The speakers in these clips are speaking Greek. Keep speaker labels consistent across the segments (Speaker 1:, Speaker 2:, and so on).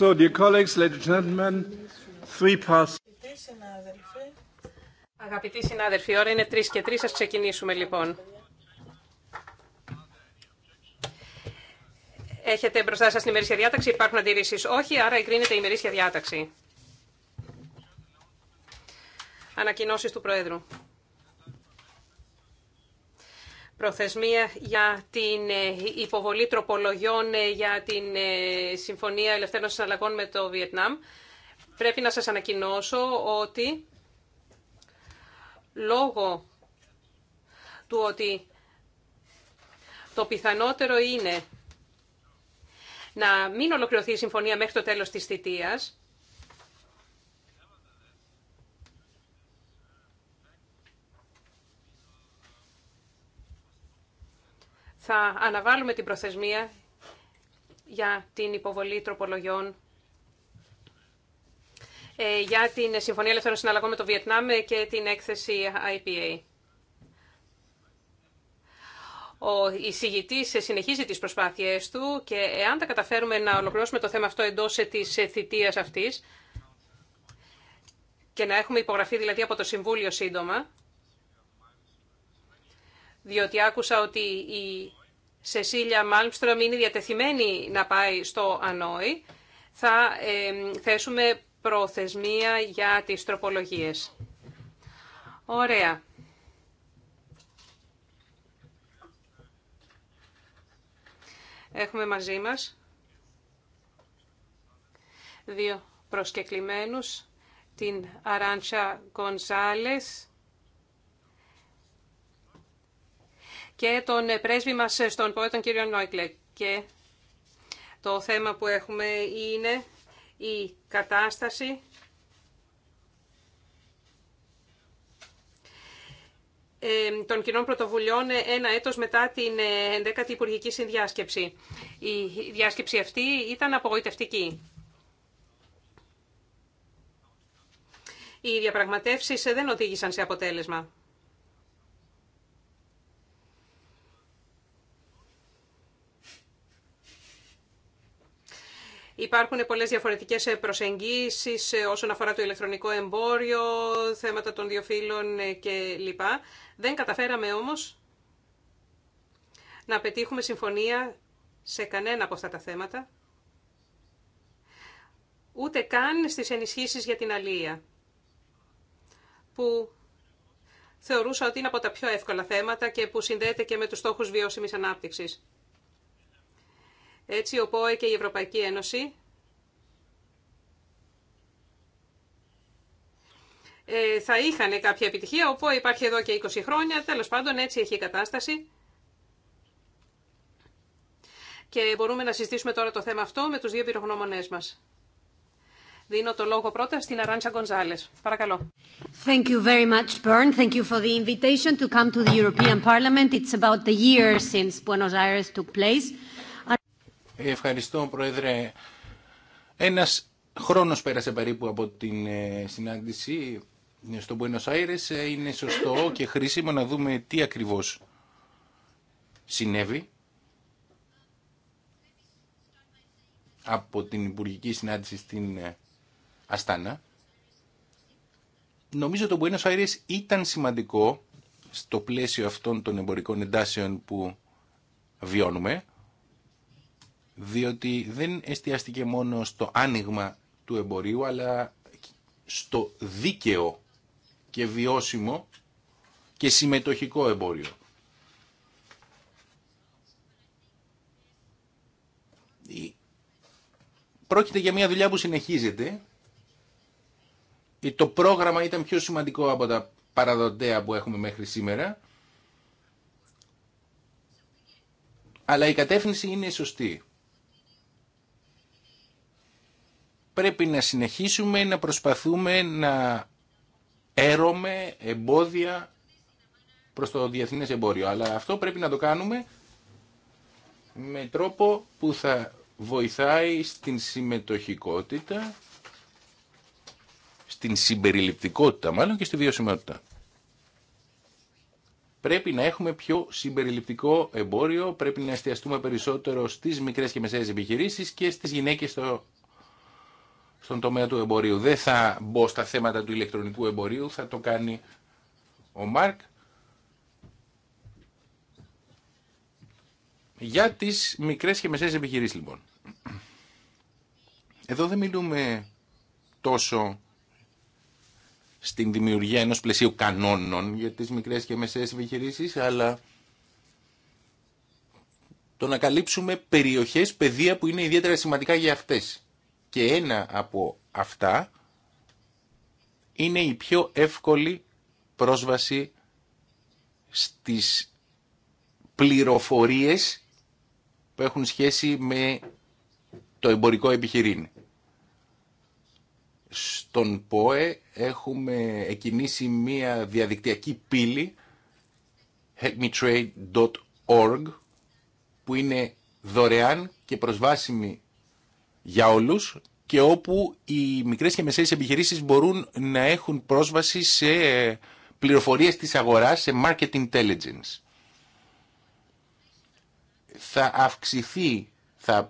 Speaker 1: So, dear
Speaker 2: Αγαπητοί συνάδελφοι, ώρα είναι 3 και 3, ας ξεκινήσουμε λοιπόν. Έχετε μπροστά σας την ημερήσια διάταξη, υπάρχουν αντιρρήσεις. Όχι, άρα εγκρίνεται η ημερήσια διάταξη. Ανακοινώσεις του Προέδρου προθεσμία για την ε, υποβολή τροπολογιών ε, για την ε, Συμφωνία Ελευθέρωσης Αλλαγών με το Βιετνάμ. Πρέπει να σας ανακοινώσω ότι λόγω του ότι το πιθανότερο είναι να μην ολοκληρωθεί η συμφωνία μέχρι το τέλος της θητείας, θα αναβάλουμε την προθεσμία για την υποβολή τροπολογιών ε, για την Συμφωνία Ελεύθερων Συναλλαγών με το Βιετνάμ και την έκθεση IPA. Ο εισηγητή συνεχίζει τι προσπάθειέ του και εάν τα καταφέρουμε να ολοκληρώσουμε το θέμα αυτό εντό τη θητεία αυτή και να έχουμε υπογραφή δηλαδή από το Συμβούλιο σύντομα, διότι άκουσα ότι η Σεσίλια Μάλμστρομ είναι διατεθειμένη να πάει στο Ανόη, θα θέσουμε προθεσμία για τις τροπολογίες. Ωραία. Έχουμε μαζί μας δύο προσκεκλημένους, την Αράντσα Γκονζάλες και τον ε, πρέσβη μας ε, στον ΠΟΕ, τον κύριο Νόικλε. Και το θέμα που έχουμε είναι η κατάσταση των κοινών πρωτοβουλειών ε, ένα έτος μετά την 11η Υπουργική Συνδιάσκεψη. Η διάσκεψη αυτή ήταν απογοητευτική. Οι διαπραγματεύσεις δεν οδήγησαν σε αποτέλεσμα. Υπάρχουν πολλέ διαφορετικές προσεγγίσει όσον αφορά το ηλεκτρονικό εμπόριο, θέματα των δύο φύλων κλπ. Δεν καταφέραμε όμως να πετύχουμε συμφωνία σε κανένα από αυτά τα θέματα, ούτε καν στις ενισχύσεις για την αλλήλεια, που θεωρούσα ότι είναι από τα πιο εύκολα θέματα και που συνδέεται και με τους στόχους βιώσιμης ανάπτυξης. Έτσι, ο ΠΟΕ και η Ευρωπαϊκή Ένωση ε, θα είχαν κάποια επιτυχία. Ο ΠΟΕ υπάρχει εδώ και 20 χρόνια. Τέλος πάντων, έτσι έχει η κατάσταση. Και μπορούμε να συζητήσουμε τώρα το θέμα αυτό με τους δύο πυρογνώμονές μας. Δίνω το λόγο πρώτα στην Αράντσα Γκονζάλες. Παρακαλώ. Thank you very much, Bern. Thank you for the invitation to come to the European Parliament. It's about the year since Buenos Aires took place.
Speaker 1: Ευχαριστώ, Πρόεδρε. Ένας χρόνος πέρασε περίπου από την ε, συνάντηση ε, στο Buenos Aires. Ε, είναι σωστό και χρήσιμο να δούμε τι ακριβώς συνέβη από την Υπουργική Συνάντηση στην Αστάνα. Νομίζω το Buenos Aires ήταν σημαντικό στο πλαίσιο αυτών των εμπορικών εντάσεων που βιώνουμε διότι δεν εστιαστήκε μόνο στο άνοιγμα του εμπορίου, αλλά στο δίκαιο και βιώσιμο και συμμετοχικό εμπόριο. Πρόκειται για μια δουλειά που συνεχίζεται. Το πρόγραμμα ήταν πιο σημαντικό από τα παραδοτέα που έχουμε μέχρι σήμερα. Αλλά η κατεύθυνση είναι σωστή. πρέπει να συνεχίσουμε να προσπαθούμε να έρωμε εμπόδια προς το διεθνές εμπόριο. Αλλά αυτό πρέπει να το κάνουμε με τρόπο που θα βοηθάει στην συμμετοχικότητα, στην συμπεριληπτικότητα μάλλον και στη βιωσιμότητα. Πρέπει να έχουμε πιο συμπεριληπτικό εμπόριο, πρέπει να εστιαστούμε περισσότερο στις μικρές και μεσαίες επιχειρήσεις και στις γυναίκες στο στον τομέα του εμπορίου. Δεν θα μπω στα θέματα του ηλεκτρονικού εμπορίου, θα το κάνει ο Μάρκ. Για τις μικρές και μεσαίες επιχειρήσεις λοιπόν. Εδώ δεν μιλούμε τόσο στην δημιουργία ενός πλαισίου κανόνων για τις μικρές και μεσαίες επιχειρήσεις, αλλά το να καλύψουμε περιοχές, παιδεία που είναι ιδιαίτερα σημαντικά για αυτές και ένα από αυτά είναι η πιο εύκολη πρόσβαση στις πληροφορίες που έχουν σχέση με το εμπορικό επιχειρήν. Στον ΠΟΕ έχουμε εκινήσει μία διαδικτυακή πύλη helpmetrade.org που είναι δωρεάν και προσβάσιμη για όλους και όπου οι μικρές και μεσαίες επιχειρήσεις μπορούν να έχουν πρόσβαση σε πληροφορίες της αγοράς, σε market intelligence. Θα αυξηθεί, θα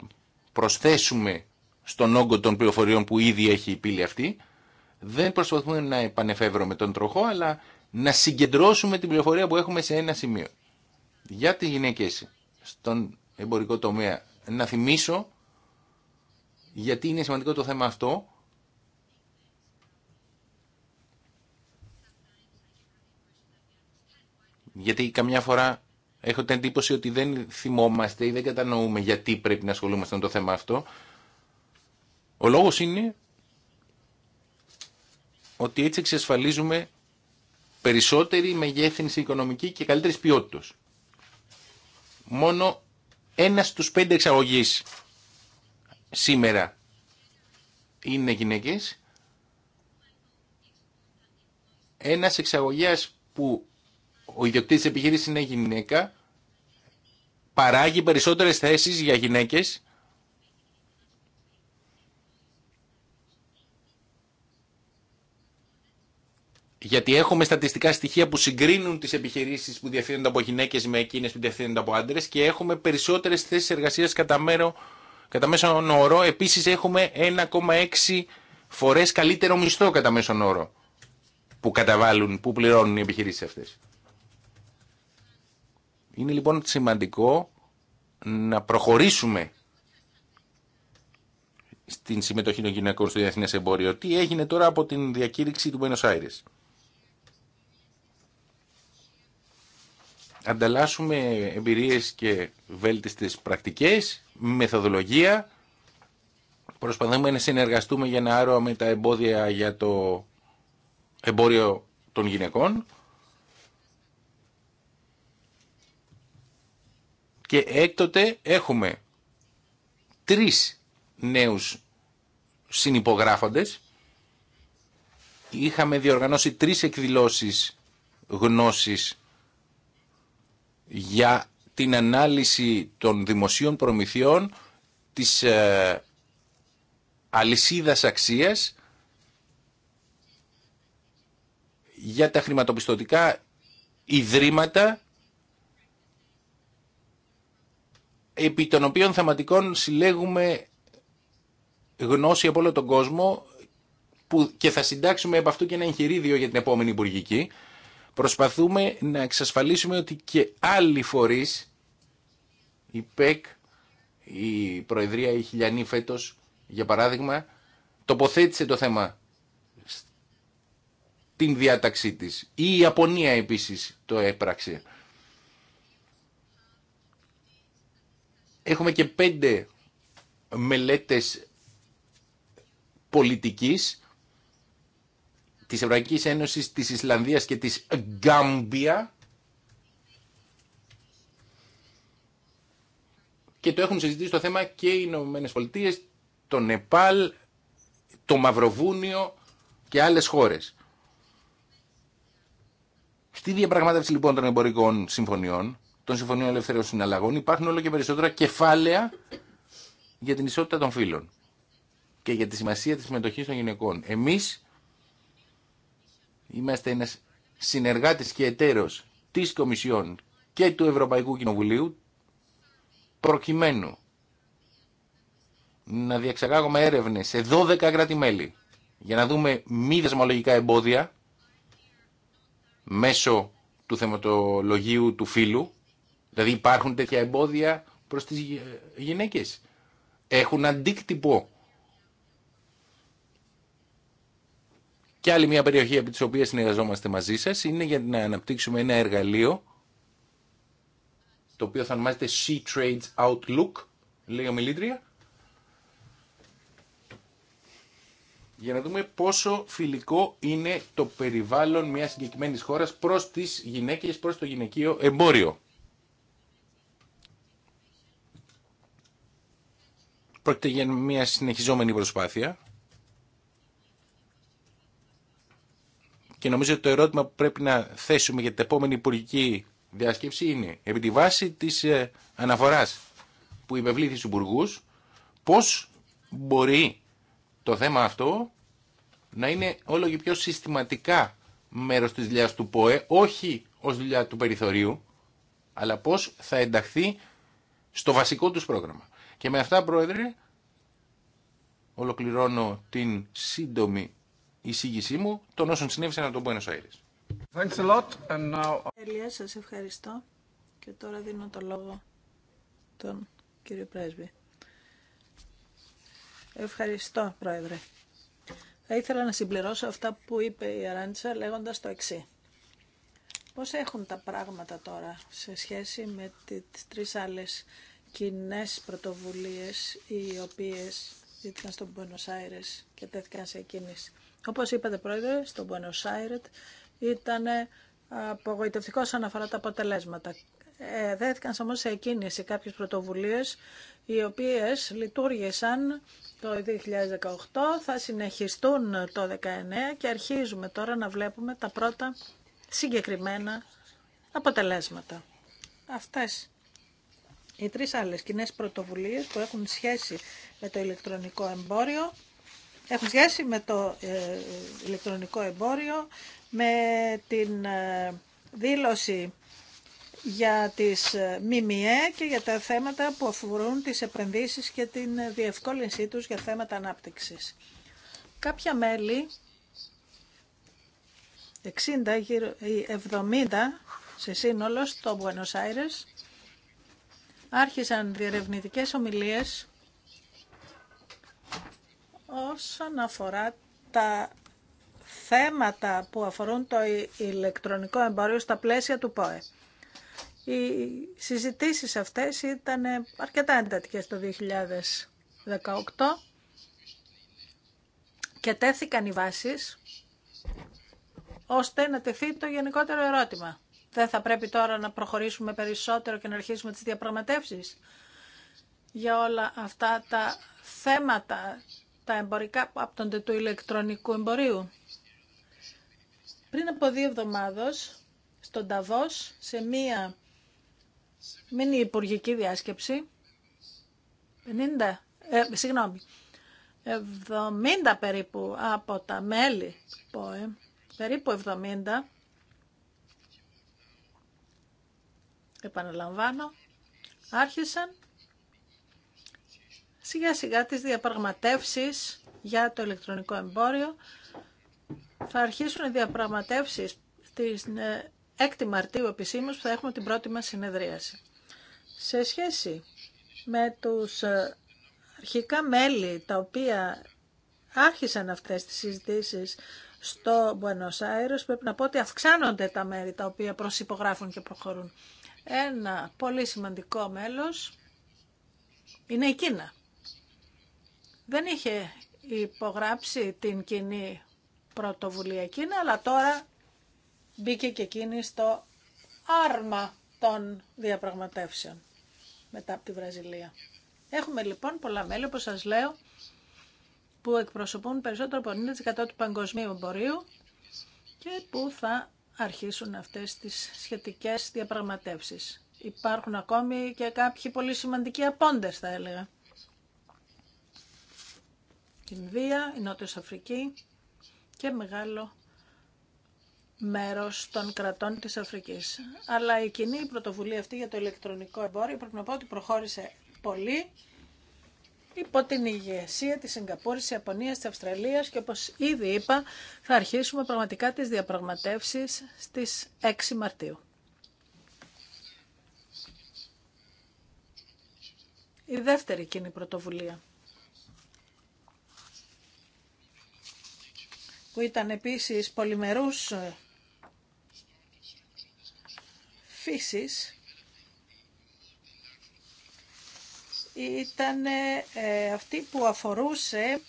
Speaker 1: προσθέσουμε στον όγκο των πληροφοριών που ήδη έχει η πύλη αυτή. Δεν προσπαθούμε να επανεφεύρουμε τον τροχό, αλλά να συγκεντρώσουμε την πληροφορία που έχουμε σε ένα σημείο. Για τις γυναίκες στον εμπορικό τομέα, να θυμίσω γιατί είναι σημαντικό το θέμα αυτό. Γιατί καμιά φορά έχω την εντύπωση ότι δεν θυμόμαστε ή δεν κατανοούμε γιατί πρέπει να ασχολούμαστε με το θέμα αυτό. Ο λόγος είναι ότι έτσι εξασφαλίζουμε περισσότερη μεγέθυνση οικονομική και καλύτερης ποιότητας. Μόνο ένα στους πέντε εξαγωγείς σήμερα είναι γυναίκες. Ένας εξαγωγέας που ο ιδιοκτήτης της επιχείρησης είναι γυναίκα παράγει περισσότερες θέσεις για γυναίκες Γιατί έχουμε στατιστικά στοιχεία που συγκρίνουν τις επιχειρήσεις που διευθύνονται από γυναίκες με εκείνες που διευθύνονται από άντρες και έχουμε περισσότερες θέσεις εργασίας κατά μέρο Κατά μέσον όρο επίσης έχουμε 1,6 φορές καλύτερο μισθό κατά μέσον όρο που καταβάλουν, που πληρώνουν οι επιχειρήσει αυτέ. Είναι λοιπόν σημαντικό να προχωρήσουμε στην συμμετοχή των γυναικών στο διεθνέ εμπόριο. Τι έγινε τώρα από την διακήρυξη του Buenos Aires. Ανταλλάσσουμε εμπειρίες και βέλτιστες πρακτικές, μεθοδολογία. Προσπαθούμε να συνεργαστούμε για να άρρωμε τα εμπόδια για το εμπόριο των γυναικών. Και έκτοτε έχουμε τρεις νέους συνυπογράφοντες. Είχαμε διοργανώσει τρεις εκδηλώσεις γνώσης για την ανάλυση των δημοσίων προμηθειών της ε, αλυσίδας αξίας για τα χρηματοπιστωτικά ιδρύματα επί των οποίων θεματικών συλλέγουμε γνώση από όλο τον κόσμο που και θα συντάξουμε από αυτού και ένα εγχειρίδιο για την επόμενη υπουργική. Προσπαθούμε να εξασφαλίσουμε ότι και άλλοι φορείς η ΠΕΚ, η Προεδρία η Χιλιανή φέτος, για παράδειγμα, τοποθέτησε το θέμα την διάταξή της. Η Ιαπωνία επίσης το έπραξε. Έχουμε και πέντε μελέτες πολιτικής της Ευρωπαϊκής Ένωσης, της Ισλανδίας και της Γκάμπια και το έχουν συζητήσει το θέμα και οι Ηνωμένε Πολιτείε, το Νεπάλ, το Μαυροβούνιο και άλλες χώρες. Στη διαπραγμάτευση λοιπόν των εμπορικών συμφωνιών, των συμφωνιών ελευθερών συναλλαγών, υπάρχουν όλο και περισσότερα κεφάλαια για την ισότητα των φύλων και για τη σημασία της συμμετοχής των γυναικών. Εμείς είμαστε ένας συνεργάτης και εταίρος της Κομισιόν και του Ευρωπαϊκού Κοινοβουλίου, προκειμένου να διεξαγάγουμε έρευνες σε 12 κράτη-μέλη για να δούμε μη δεσμολογικά εμπόδια μέσω του θεματολογίου του φύλου. Δηλαδή υπάρχουν τέτοια εμπόδια προς τις γυναίκες. Έχουν αντίκτυπο. Και άλλη μια περιοχή από τις οποίες συνεργαζόμαστε μαζί σας είναι για να αναπτύξουμε ένα εργαλείο το οποίο θα ονομάζεται Sea Trades Outlook, λέει ο Μιλήτρια, για να δούμε πόσο φιλικό είναι το περιβάλλον μιας συγκεκριμένη χώρας προς τις γυναίκες, προς το γυναικείο εμπόριο. Πρόκειται για μια συνεχιζόμενη προσπάθεια και νομίζω ότι το ερώτημα που πρέπει να θέσουμε για την επόμενη υπουργική διάσκεψη είναι επί τη βάση της ε, αναφοράς που υπευλήθη στους υπουργού, πώς μπορεί το θέμα αυτό να είναι όλο και πιο συστηματικά μέρος της δουλειά του ΠΟΕ, όχι ως δουλειά του περιθωρίου, αλλά πώς θα ενταχθεί στο βασικό του πρόγραμμα. Και με αυτά, Πρόεδρε, ολοκληρώνω την σύντομη εισήγησή μου των όσων συνέβησαν από τον
Speaker 3: Thanks a Ελία, σας ευχαριστώ και τώρα δίνω το λόγο τον κύριο Πρέσβη. Ευχαριστώ, Πρόεδρε. Θα ήθελα να συμπληρώσω αυτά που είπε η Αράντσα λέγοντας το εξή. Πώς έχουν τα πράγματα τώρα σε σχέση με τις τρεις άλλες κοινέ πρωτοβουλίες οι οποίες ζήτηκαν στον Buenos και τέθηκαν σε εκείνης. Όπως είπατε πρόεδρε, στον Buenos ήταν απογοητευτικό να αφορά τα αποτελέσματα. Ε, δέθηκαν όμω σε οι κάποιες πρωτοβουλίες οι οποίες λειτουργήσαν το 2018, θα συνεχιστούν το 2019 και αρχίζουμε τώρα να βλέπουμε τα πρώτα συγκεκριμένα αποτελέσματα. Αυτές οι τρεις άλλες κοινέ πρωτοβουλίες που έχουν σχέση με το ηλεκτρονικό εμπόριο έχουν σχέση με το ε, ηλεκτρονικό εμπόριο, με την ε, δήλωση για τις ε, ΜΜΕ και για τα θέματα που αφορούν τις επενδύσεις και την διευκόλυνσή τους για θέματα ανάπτυξης. Κάποια μέλη, 60 ή 70 σε σύνολο στο Buenos Aires, άρχισαν διερευνητικές ομιλίες Όσον αφορά τα θέματα που αφορούν το ηλεκτρονικό εμπόριο στα πλαίσια του ΠΟΕ. Οι συζητήσεις αυτές ήταν αρκετά εντατικές το 2018 και τέθηκαν οι βάσεις ώστε να τεθεί το γενικότερο ερώτημα. Δεν θα πρέπει τώρα να προχωρήσουμε περισσότερο και να αρχίσουμε τις διαπραγματεύσεις για όλα αυτά τα θέματα τα εμπορικά που άπτονται του ηλεκτρονικού εμπορίου. Πριν από δύο εβδομάδες, στον Ταβός, σε μία μήνυ υπουργική διάσκεψη, 50, ε, συγγνώμη, 70 περίπου από τα μέλη, ε, περίπου 70, επαναλαμβάνω, άρχισαν σιγά σιγά τις διαπραγματεύσεις για το ηλεκτρονικό εμπόριο. Θα αρχίσουν οι διαπραγματεύσεις της 6η ε, Μαρτίου επισήμως που θα έχουμε την πρώτη μας συνεδρίαση. Σε σχέση με τους ε, αρχικά μέλη τα οποία άρχισαν αυτές τις συζητήσεις στο Buenos Aires, πρέπει να πω ότι αυξάνονται τα μέλη τα οποία προσυπογράφουν και προχωρούν. Ένα πολύ σημαντικό μέλος είναι η Κίνα δεν είχε υπογράψει την κοινή πρωτοβουλία εκείνη, αλλά τώρα μπήκε και εκείνη στο άρμα των διαπραγματεύσεων μετά από τη Βραζιλία. Έχουμε λοιπόν πολλά μέλη, όπως σας λέω, που εκπροσωπούν περισσότερο από 90% του παγκοσμίου εμπορίου και που θα αρχίσουν αυτές τις σχετικές διαπραγματεύσεις. Υπάρχουν ακόμη και κάποιοι πολύ σημαντικοί απόντες, θα έλεγα την βία, η Νότιος Αφρική και μεγάλο μέρος των κρατών της Αφρικής. Αλλά η κοινή πρωτοβουλία αυτή για το ηλεκτρονικό εμπόριο πρέπει να πω ότι προχώρησε πολύ υπό την ηγεσία της Σιγκαπούρης, της Ιαπωνίας, της Αυστραλίας και όπως ήδη είπα θα αρχίσουμε πραγματικά τις διαπραγματεύσεις στις 6 Μαρτίου. Η δεύτερη κοινή πρωτοβουλία που ήταν επίσης πολυμερούς ε, φύσης, ήταν ε, ε, αυτή που αφορούσε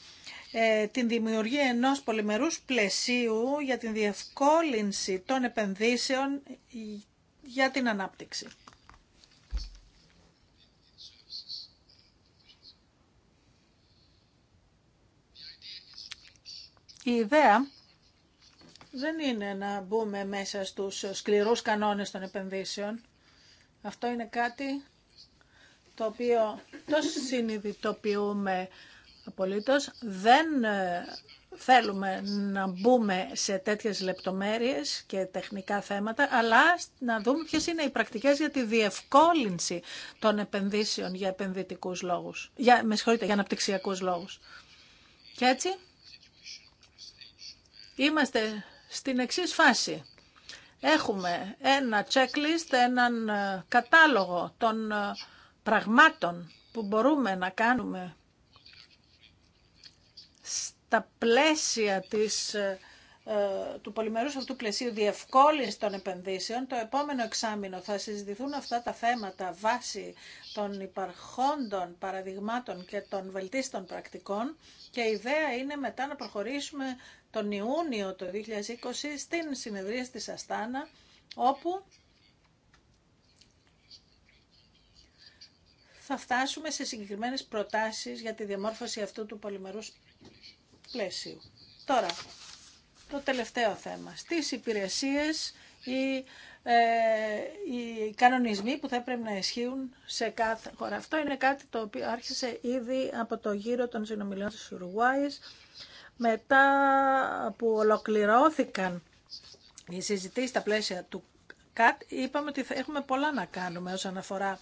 Speaker 3: την δημιουργία ενός πολυμερούς πλαισίου για την διευκόλυνση των επενδύσεων για την ανάπτυξη. Η ιδέα δεν είναι να μπούμε μέσα στους σκληρούς κανόνες των επενδύσεων. Αυτό είναι κάτι το οποίο το συνειδητοποιούμε απολύτως. Δεν ε, θέλουμε να μπούμε σε τέτοιες λεπτομέρειες και τεχνικά θέματα, αλλά να δούμε ποιες είναι οι πρακτικές για τη διευκόλυνση των επενδύσεων για επενδυτικούς λόγους, για, με για αναπτυξιακούς λόγους. Και έτσι Είμαστε στην εξή φάση. Έχουμε ένα checklist, έναν ε, κατάλογο των ε, πραγμάτων που μπορούμε να κάνουμε στα πλαίσια της, ε, του πολυμερούς αυτού πλαισίου διευκόλυνση των επενδύσεων. Το επόμενο εξάμεινο θα συζητηθούν αυτά τα θέματα βάσει των υπαρχόντων παραδειγμάτων και των βελτίστων πρακτικών και η ιδέα είναι μετά να προχωρήσουμε τον Ιούνιο το 2020 στην συνεδρία της Αστάνα, όπου θα φτάσουμε σε συγκεκριμένες προτάσεις για τη διαμόρφωση αυτού του πολυμερούς πλαίσιου. Τώρα, το τελευταίο θέμα. Στις υπηρεσίες οι, ε, οι κανονισμοί που θα πρέπει να ισχύουν σε κάθε χώρα. Αυτό είναι κάτι το οποίο άρχισε ήδη από το γύρο των συνομιλιών της Ουρουγουάης, μετά που ολοκληρώθηκαν οι συζητήσεις στα πλαίσια του ΚΑΤ, είπαμε ότι έχουμε πολλά να κάνουμε όσον αφορά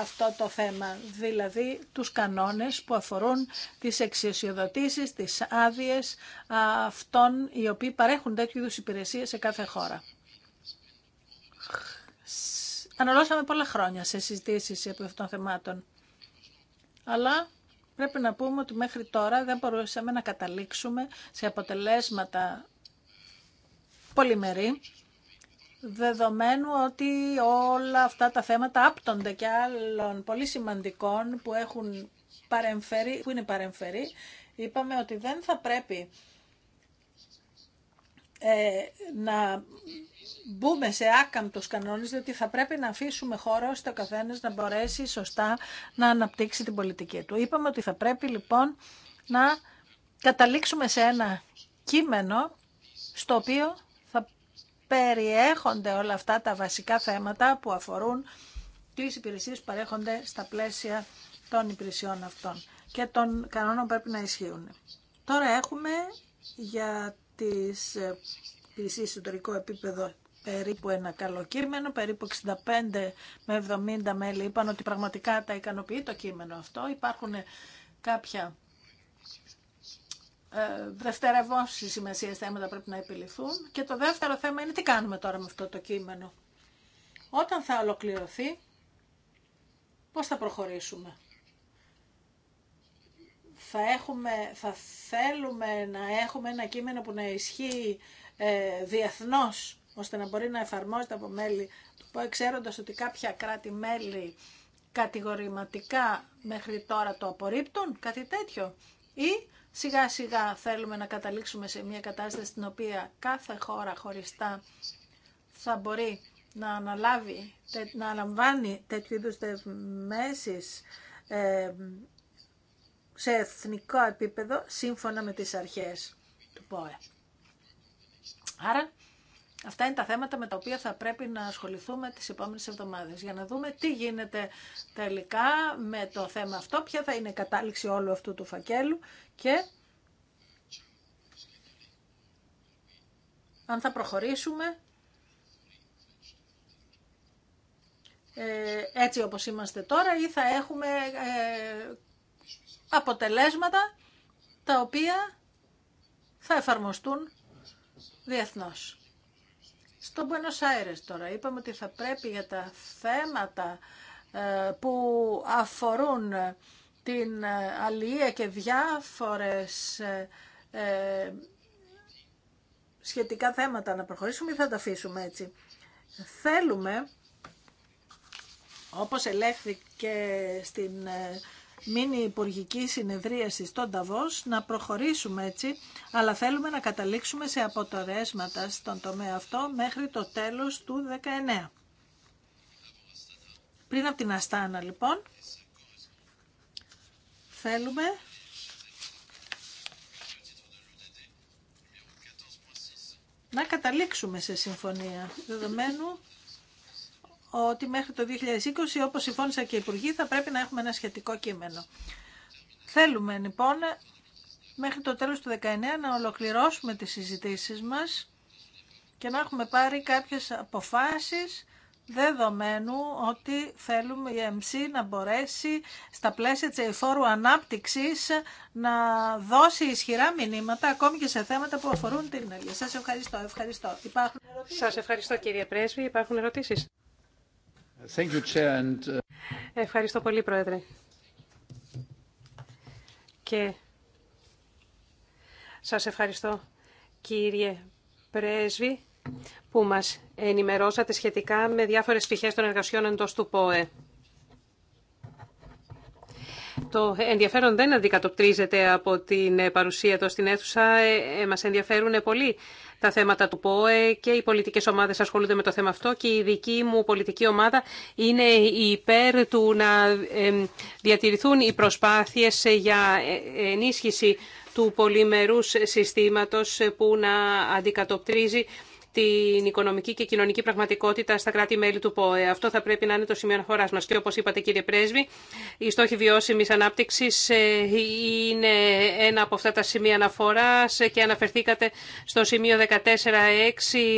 Speaker 3: αυτό το θέμα, δηλαδή τους κανόνες που αφορούν τις εξαισιοδοτήσεις, τις άδειες αυτών οι οποίοι παρέχουν τέτοιου είδους υπηρεσίες σε κάθε χώρα. Αναλώσαμε πολλά χρόνια σε συζητήσεις επί αυτών των θεμάτων. Αλλά Πρέπει να πούμε ότι μέχρι τώρα δεν μπορούσαμε να καταλήξουμε σε αποτελέσματα πολυμερή, δεδομένου ότι όλα αυτά τα θέματα άπτονται και άλλων πολύ σημαντικών που, έχουν παρεμφερεί, που είναι παρεμφερεί. Είπαμε ότι δεν θα πρέπει ε, να μπούμε σε άκαμπτους κανόνες, διότι θα πρέπει να αφήσουμε χώρο ώστε ο καθένας να μπορέσει σωστά να αναπτύξει την πολιτική του. Είπαμε ότι θα πρέπει λοιπόν να καταλήξουμε σε ένα κείμενο στο οποίο θα περιέχονται όλα αυτά τα βασικά θέματα που αφορούν τις υπηρεσίες που παρέχονται στα πλαίσια των υπηρεσιών αυτών και των κανόνων που πρέπει να ισχύουν. Τώρα έχουμε για τις ε, υπηρεσίες επίπεδο περίπου ένα καλό κείμενο, περίπου 65 με 70 μέλη είπαν ότι πραγματικά τα ικανοποιεί το κείμενο αυτό. Υπάρχουν κάποια ε, δευτερευώσει σημασία θέματα πρέπει να επιληθούν. Και το δεύτερο θέμα είναι τι κάνουμε τώρα με αυτό το κείμενο. Όταν θα ολοκληρωθεί, πώς θα προχωρήσουμε. Θα, έχουμε, θα θέλουμε να έχουμε ένα κείμενο που να ισχύει ε, διεθνώς ώστε να μπορεί να εφαρμόζεται από μέλη του ΠΟΕ, ξέροντας ότι κάποια κράτη-μέλη κατηγορηματικά μέχρι τώρα το απορρίπτουν, κάτι τέτοιο. Ή σιγά σιγά θέλουμε να καταλήξουμε σε μια κατάσταση στην οποία κάθε χώρα χωριστά θα μπορεί να αναλάβει, να αναλαμβάνει τέτοιου είδους δεσμέσεις ε, σε εθνικό επίπεδο σύμφωνα με τις αρχές του ΠΟΕ. Άρα Αυτά είναι τα θέματα με τα οποία θα πρέπει να ασχοληθούμε τις επόμενες εβδομάδες για να δούμε τι γίνεται τελικά με το θέμα αυτό, ποια θα είναι η κατάληξη όλου αυτού του φακέλου και αν θα προχωρήσουμε ε, έτσι όπως είμαστε τώρα ή θα έχουμε ε, αποτελέσματα τα οποία θα εφαρμοστούν διεθνώς. Στο Buenos Aires τώρα είπαμε ότι θα πρέπει για τα θέματα ε, που αφορούν ε, την ε, αλληλεία και διάφορες σχετικά θέματα να προχωρήσουμε ή θα τα αφήσουμε έτσι. Θέλουμε, όπως ελέγχθηκε στην μήνυ υπουργική συνεδρίαση στον Ταβό να προχωρήσουμε έτσι, αλλά θέλουμε να καταλήξουμε σε αποτελέσματα στον τομέα αυτό μέχρι το τέλος του 19. Πριν από την Αστάνα, λοιπόν, θέλουμε να καταλήξουμε σε συμφωνία, δεδομένου ότι μέχρι το 2020, όπως συμφώνησα και οι Υπουργοί, θα πρέπει να έχουμε ένα σχετικό κείμενο. Θέλουμε λοιπόν μέχρι το τέλος του 2019 να ολοκληρώσουμε τις συζητήσεις μας και να έχουμε πάρει κάποιες αποφάσεις δεδομένου ότι θέλουμε η MC να μπορέσει στα πλαίσια της εφόρου ανάπτυξης να δώσει ισχυρά μηνύματα ακόμη και σε θέματα που αφορούν την ενέργεια. Σας ευχαριστώ. ευχαριστώ. Υπάρχουν
Speaker 2: Σας ευχαριστώ κύριε Πρέσβη. Υπάρχουν ερωτήσεις. Uh, ευχαριστώ πολύ, Πρόεδρε. Και σας ευχαριστώ, κύριε Πρέσβη, που μας ενημερώσατε σχετικά με διάφορες πτυχές των εργασιών εντός του ΠΟΕ. Το ενδιαφέρον δεν αντικατοπτρίζεται από την παρουσία του στην αίθουσα. Ε, ε, μας ενδιαφέρουν πολύ τα θέματα του ΠΟΕ και οι πολιτικές ομάδες ασχολούνται με το θέμα αυτό και η δική μου πολιτική ομάδα είναι υπέρ του να διατηρηθούν οι προσπάθειες για ε, ενίσχυση του πολυμερούς συστήματος που να αντικατοπτρίζει την οικονομική και κοινωνική πραγματικότητα στα κράτη-μέλη του ΠΟΕ. Αυτό θα πρέπει να είναι το σημείο αναφορά μα. Και όπω είπατε, κύριε Πρέσβη, η στόχοι βιώσιμη ανάπτυξη ε, είναι ένα από αυτά τα σημεία αναφορά και αναφερθήκατε στο σημείο 14.6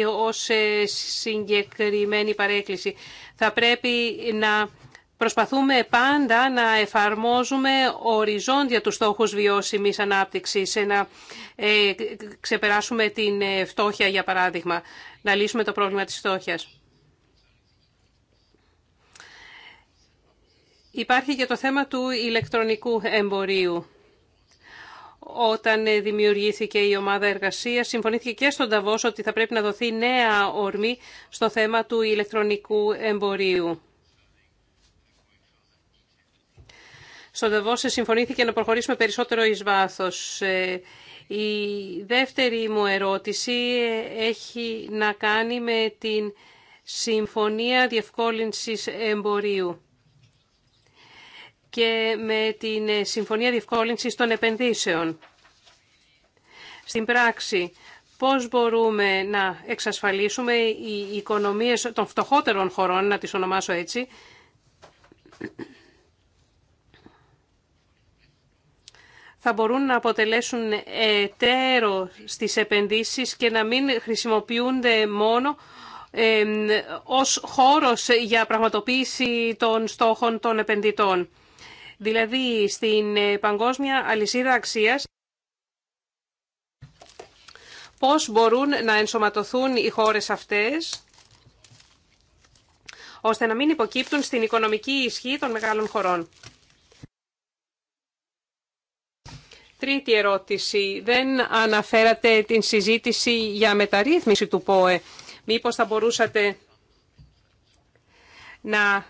Speaker 2: ω ε, συγκεκριμένη παρέκκληση. Θα πρέπει να Προσπαθούμε πάντα να εφαρμόζουμε οριζόντια τους στόχους βιώσιμης ανάπτυξης, να ε, ξεπεράσουμε την ε, φτώχεια, για παράδειγμα, να λύσουμε το πρόβλημα της φτώχειας. Υπάρχει και το θέμα του ηλεκτρονικού εμπορίου. Όταν ε, δημιουργήθηκε η ομάδα εργασίας, συμφωνήθηκε και στον Ταβός ότι θα πρέπει να δοθεί νέα ορμή στο θέμα του ηλεκτρονικού εμπορίου. στο Δεβόσε συμφωνήθηκε να προχωρήσουμε περισσότερο εις βάθος. Ε, η δεύτερη μου ερώτηση έχει να κάνει με την Συμφωνία Διευκόλυνσης Εμπορίου και με την ε, Συμφωνία Διευκόλυνσης των Επενδύσεων. Στην πράξη, πώς μπορούμε να εξασφαλίσουμε οι οικονομίες των φτωχότερων χωρών, να τις ονομάσω έτσι, θα μπορούν να αποτελέσουν τέρο στις επενδύσεις και να μην χρησιμοποιούνται μόνο ως χώρος για πραγματοποίηση των στόχων των επενδυτών. Δηλαδή, στην ε, παγκόσμια αλυσίδα αξίας, πώς μπορούν να ενσωματωθούν οι χώρες αυτές, ώστε να μην υποκύπτουν στην οικονομική ισχύ των μεγάλων χωρών. Τρίτη ερώτηση. Δεν αναφέρατε την συζήτηση για μεταρρύθμιση του ΠΟΕ. Μήπως θα μπορούσατε να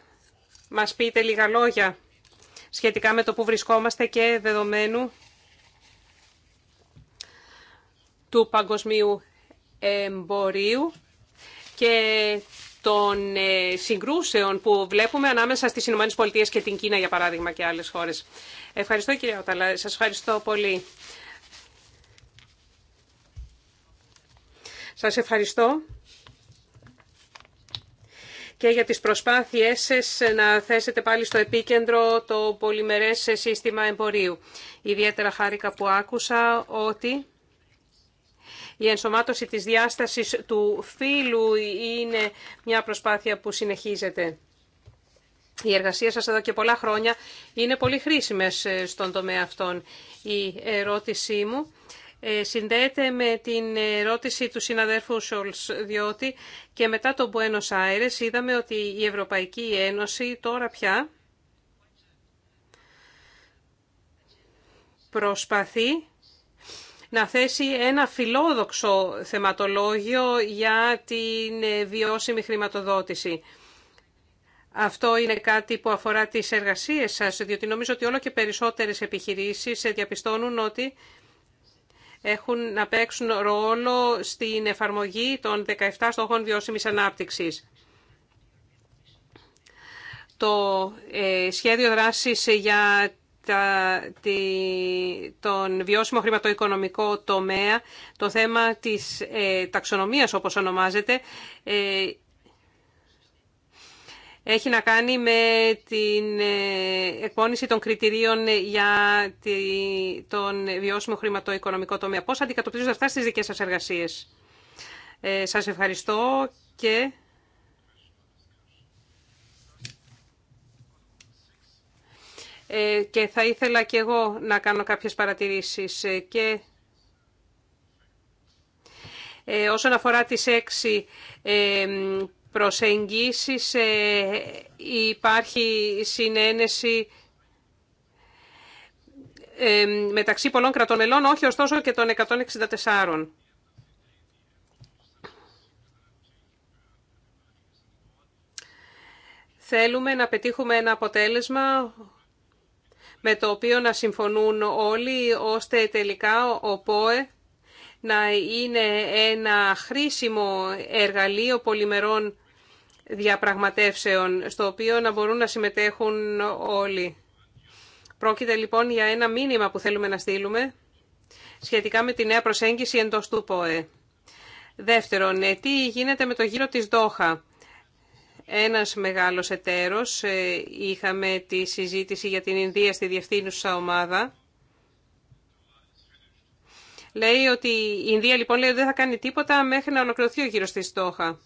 Speaker 2: μας πείτε λίγα λόγια σχετικά με το που βρισκόμαστε και δεδομένου του παγκοσμίου εμπορίου και των ε, συγκρούσεων που βλέπουμε ανάμεσα στις ΗΠΑ και την Κίνα, για παράδειγμα, και άλλες χώρες. Ευχαριστώ κυρία Όταλα, σας ευχαριστώ πολύ. Σας ευχαριστώ και για τις προσπάθειές σας να θέσετε πάλι στο επίκεντρο το πολυμερές σύστημα εμπορίου. Ιδιαίτερα χάρηκα που άκουσα ότι η ενσωμάτωση της διάστασης του φύλου είναι μια προσπάθεια που συνεχίζεται. Η εργασία σας εδώ και πολλά χρόνια είναι πολύ χρήσιμες ε, στον τομέα αυτών. Η ερώτησή μου ε, συνδέεται με την ερώτηση του συναδέρφου Σόλς, διότι και μετά τον Buenos Aires είδαμε ότι η Ευρωπαϊκή Ένωση τώρα πια προσπαθεί να θέσει ένα φιλόδοξο θεματολόγιο για την ε, βιώσιμη χρηματοδότηση. Αυτό είναι κάτι που αφορά τις εργασίες σας, διότι νομίζω ότι όλο και περισσότερες επιχειρήσεις διαπιστώνουν ότι έχουν να παίξουν ρόλο στην εφαρμογή των 17 στόχων βιώσιμης ανάπτυξης. Το ε, σχέδιο δράσης για τον βιώσιμο χρηματοοικονομικό τομέα, το θέμα της ε, ταξονομίας όπως ονομάζεται, ε, έχει να κάνει με την ε, εκπόνηση των κριτηρίων για τον βιώσιμο χρηματοοικονομικό τομέα. Πώς αντικατοπτρίζονται αυτά στις δικές σας εργασίες. Ε, σας ευχαριστώ και... Ε, και θα ήθελα και εγώ να κάνω κάποιες παρατηρήσεις ε, και... Ε, όσον αφορά τις έξι προσεγγίσεις, ε, υπάρχει συνένεση ε, μεταξύ πολλών κρατών όχι ωστόσο και των 164. Θέλουμε να πετύχουμε ένα αποτέλεσμα με το οποίο να συμφωνούν όλοι, ώστε τελικά ο ΠΟΕ να είναι ένα χρήσιμο εργαλείο πολυμερών διαπραγματεύσεων, στο οποίο να μπορούν να συμμετέχουν όλοι. Πρόκειται λοιπόν για ένα μήνυμα που θέλουμε να στείλουμε σχετικά με τη νέα προσέγγιση εντός του ΠΟΕ. Δεύτερον, ε, τι γίνεται με το γύρο της Δόχα. Ένας μεγάλος εταίρος, ε, είχαμε τη συζήτηση για την Ινδία στη διευθύνουσα ομάδα. Λέει ότι η Ινδία λοιπόν λέει ότι δεν θα κάνει τίποτα μέχρι να ολοκληρωθεί ο γύρος της Δόχα.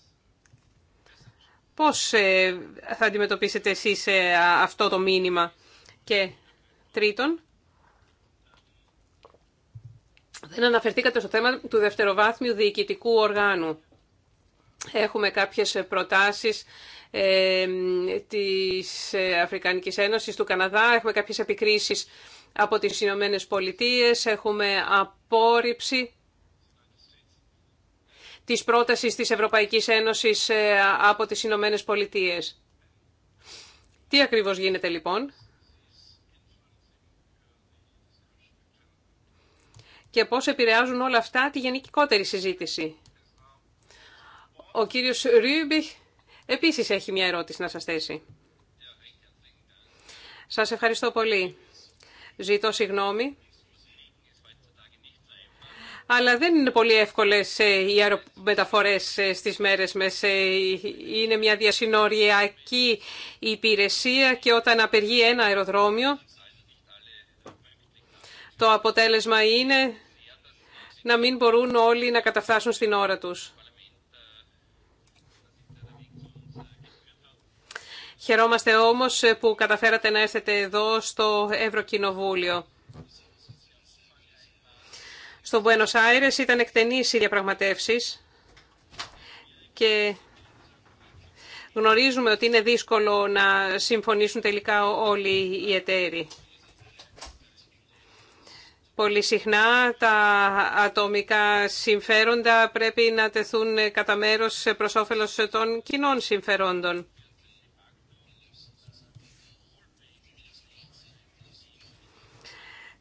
Speaker 2: Πώς ε, θα αντιμετωπίσετε εσείς ε, αυτό το μήνυμα. Και τρίτον, δεν αναφερθήκατε στο θέμα του δευτεροβάθμιου διοικητικού οργάνου. Έχουμε κάποιες προτάσεις ε, της Αφρικανικής Ένωσης, του Καναδά, έχουμε κάποιες επικρίσεις από τις Ηνωμένε Πολιτείες, έχουμε απόρριψη της πρότασης της Ευρωπαϊκής Ένωσης ε, από τις Ηνωμένε Πολιτείες. Τι ακριβώς γίνεται λοιπόν και πώς επηρεάζουν όλα αυτά τη γενικότερη συζήτηση. Ο κύριος Ρούμπιχ επίσης έχει μια ερώτηση να σας θέσει. Σας ευχαριστώ πολύ. Ζητώ συγγνώμη αλλά δεν είναι πολύ εύκολες ε, οι αερομεταφορές ε, στις μέρες μας. Ε, είναι μια διασυνοριακή υπηρεσία και όταν απεργεί ένα αεροδρόμιο, το αποτέλεσμα είναι να μην μπορούν όλοι να καταφτάσουν στην ώρα τους. Χαιρόμαστε όμως που καταφέρατε να έρθετε εδώ στο Ευρωκοινοβούλιο. Στο Buenos Aires ήταν εκτενής οι διαπραγματεύσεις και γνωρίζουμε ότι είναι δύσκολο να συμφωνήσουν τελικά όλοι οι εταίροι. Πολύ συχνά τα ατομικά συμφέροντα πρέπει να τεθούν κατά μέρος προς όφελος των κοινών συμφερόντων.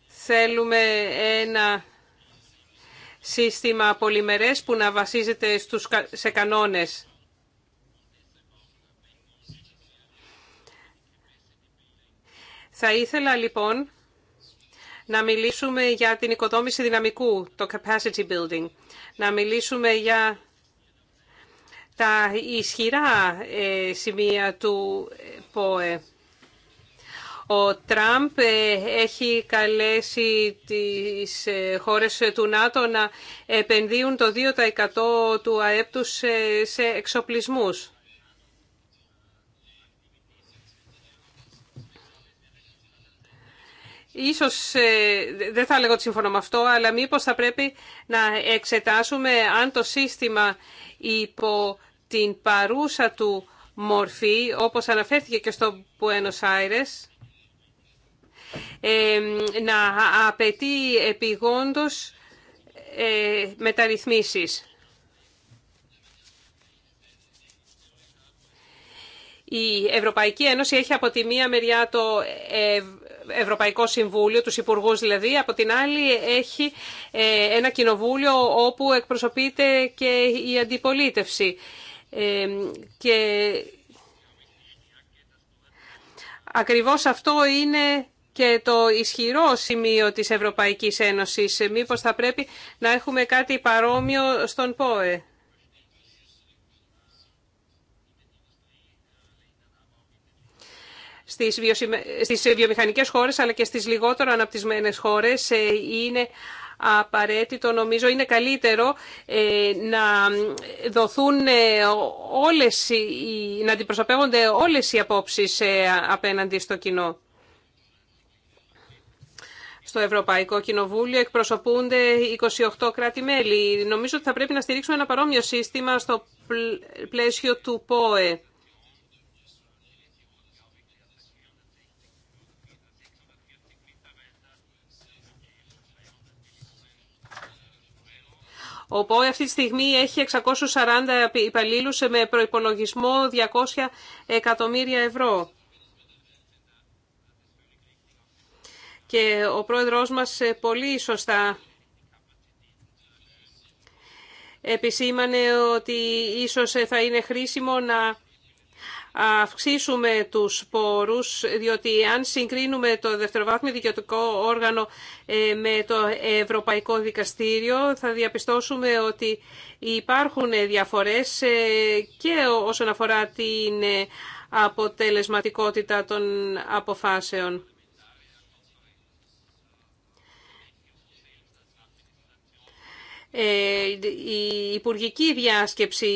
Speaker 2: Θέλουμε ένα σύστημα πολυμερές που να βασίζεται στους, σε κανόνες. Θα ήθελα λοιπόν να μιλήσουμε για την οικοδόμηση δυναμικού, το capacity building, να μιλήσουμε για τα ισχυρά ε, σημεία του ε, ΠΟΕ. Ο Τραμπ ε, έχει καλέσει τις ε, χώρες του ΝΑΤΟ να επενδύουν το 2% του ΑΕΠ τους σε εξοπλισμούς. Ίσως ε, δεν θα λέγω ότι συμφωνώ με αυτό, αλλά μήπως θα πρέπει να εξετάσουμε αν το σύστημα υπό την παρούσα του μορφή, όπως αναφέρθηκε και στο Buenos Aires, ε, να απαιτεί επιγόντως ε, μεταρρυθμίσεις. Η Ευρωπαϊκή Ένωση έχει από τη μία μεριά το ε, Ευρωπαϊκό Συμβούλιο, τους υπουργούς δηλαδή, από την άλλη έχει ένα κοινοβούλιο όπου εκπροσωπείται και η αντιπολίτευση. Και ακριβώς αυτό είναι και το ισχυρό σημείο της Ευρωπαϊκής Ένωσης. Μήπως θα πρέπει να έχουμε κάτι παρόμοιο στον ΠΟΕ. Στις, βιομηχανικές χώρες αλλά και στις λιγότερο αναπτυσμένες χώρες ε, είναι απαραίτητο νομίζω είναι καλύτερο ε, να δοθούν ε, όλες να αντιπροσωπεύονται όλες οι απόψεις απέναντι στο κοινό στο Ευρωπαϊκό Κοινοβούλιο εκπροσωπούνται 28 κράτη-μέλη. Νομίζω ότι θα πρέπει να στηρίξουμε ένα παρόμοιο σύστημα στο πλαίσιο του ΠΟΕ. Ο ΠΟΕ αυτή τη στιγμή έχει 640 υπαλλήλους με προϋπολογισμό 200 εκατομμύρια ευρώ. και ο πρόεδρος μας ε, πολύ σωστά επισήμανε ότι ίσως ε, θα είναι χρήσιμο να αυξήσουμε τους πόρους, διότι αν συγκρίνουμε το δευτεροβάθμιο δικαιωτικό όργανο ε, με το Ευρωπαϊκό Δικαστήριο, θα διαπιστώσουμε ότι υπάρχουν διαφορές και όσον αφορά την αποτελεσματικότητα των αποφάσεων. Ε, η υπουργική διάσκεψη,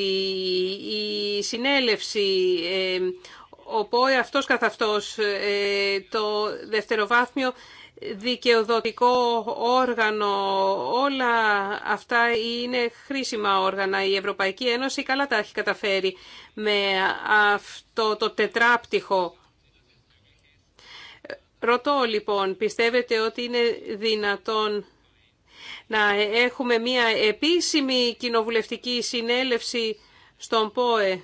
Speaker 2: η συνέλευση, ε, ο ΠΟΕ αυτός καθ' αυτός, ε, το δευτεροβάθμιο δικαιοδοτικό όργανο, όλα αυτά είναι χρήσιμα όργανα. Η Ευρωπαϊκή Ένωση καλά τα έχει καταφέρει με αυτό το τετράπτυχο. Ρωτώ λοιπόν, πιστεύετε ότι είναι δυνατόν να έχουμε μια επίσημη κοινοβουλευτική συνέλευση στον ΠΟΕ.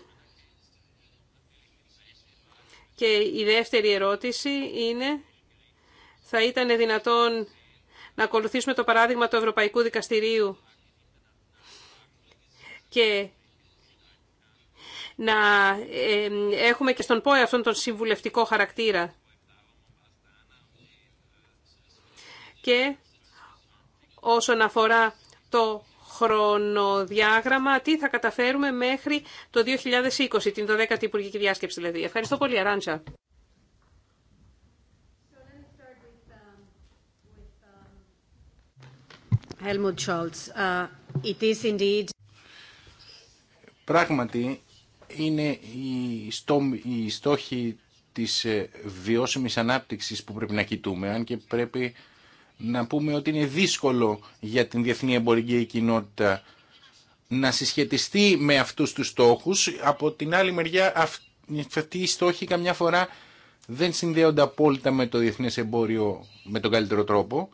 Speaker 2: Και η δεύτερη ερώτηση είναι, θα ήταν δυνατόν να ακολουθήσουμε το παράδειγμα του Ευρωπαϊκού Δικαστηρίου και να έχουμε και στον ΠΟΕ αυτόν τον συμβουλευτικό χαρακτήρα. Και όσον αφορά το χρονοδιάγραμμα, τι θα καταφέρουμε μέχρι το 2020, την 12η Υπουργική Διάσκεψη δηλαδή. Ευχαριστώ πολύ, Αράντσα.
Speaker 3: Helmut Scholz. Uh, it is indeed...
Speaker 1: Πράγματι, είναι η στό, οι στόχοι της ε, βιώσιμης ανάπτυξης που πρέπει να κοιτούμε, αν και πρέπει να πούμε ότι είναι δύσκολο για την διεθνή εμπορική κοινότητα να συσχετιστεί με αυτούς τους στόχους. Από την άλλη μεριά αυτοί οι στόχοι καμιά φορά δεν συνδέονται απόλυτα με το διεθνές εμπόριο με τον καλύτερο τρόπο.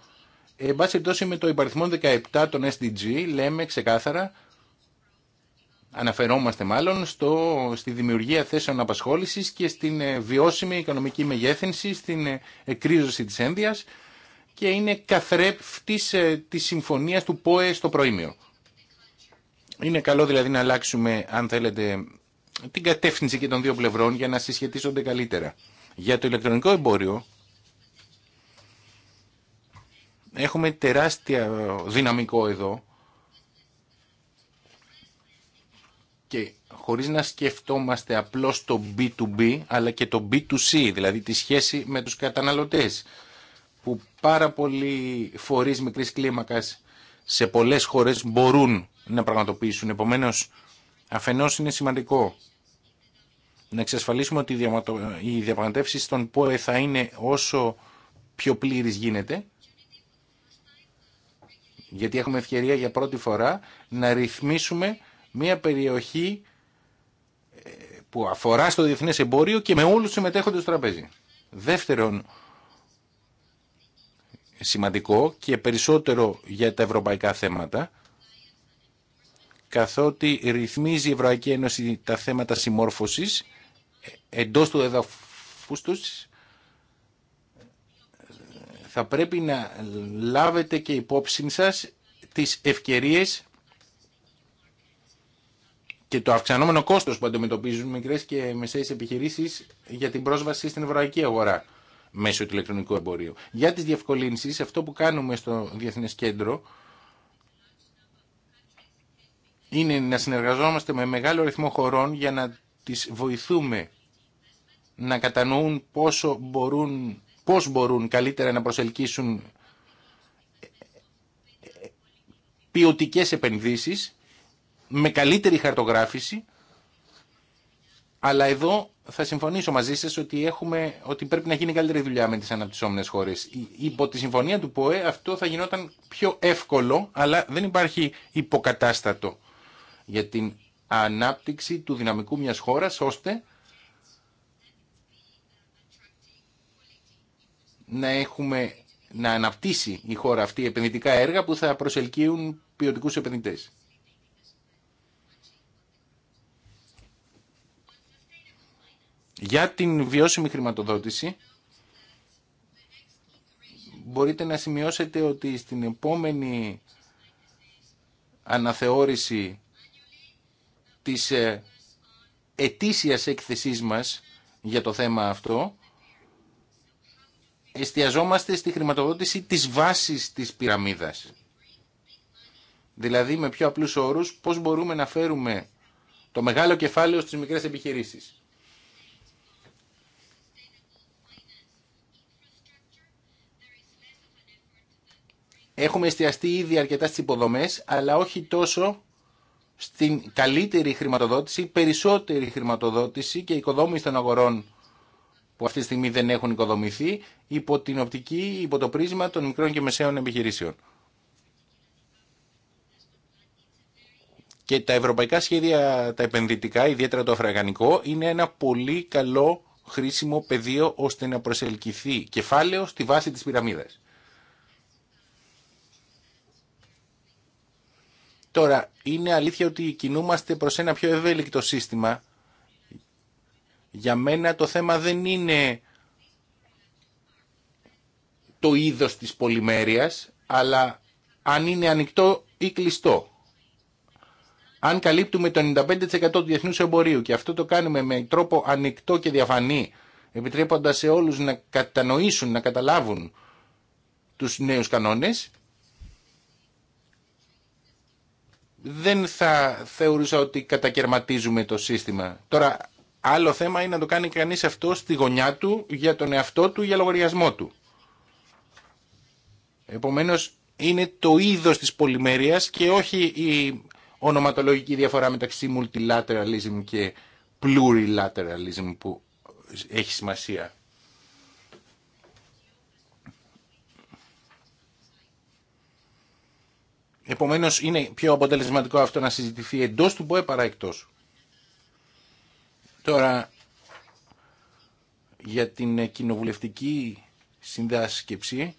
Speaker 1: Εν πάση με το υπαριθμό 17 των SDG λέμε ξεκάθαρα, αναφερόμαστε μάλλον στο, στη δημιουργία θέσεων απασχόλησης και στην ε, βιώσιμη οικονομική μεγέθυνση, στην ε, εκρίζωση της ένδειας και είναι καθρέφτης ε, της συμφωνίας του ΠΟΕ στο προήμιο. Είναι καλό δηλαδή να αλλάξουμε, αν θέλετε, την κατεύθυνση και των δύο πλευρών για να συσχετίζονται καλύτερα. Για το ηλεκτρονικό εμπόριο έχουμε τεράστια ε, δυναμικό εδώ και χωρίς να σκεφτόμαστε απλώς το B2B αλλά και το B2C, δηλαδή τη σχέση με τους καταναλωτές που πάρα πολλοί φορείς μικρής κλίμακας σε πολλές χώρες μπορούν να πραγματοποιήσουν. Επομένως, αφενός είναι σημαντικό να εξασφαλίσουμε ότι οι διαπραγματεύσει στον ΠΟΕ θα είναι όσο πιο πλήρης γίνεται, γιατί έχουμε ευκαιρία για πρώτη φορά να ρυθμίσουμε μια περιοχή ε, που αφορά στο διεθνές εμπόριο και με όλους συμμετέχοντες στο τραπέζι. Δεύτερον, σημαντικό και περισσότερο για τα ευρωπαϊκά θέματα, καθότι ρυθμίζει η Ευρωπαϊκή Ένωση τα θέματα συμμόρφωσης ε, εντός του εδαφούς τους, θα πρέπει να λάβετε και υπόψη σας τις ευκαιρίες και το αυξανόμενο κόστος που αντιμετωπίζουν μικρές και μεσαίες επιχειρήσεις για την πρόσβαση στην ευρωπαϊκή αγορά μέσω του ηλεκτρονικού εμπορίου. Για τις διευκολύνσεις, αυτό που κάνουμε στο Διεθνές Κέντρο είναι να συνεργαζόμαστε με μεγάλο αριθμό χωρών για να τις βοηθούμε να κατανοούν πόσο μπορούν, πώς μπορούν καλύτερα να προσελκύσουν ποιοτικές επενδύσεις με καλύτερη χαρτογράφηση αλλά εδώ θα συμφωνήσω μαζί σας ότι, έχουμε, ότι πρέπει να γίνει καλύτερη δουλειά με τις αναπτυσσόμενε χώρες. Υπό τη συμφωνία του ΠΟΕ αυτό θα γινόταν πιο εύκολο, αλλά δεν υπάρχει υποκατάστατο για την ανάπτυξη του δυναμικού μιας χώρας, ώστε να, έχουμε, να αναπτύσσει η χώρα αυτή επενδυτικά έργα που θα προσελκύουν ποιοτικού επενδυτές. Για την βιώσιμη χρηματοδότηση μπορείτε να σημειώσετε ότι στην επόμενη αναθεώρηση της ε, ετήσιας έκθεσής μας για το θέμα αυτό εστιαζόμαστε στη χρηματοδότηση της βάσης της πυραμίδας. Δηλαδή με πιο απλούς όρους πώς μπορούμε να φέρουμε το μεγάλο κεφάλαιο στις μικρές επιχειρήσεις. έχουμε εστιαστεί ήδη αρκετά στις υποδομές, αλλά όχι τόσο στην καλύτερη χρηματοδότηση, περισσότερη χρηματοδότηση και οικοδόμηση των αγορών που αυτή τη στιγμή δεν έχουν οικοδομηθεί, υπό την οπτική, υπό το πρίσμα των μικρών και μεσαίων επιχειρήσεων. Και τα ευρωπαϊκά σχέδια, τα επενδυτικά, ιδιαίτερα το αφραγανικό, είναι ένα πολύ καλό χρήσιμο πεδίο ώστε να προσελκυθεί κεφάλαιο στη βάση της πυραμίδας. Τώρα, είναι αλήθεια ότι κινούμαστε προς ένα πιο ευέλικτο σύστημα. Για μένα το θέμα δεν είναι το είδος της πολυμέρειας, αλλά αν είναι ανοιχτό ή κλειστό. Αν καλύπτουμε το 95% του διεθνούς εμπορίου και αυτό το κάνουμε με τρόπο ανοιχτό και διαφανή, επιτρέποντας σε όλους να κατανοήσουν, να καταλάβουν τους νέους κανόνες, δεν θα θεωρούσα ότι κατακαιρματίζουμε το σύστημα. Τώρα, άλλο θέμα είναι να το κάνει κανείς αυτό στη γωνιά του, για τον εαυτό του, για λογαριασμό του. Επομένως, είναι το είδος της πολυμέρειας και όχι η ονοματολογική διαφορά μεταξύ multilateralism και plurilateralism που έχει σημασία. Επομένως είναι πιο αποτελεσματικό αυτό να συζητηθεί εντό του ΠΟΕ παρά εκτό. Τώρα για την κοινοβουλευτική συνδάσκεψη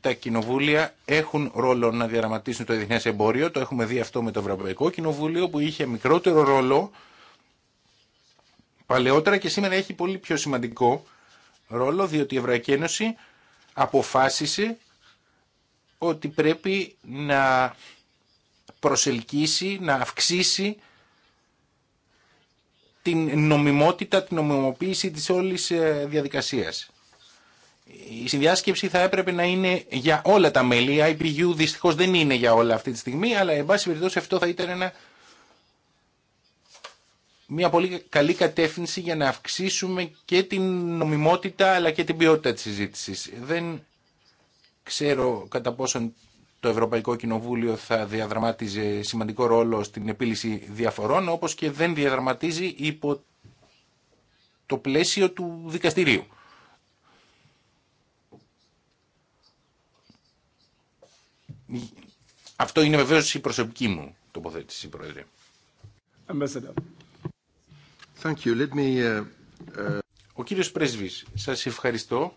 Speaker 1: τα κοινοβούλια έχουν ρόλο να διαραματίσουν το Διεθνέ εμπόριο. Το έχουμε δει αυτό με το Ευρωπαϊκό Κοινοβούλιο που είχε μικρότερο ρόλο παλαιότερα και σήμερα έχει πολύ πιο σημαντικό ρόλο διότι η Ευρωπαϊκή Ένωση αποφάσισε ότι πρέπει να προσελκύσει, να αυξήσει την νομιμότητα, την νομιμοποίηση της όλης ε, διαδικασίας. Η συνδιάσκεψη θα έπρεπε να είναι για όλα τα μέλη. Η IPU δυστυχώς δεν είναι για όλα αυτή τη στιγμή, αλλά εν πάση περιπτώσει αυτό θα ήταν ένα, μια πολύ καλή κατεύθυνση για να αυξήσουμε και την νομιμότητα αλλά και την ποιότητα της συζήτησης. Δεν ξέρω κατά πόσον το Ευρωπαϊκό Κοινοβούλιο θα διαδραμάτιζε σημαντικό ρόλο στην επίλυση διαφορών, όπως και δεν διαδραματίζει υπό το πλαίσιο του δικαστηρίου. Αυτό είναι βεβαίως η προσωπική μου τοποθέτηση, Πρόεδρε. Thank you. Let me... Uh, uh, Ο κύριος Πρέσβης, σας ευχαριστώ.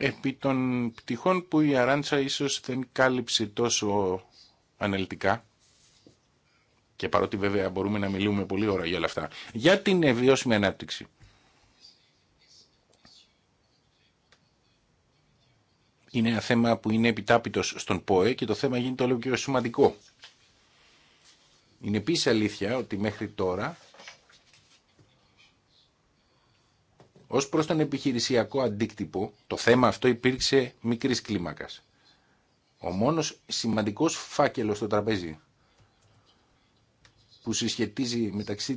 Speaker 1: επί των πτυχών που η Αράντσα ίσως δεν κάλυψε τόσο αναλυτικά και παρότι βέβαια μπορούμε να μιλούμε πολύ ώρα για όλα αυτά, για την βιώσιμη ανάπτυξη. Είναι ένα θέμα που είναι επιτάπητος στον ΠΟΕ και το θέμα γίνεται όλο και σημαντικό. Είναι επίση αλήθεια ότι μέχρι τώρα Ως προς τον επιχειρησιακό αντίκτυπο, το θέμα αυτό υπήρξε μικρής κλίμακας. Ο μόνος σημαντικός φάκελος στο τραπέζι που συσχετίζει μεταξύ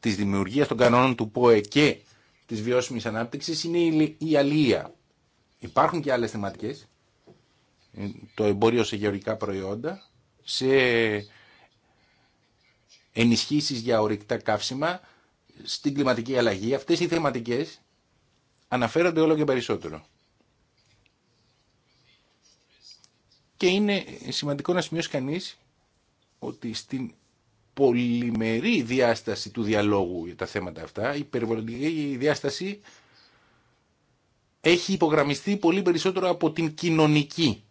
Speaker 1: της δημιουργίας των κανόνων του ΠΟΕ και της βιώσιμης ανάπτυξης είναι η αλληλεία. Υπάρχουν και άλλες θεματικές, το εμπόριο σε γεωργικά προϊόντα, σε ενισχύσεις για ορυκτά καύσιμα, στην κλιματική αλλαγή, αυτές οι θεματικές αναφέρονται όλο και περισσότερο. Και είναι σημαντικό να σημειώσει κανείς ότι στην πολυμερή διάσταση του διαλόγου για τα θέματα αυτά, η υπερβολική διάσταση έχει υπογραμμιστεί πολύ περισσότερο από την κοινωνική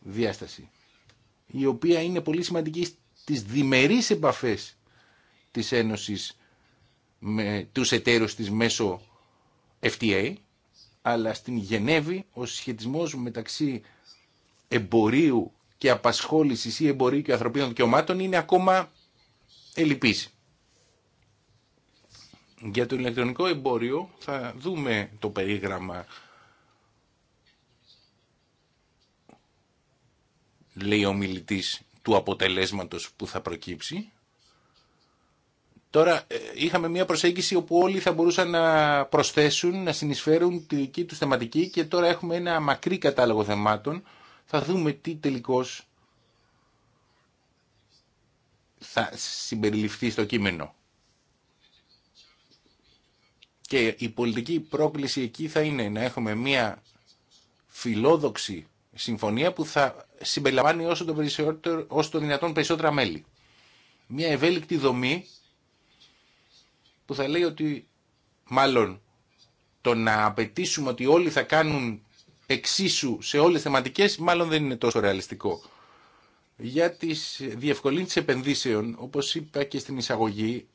Speaker 1: διάσταση, η οποία είναι πολύ σημαντική στις διμερείς επαφές της Ένωσης με τους εταίρους της μέσω FTA, αλλά στην Γενέβη ο σχετισμός μεταξύ εμπορίου και απασχόλησης ή εμπορίου και ανθρωπίνων δικαιωμάτων είναι ακόμα ελλειπής. Για το ηλεκτρονικό εμπόριο θα δούμε το περίγραμμα λέει ο του αποτελέσματος που θα προκύψει Τώρα ε, είχαμε μια προσέγγιση όπου όλοι θα μπορούσαν να προσθέσουν, να συνεισφέρουν τη δική θεματική και τώρα έχουμε ένα μακρύ κατάλογο θεμάτων. Θα δούμε τι τελικώς θα συμπεριληφθεί στο κείμενο. Και η πολιτική πρόκληση εκεί θα είναι να έχουμε μια φιλόδοξη συμφωνία που θα συμπεριλαμβάνει όσο το, όσο το δυνατόν περισσότερα μέλη. Μια ευέλικτη δομή που θα λέει ότι μάλλον το να απαιτήσουμε ότι όλοι θα κάνουν εξίσου σε όλες τις θεματικές μάλλον δεν είναι τόσο ρεαλιστικό. Για τις διευκολύνσεις επενδύσεων, όπως είπα και στην εισαγωγή,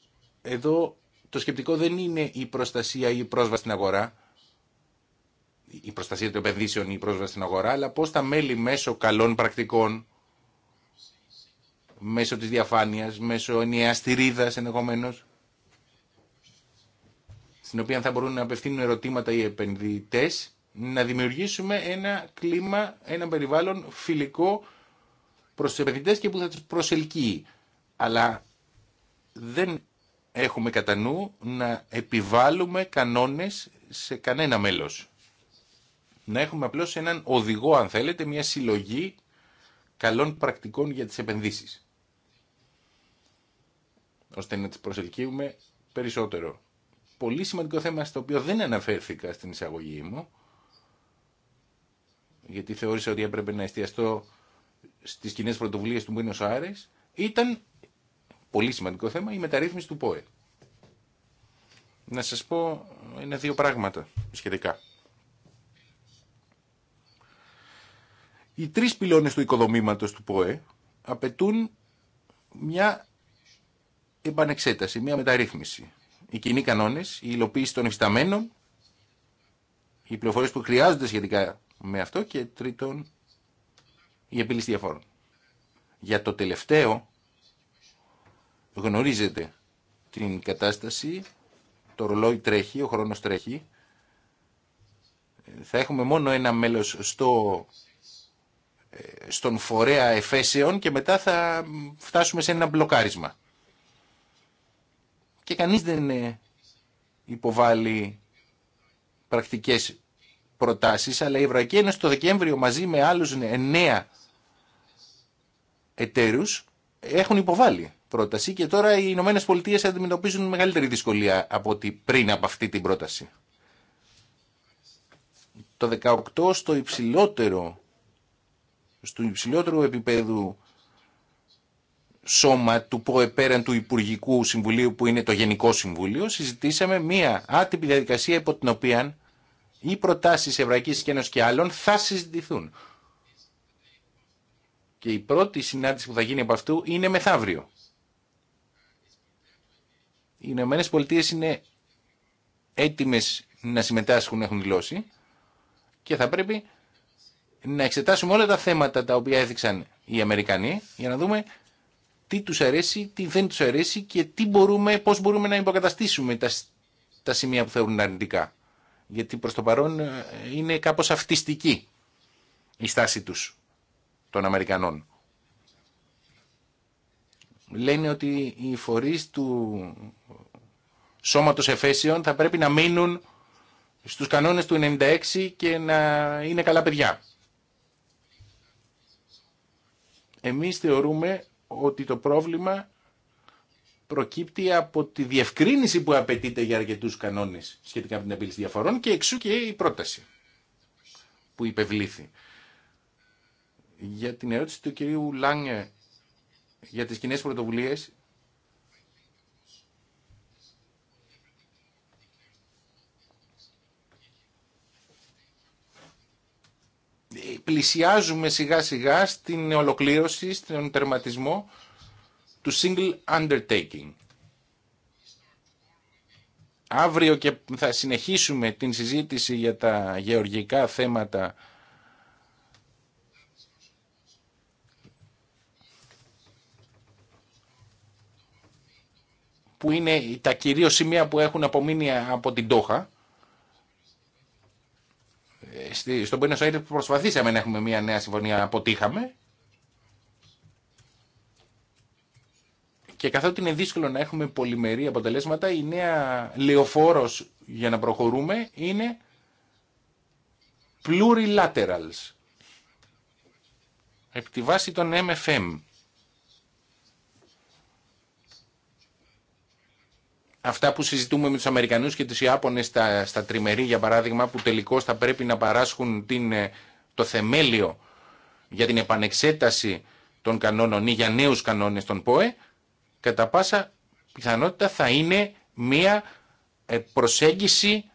Speaker 1: εδώ το σκεπτικό δεν είναι η προστασία ή η πρόσβαση στην αγορά, η προστασία των επενδύσεων ή η πρόσβαση στην αγορά, αλλά πώς τα μέλη μέσω καλών πρακτικών, μέσω της διαφάνειας, μέσω ενιαίας στηρίδας στην οποία θα μπορούν να απευθύνουν ερωτήματα οι επενδυτέ, να δημιουργήσουμε ένα κλίμα, ένα περιβάλλον φιλικό προς του επενδυτέ και που θα του προσελκύει. Αλλά δεν έχουμε κατά νου να επιβάλλουμε κανόνες σε κανένα μέλος. Να έχουμε απλώς έναν οδηγό, αν θέλετε, μια συλλογή καλών πρακτικών για τις επενδύσεις. Ώστε να τις προσελκύουμε περισσότερο πολύ σημαντικό θέμα στο οποίο δεν αναφέρθηκα στην εισαγωγή μου, γιατί θεώρησα ότι έπρεπε να εστιαστώ στις κοινέ πρωτοβουλίες του Μπίνος Άρες, ήταν πολύ σημαντικό θέμα η μεταρρύθμιση του ΠΟΕ. Να σας πω ένα-δύο πράγματα σχετικά. Οι τρεις πυλώνες του οικοδομήματος του ΠΟΕ απαιτούν μια επανεξέταση, μια μεταρρύθμιση οι κοινοί κανόνες, η υλοποίηση των υφισταμένων, οι πληροφορίε που χρειάζονται σχετικά με αυτό και τρίτον η επίλυση διαφόρων. Για το τελευταίο γνωρίζετε την κατάσταση, το ρολόι τρέχει, ο χρόνος τρέχει. Θα έχουμε μόνο ένα μέλος στο, ε, στον φορέα εφέσεων και μετά θα φτάσουμε σε ένα μπλοκάρισμα και κανείς δεν ε, υποβάλλει πρακτικές προτάσεις, αλλά η Ευρωπαϊκή Ένωση το Δεκέμβριο μαζί με άλλους εννέα εταίρους έχουν υποβάλει πρόταση και τώρα οι Ηνωμένε Πολιτείε αντιμετωπίζουν μεγαλύτερη δυσκολία από ότι πριν από αυτή την πρόταση. Το 18 στο υψηλότερο, στο υψηλότερο επίπεδο σώμα του προεπέραν του Υπουργικού Συμβουλίου που είναι το Γενικό Συμβούλιο συζητήσαμε μία άτυπη διαδικασία υπό την οποία οι προτάσεις Ευρωπαϊκής Ένωσης και άλλων θα συζητηθούν. Και η πρώτη συνάντηση που θα γίνει από αυτού είναι μεθαύριο. Οι Ηνωμένες Πολιτείες είναι έτοιμες να συμμετάσχουν, έχουν δηλώσει και θα πρέπει να εξετάσουμε όλα τα θέματα τα οποία έδειξαν οι Αμερικανοί για να δούμε τι τους αρέσει, τι δεν τους αρέσει και τι μπορούμε, πώς μπορούμε να υποκαταστήσουμε τα, τα σημεία που θεωρούν αρνητικά. Γιατί προς το παρόν ε, είναι κάπως αυτιστική η στάση τους των Αμερικανών. Λένε ότι οι φορείς του σώματος εφέσεων θα πρέπει να μείνουν στους κανόνες του 96 και να είναι καλά παιδιά. Εμείς θεωρούμε ότι το πρόβλημα προκύπτει από τη διευκρίνηση που απαιτείται για αρκετούς κανόνες σχετικά με την επίλυση διαφορών και εξού και η πρόταση που υπευλήθη. Για την ερώτηση του κυρίου Λάγκε για τις κοινέ πρωτοβουλίες, πλησιάζουμε σιγά σιγά στην ολοκλήρωση, στον τερματισμό του single undertaking. Αύριο και θα συνεχίσουμε την συζήτηση για τα γεωργικά θέματα που είναι τα κυρίως σημεία που έχουν απομείνει από την Τόχα στον Buenos Aires που προσπαθήσαμε να έχουμε μια νέα συμφωνία, αποτύχαμε. Και καθότι είναι δύσκολο να έχουμε πολυμερή αποτελέσματα, η νέα λεωφόρος για να προχωρούμε είναι plurilaterals. Επί τη βάση των MFM. αυτά που συζητούμε με τους Αμερικανούς και τους Ιάπωνες στα, στα τριμερή για παράδειγμα που τελικώς θα πρέπει να παράσχουν την, ε, το θεμέλιο για την επανεξέταση των κανόνων ή για νέους κανόνες των ΠΟΕ κατά πάσα πιθανότητα θα είναι μία ε, προσέγγιση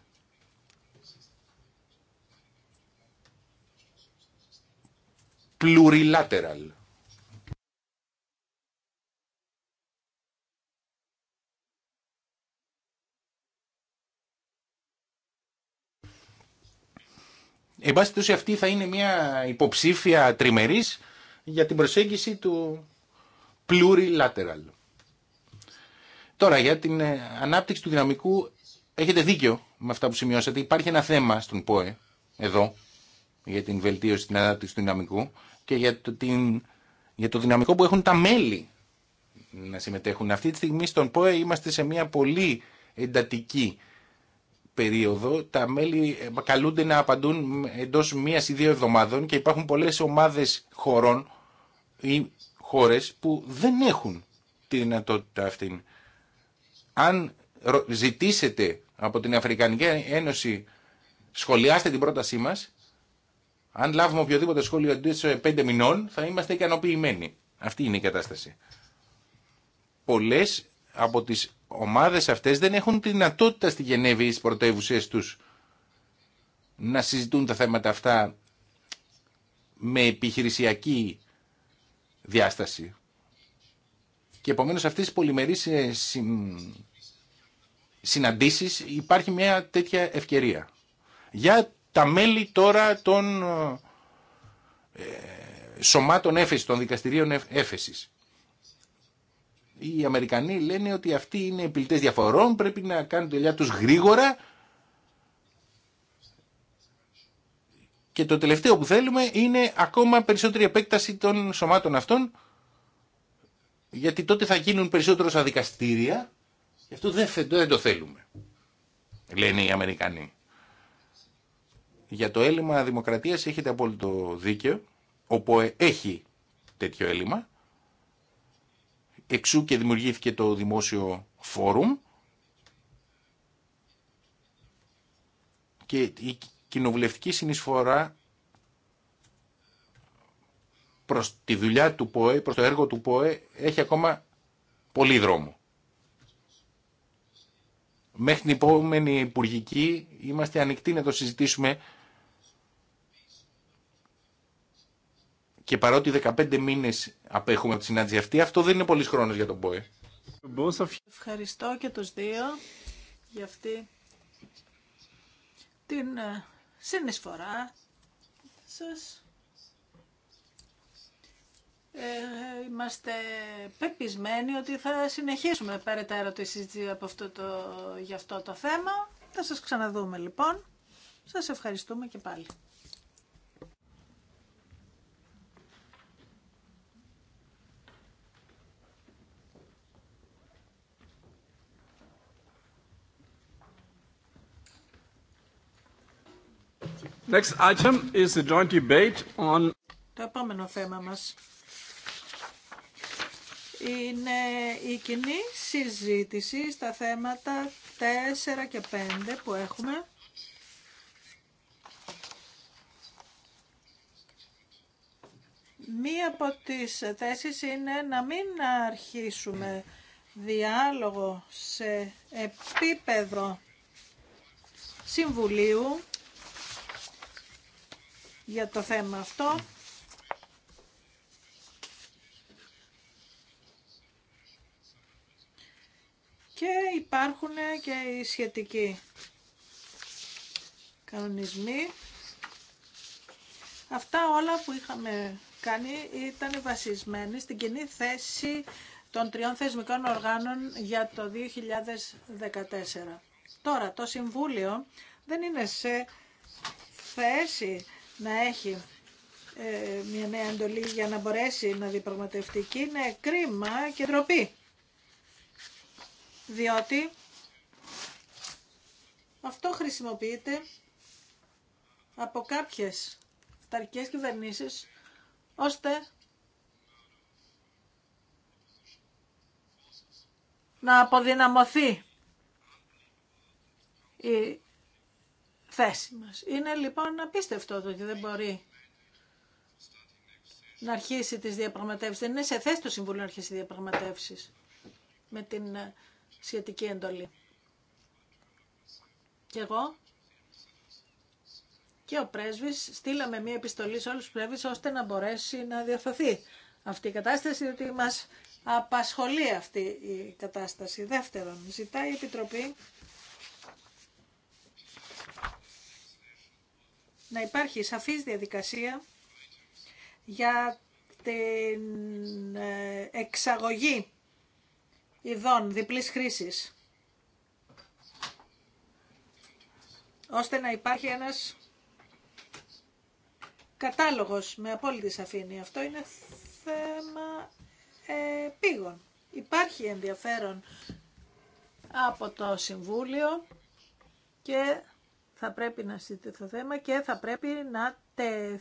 Speaker 1: plurilateral Εν πάση αυτή θα είναι μια υποψήφια τριμερής για την προσέγγιση του plurilateral. Τώρα για την ε, ανάπτυξη του δυναμικού έχετε δίκιο με αυτά που σημειώσατε. Υπάρχει ένα θέμα στον ΠΟΕ εδώ για την βελτίωση την ανάπτυξη του δυναμικού και για το, για το δυναμικό που έχουν τα μέλη να συμμετέχουν. Αυτή τη στιγμή στον ΠΟΕ είμαστε σε μια πολύ εντατική περίοδο τα μέλη ε, καλούνται να απαντούν εντός μίας ή δύο εβδομάδων και υπάρχουν πολλές ομάδες χωρών ή χώρες που δεν έχουν τη δυνατότητα αυτή. Αν ζητήσετε από την Αφρικανική Ένωση σχολιάστε την πρότασή μας, αν λάβουμε οποιοδήποτε σχόλιο εντό ε, πέντε μηνών θα είμαστε ικανοποιημένοι. Αυτή είναι η κατάσταση. Πολλές από τις ομάδες αυτές δεν έχουν τη δυνατότητα στη Γενέβη στις πρωτεύουσες τους να συζητούν τα θέματα αυτά με επιχειρησιακή διάσταση. Και επομένως αυτές τις πολυμερείς ε, συναντήσεις υπάρχει μια τέτοια ευκαιρία. Για τα μέλη τώρα των ε, σωμάτων έφεσης, των δικαστηρίων έφεσης οι Αμερικανοί λένε ότι αυτοί είναι επιλητές διαφορών, πρέπει να κάνουν τη δουλειά τους γρήγορα και το τελευταίο που θέλουμε είναι ακόμα περισσότερη επέκταση των σωμάτων αυτών γιατί τότε θα γίνουν περισσότερο στα δικαστήρια γι' αυτό δεν το θέλουμε λένε οι Αμερικανοί για το έλλειμμα δημοκρατίας έχετε απόλυτο δίκαιο όπου έχει τέτοιο έλλειμμα Εξού και δημιουργήθηκε το δημόσιο φόρουμ και η κοινοβουλευτική συνεισφορά προς τη δουλειά του ΠΟΕ, προς το έργο του ΠΟΕ έχει ακόμα πολύ δρόμο. Μέχρι την επόμενη υπουργική είμαστε ανοιχτοί να το συζητήσουμε Και παρότι 15 μήνε απέχουμε από τη συνάντηση αυτή, αυτό δεν είναι πολύ χρόνο για τον ΠΟΕ.
Speaker 3: Ευχαριστώ και τους δύο για αυτή την ε, συνεισφορά σα Ε, είμαστε πεπισμένοι ότι θα συνεχίσουμε πέρα τη συζήτηση από για αυτό το θέμα. Θα σας ξαναδούμε λοιπόν. Σας ευχαριστούμε και πάλι.
Speaker 2: Next item is the joint debate on...
Speaker 3: Το επόμενο θέμα μας είναι η κοινή συζήτηση στα θέματα 4 και 5 που έχουμε. Μία από τις θέσεις είναι να μην αρχίσουμε διάλογο σε επίπεδο Συμβουλίου για το θέμα αυτό. Και υπάρχουν και οι σχετικοί κανονισμοί. Αυτά όλα που είχαμε κάνει ήταν βασισμένοι στην κοινή θέση των τριών θεσμικών οργάνων για το 2014. Τώρα, το Συμβούλιο δεν είναι σε θέση να έχει ε, μια νέα εντολή για να μπορέσει να διπραγματευτεί. είναι κρίμα και ντροπή. Διότι αυτό χρησιμοποιείται από κάποιες φταρικές κυβερνήσεις ώστε να αποδυναμωθεί η θέση μας. Είναι λοιπόν απίστευτο το ότι δεν μπορεί να αρχίσει τις διαπραγματεύσεις. Δεν είναι σε θέση το Συμβούλιο να αρχίσει διαπραγματεύσεις με την ε, σχετική εντολή. Και εγώ και ο πρέσβης στείλαμε μία επιστολή σε όλους τους πρέσβεις ώστε να μπορέσει να διορθωθεί αυτή η κατάσταση, διότι μας απασχολεί αυτή η κατάσταση. Δεύτερον, ζητάει η Επιτροπή να υπάρχει σαφής διαδικασία για την ε, εξαγωγή ειδών διπλής χρήσης, ώστε να υπάρχει ένας κατάλογος με απόλυτη σαφήνεια. Αυτό είναι θέμα ε, πήγων. Υπάρχει ενδιαφέρον από το Συμβούλιο και θα πρέπει να συζητηθεί το θέμα και θα πρέπει να, τε,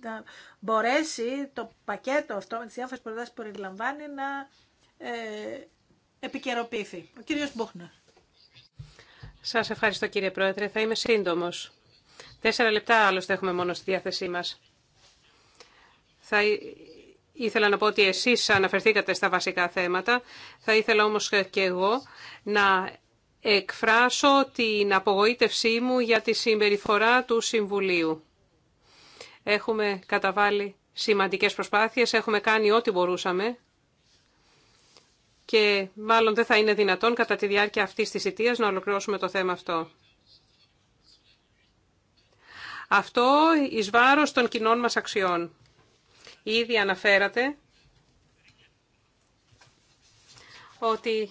Speaker 3: να μπορέσει το πακέτο αυτό με τις διάφορες προτάσεις που περιλαμβάνει να ε, επικαιροποιηθεί. Ο κύριος Μπούχνερ.
Speaker 2: Σας ευχαριστώ κύριε Πρόεδρε. Θα είμαι σύντομος. Τέσσερα λεπτά άλλωστε έχουμε μόνο στη διάθεσή μας. Θα ήθελα να πω ότι εσείς αναφερθήκατε στα βασικά θέματα. Θα ήθελα όμως και εγώ να εκφράσω την απογοήτευσή μου για τη συμπεριφορά του Συμβουλίου. Έχουμε καταβάλει σημαντικές προσπάθειες, έχουμε κάνει ό,τι μπορούσαμε και μάλλον δεν θα είναι δυνατόν κατά τη διάρκεια αυτής της ηττίας να ολοκληρώσουμε το θέμα αυτό. Αυτό εις βάρος των κοινών μας αξιών. Ήδη αναφέρατε ότι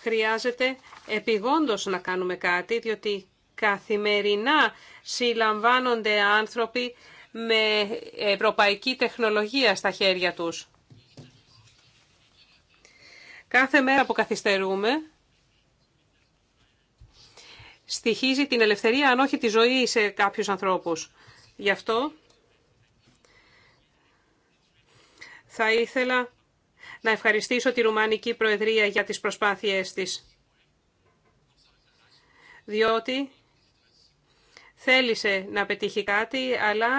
Speaker 2: χρειάζεται επιγόντως να κάνουμε κάτι, διότι καθημερινά συλλαμβάνονται άνθρωποι με ευρωπαϊκή τεχνολογία στα χέρια τους. Κάθε μέρα που καθυστερούμε, στοιχίζει την ελευθερία, αν όχι τη ζωή, σε κάποιους ανθρώπους. Γι' αυτό θα ήθελα να ευχαριστήσω τη Ρουμανική Προεδρία για τις προσπάθειές της. Διότι θέλησε να πετύχει κάτι, αλλά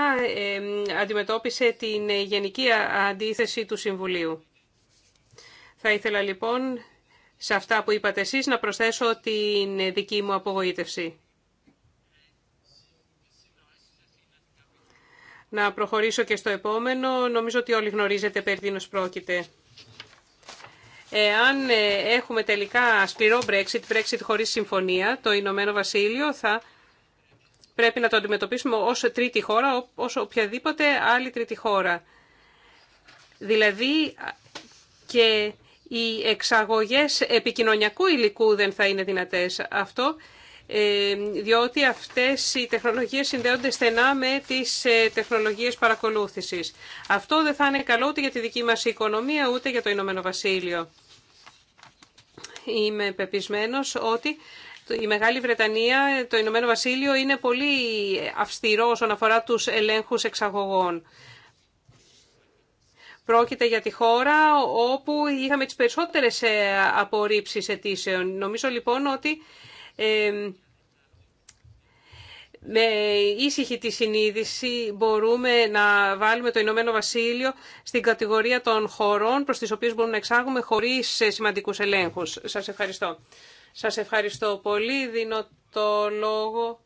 Speaker 2: αντιμετώπισε την γενική αντίθεση του Συμβουλίου. Θα ήθελα λοιπόν σε αυτά που είπατε εσείς να προσθέσω την δική μου απογοήτευση. Να προχωρήσω και στο επόμενο. Νομίζω ότι όλοι γνωρίζετε περί τίνος πρόκειται εάν ε, έχουμε τελικά ασπυρό Brexit, Brexit χωρίς συμφωνία, το Ηνωμένο Βασίλειο θα πρέπει να το αντιμετωπίσουμε ως τρίτη χώρα, ως οποιαδήποτε άλλη τρίτη χώρα. Δηλαδή και οι εξαγωγές επικοινωνιακού υλικού δεν θα είναι δυνατές. Αυτό ε, διότι αυτές οι τεχνολογίες συνδέονται στενά με τις ε, τεχνολογίες παρακολούθησης. Αυτό δεν θα είναι καλό ούτε για τη δική μας οικονομία, ούτε για το Ηνωμένο Βασίλειο. Είμαι πεπισμένος ότι η Μεγάλη Βρετανία, το Ηνωμένο Βασίλειο είναι πολύ αυστηρό όσον αφορά τους ελέγχους εξαγωγών. Πρόκειται για τη χώρα όπου είχαμε τις περισσότερες ε, απορρίψεις αιτήσεων. Νομίζω λοιπόν ότι με ήσυχη τη συνείδηση μπορούμε να βάλουμε το Ηνωμένο Βασίλειο στην κατηγορία των χωρών προς τις οποίες μπορούμε να εξάγουμε χωρίς ε, σημαντικούς ελέγχους. Σας ευχαριστώ. Σας ευχαριστώ πολύ. Δίνω το λόγο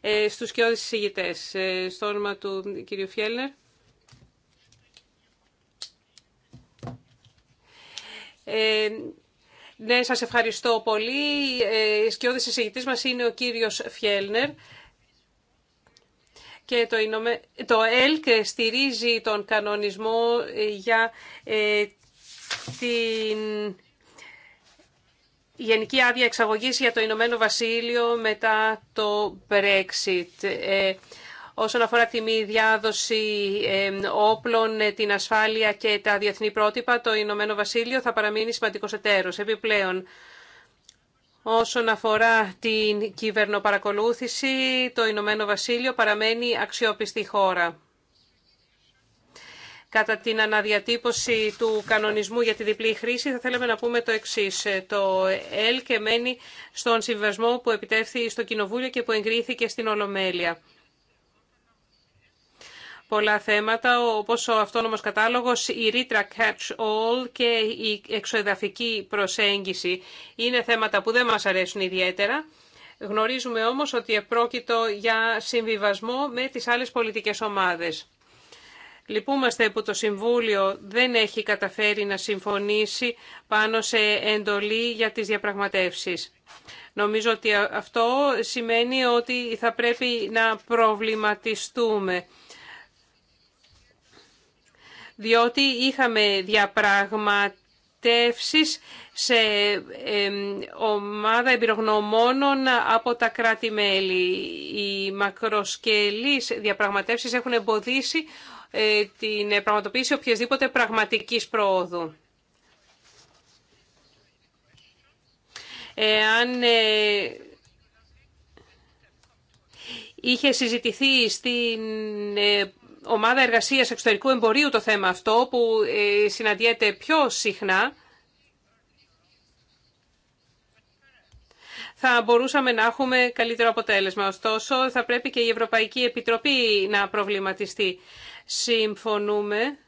Speaker 2: ε, στους και στον Ε, στο όνομα του κ. Φιέλνερ. Ε, ναι, σας ευχαριστώ πολύ. Η ε, σκιώδης εισηγητής μας είναι ο κύριος Φιέλνερ και το, Ινωμέ... το ΕΛΚ στηρίζει τον κανονισμό για ε, την γενική άδεια εξαγωγής για το Ηνωμένο Βασίλειο μετά το Brexit. Ε, όσον αφορά τη μη διάδοση όπλων, ε, την ασφάλεια και τα διεθνή πρότυπα, το Ηνωμένο Βασίλειο θα παραμείνει σημαντικός εταίρος. Επιπλέον, όσον αφορά την κυβερνοπαρακολούθηση, το Ηνωμένο Βασίλειο παραμένει αξιόπιστη χώρα. Κατά την αναδιατύπωση του κανονισμού για τη διπλή χρήση θα θέλαμε να πούμε το εξή. Ε, το και μένει στον συμβασμό που επιτεύχθη στο Κοινοβούλιο και που εγκρίθηκε στην Ολομέλεια πολλά θέματα, όπως ο αυτόνομος κατάλογος, η ρήτρα catch-all και η εξοεδαφική προσέγγιση. Είναι θέματα που δεν μας αρέσουν ιδιαίτερα. Γνωρίζουμε όμως ότι επρόκειτο για συμβιβασμό με τις άλλες πολιτικές ομάδες. Λυπούμαστε που το Συμβούλιο δεν έχει καταφέρει να συμφωνήσει πάνω σε εντολή για τις διαπραγματεύσεις. Νομίζω ότι αυτό σημαίνει ότι θα πρέπει να προβληματιστούμε διότι είχαμε διαπραγματεύσεις σε ομάδα εμπειρογνωμόνων από τα κράτη-μέλη. Οι μακροσκελείς διαπραγματεύσεις έχουν εμποδίσει ε, την πραγματοποίηση οποιασδήποτε πραγματικής προόδου. Εάν ε, είχε συζητηθεί στην ε, ομάδα εργασίας εξωτερικού εμπορίου το θέμα αυτό που ε, συναντιέται πιο συχνά. θα μπορούσαμε να έχουμε καλύτερο αποτέλεσμα. Ωστόσο, θα πρέπει και η Ευρωπαϊκή Επιτροπή να προβληματιστεί. Συμφωνούμε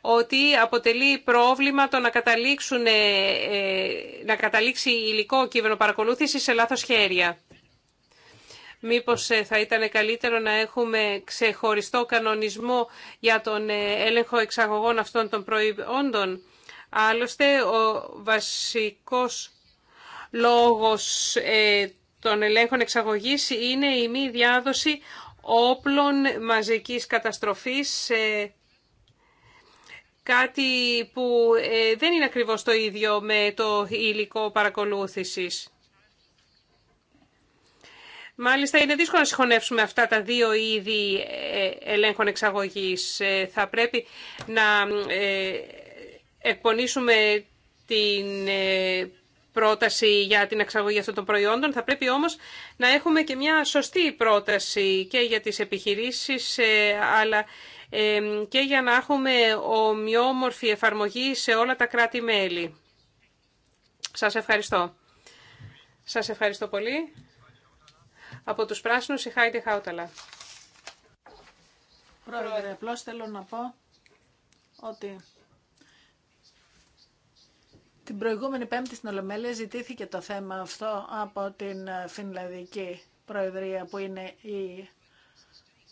Speaker 2: ότι αποτελεί πρόβλημα το να, καταλήξουν, ε, να καταλήξει υλικό κύβερνο παρακολούθηση σε λάθος χέρια. Μήπως ε, θα ήταν καλύτερο να έχουμε ξεχωριστό κανονισμό για τον ε, έλεγχο εξαγωγών αυτών των προϊόντων. Άλλωστε, ο βασικός λόγος ε, των ελέγχων εξαγωγής είναι η μη διάδοση όπλων μαζικής καταστροφής, κάτι που δεν είναι ακριβώς το ίδιο με το υλικό παρακολούθησης. Μάλιστα είναι δύσκολο να συγχωνεύσουμε αυτά τα δύο είδη ε, ελέγχων εξαγωγής. Ε, θα πρέπει να ε, εκπονήσουμε την πρόταση για την εξαγωγή αυτών των προϊόντων. Θα πρέπει όμως να έχουμε και μια σωστή πρόταση και για τις επιχειρήσεις, αλλά και για να έχουμε ομοιόμορφη εφαρμογή σε όλα τα κράτη-μέλη. Σας ευχαριστώ. Σας ευχαριστώ πολύ. Από τους πράσινους η Χάιντι Χάουταλα.
Speaker 3: Πρόεδρε, απλώ θέλω να πω ότι την προηγούμενη Πέμπτη στην Ολομέλεια ζητήθηκε το θέμα αυτό από την Φινλανδική Προεδρία που είναι η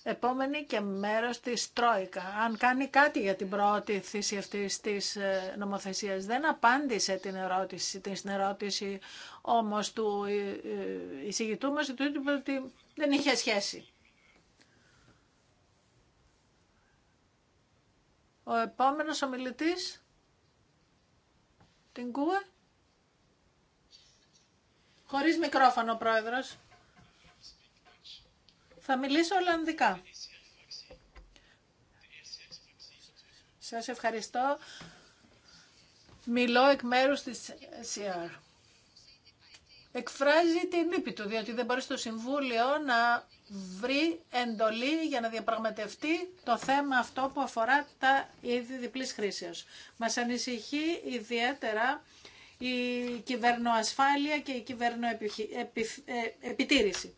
Speaker 3: επόμενη και μέρος της Τρόικα. Αν κάνει κάτι για την πρώτη θύση αυτή της ε, νομοθεσίας. Δεν απάντησε την ερώτηση, την συνερώτηση όμως του ε, ε, εισηγητού μας, του είπε ότι δεν είχε σχέση. Ο επόμενος ομιλητής, την ΚΟΕ, χωρίς μικρόφωνο πρόεδρος. Θα μιλήσω Ολλανδικά. Σας ευχαριστώ. Μιλώ εκ μέρους της CR. Εκφράζει την λύπη του, διότι δεν μπορεί στο Συμβούλιο να βρει εντολή για να διαπραγματευτεί το θέμα αυτό που αφορά τα είδη διπλής χρήσεως. Μας ανησυχεί ιδιαίτερα η κυβερνοασφάλεια και η κυβερνοεπιτήρηση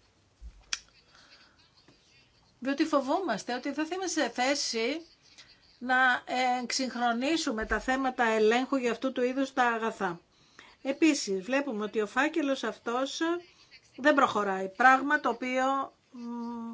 Speaker 3: διότι φοβόμαστε ότι δεν θα είμαστε σε θέση να εξυγχρονίσουμε τα θέματα ελέγχου για αυτού του είδους τα αγαθά. Επίσης, βλέπουμε ότι ο φάκελος αυτός δεν προχωράει, πράγμα το οποίο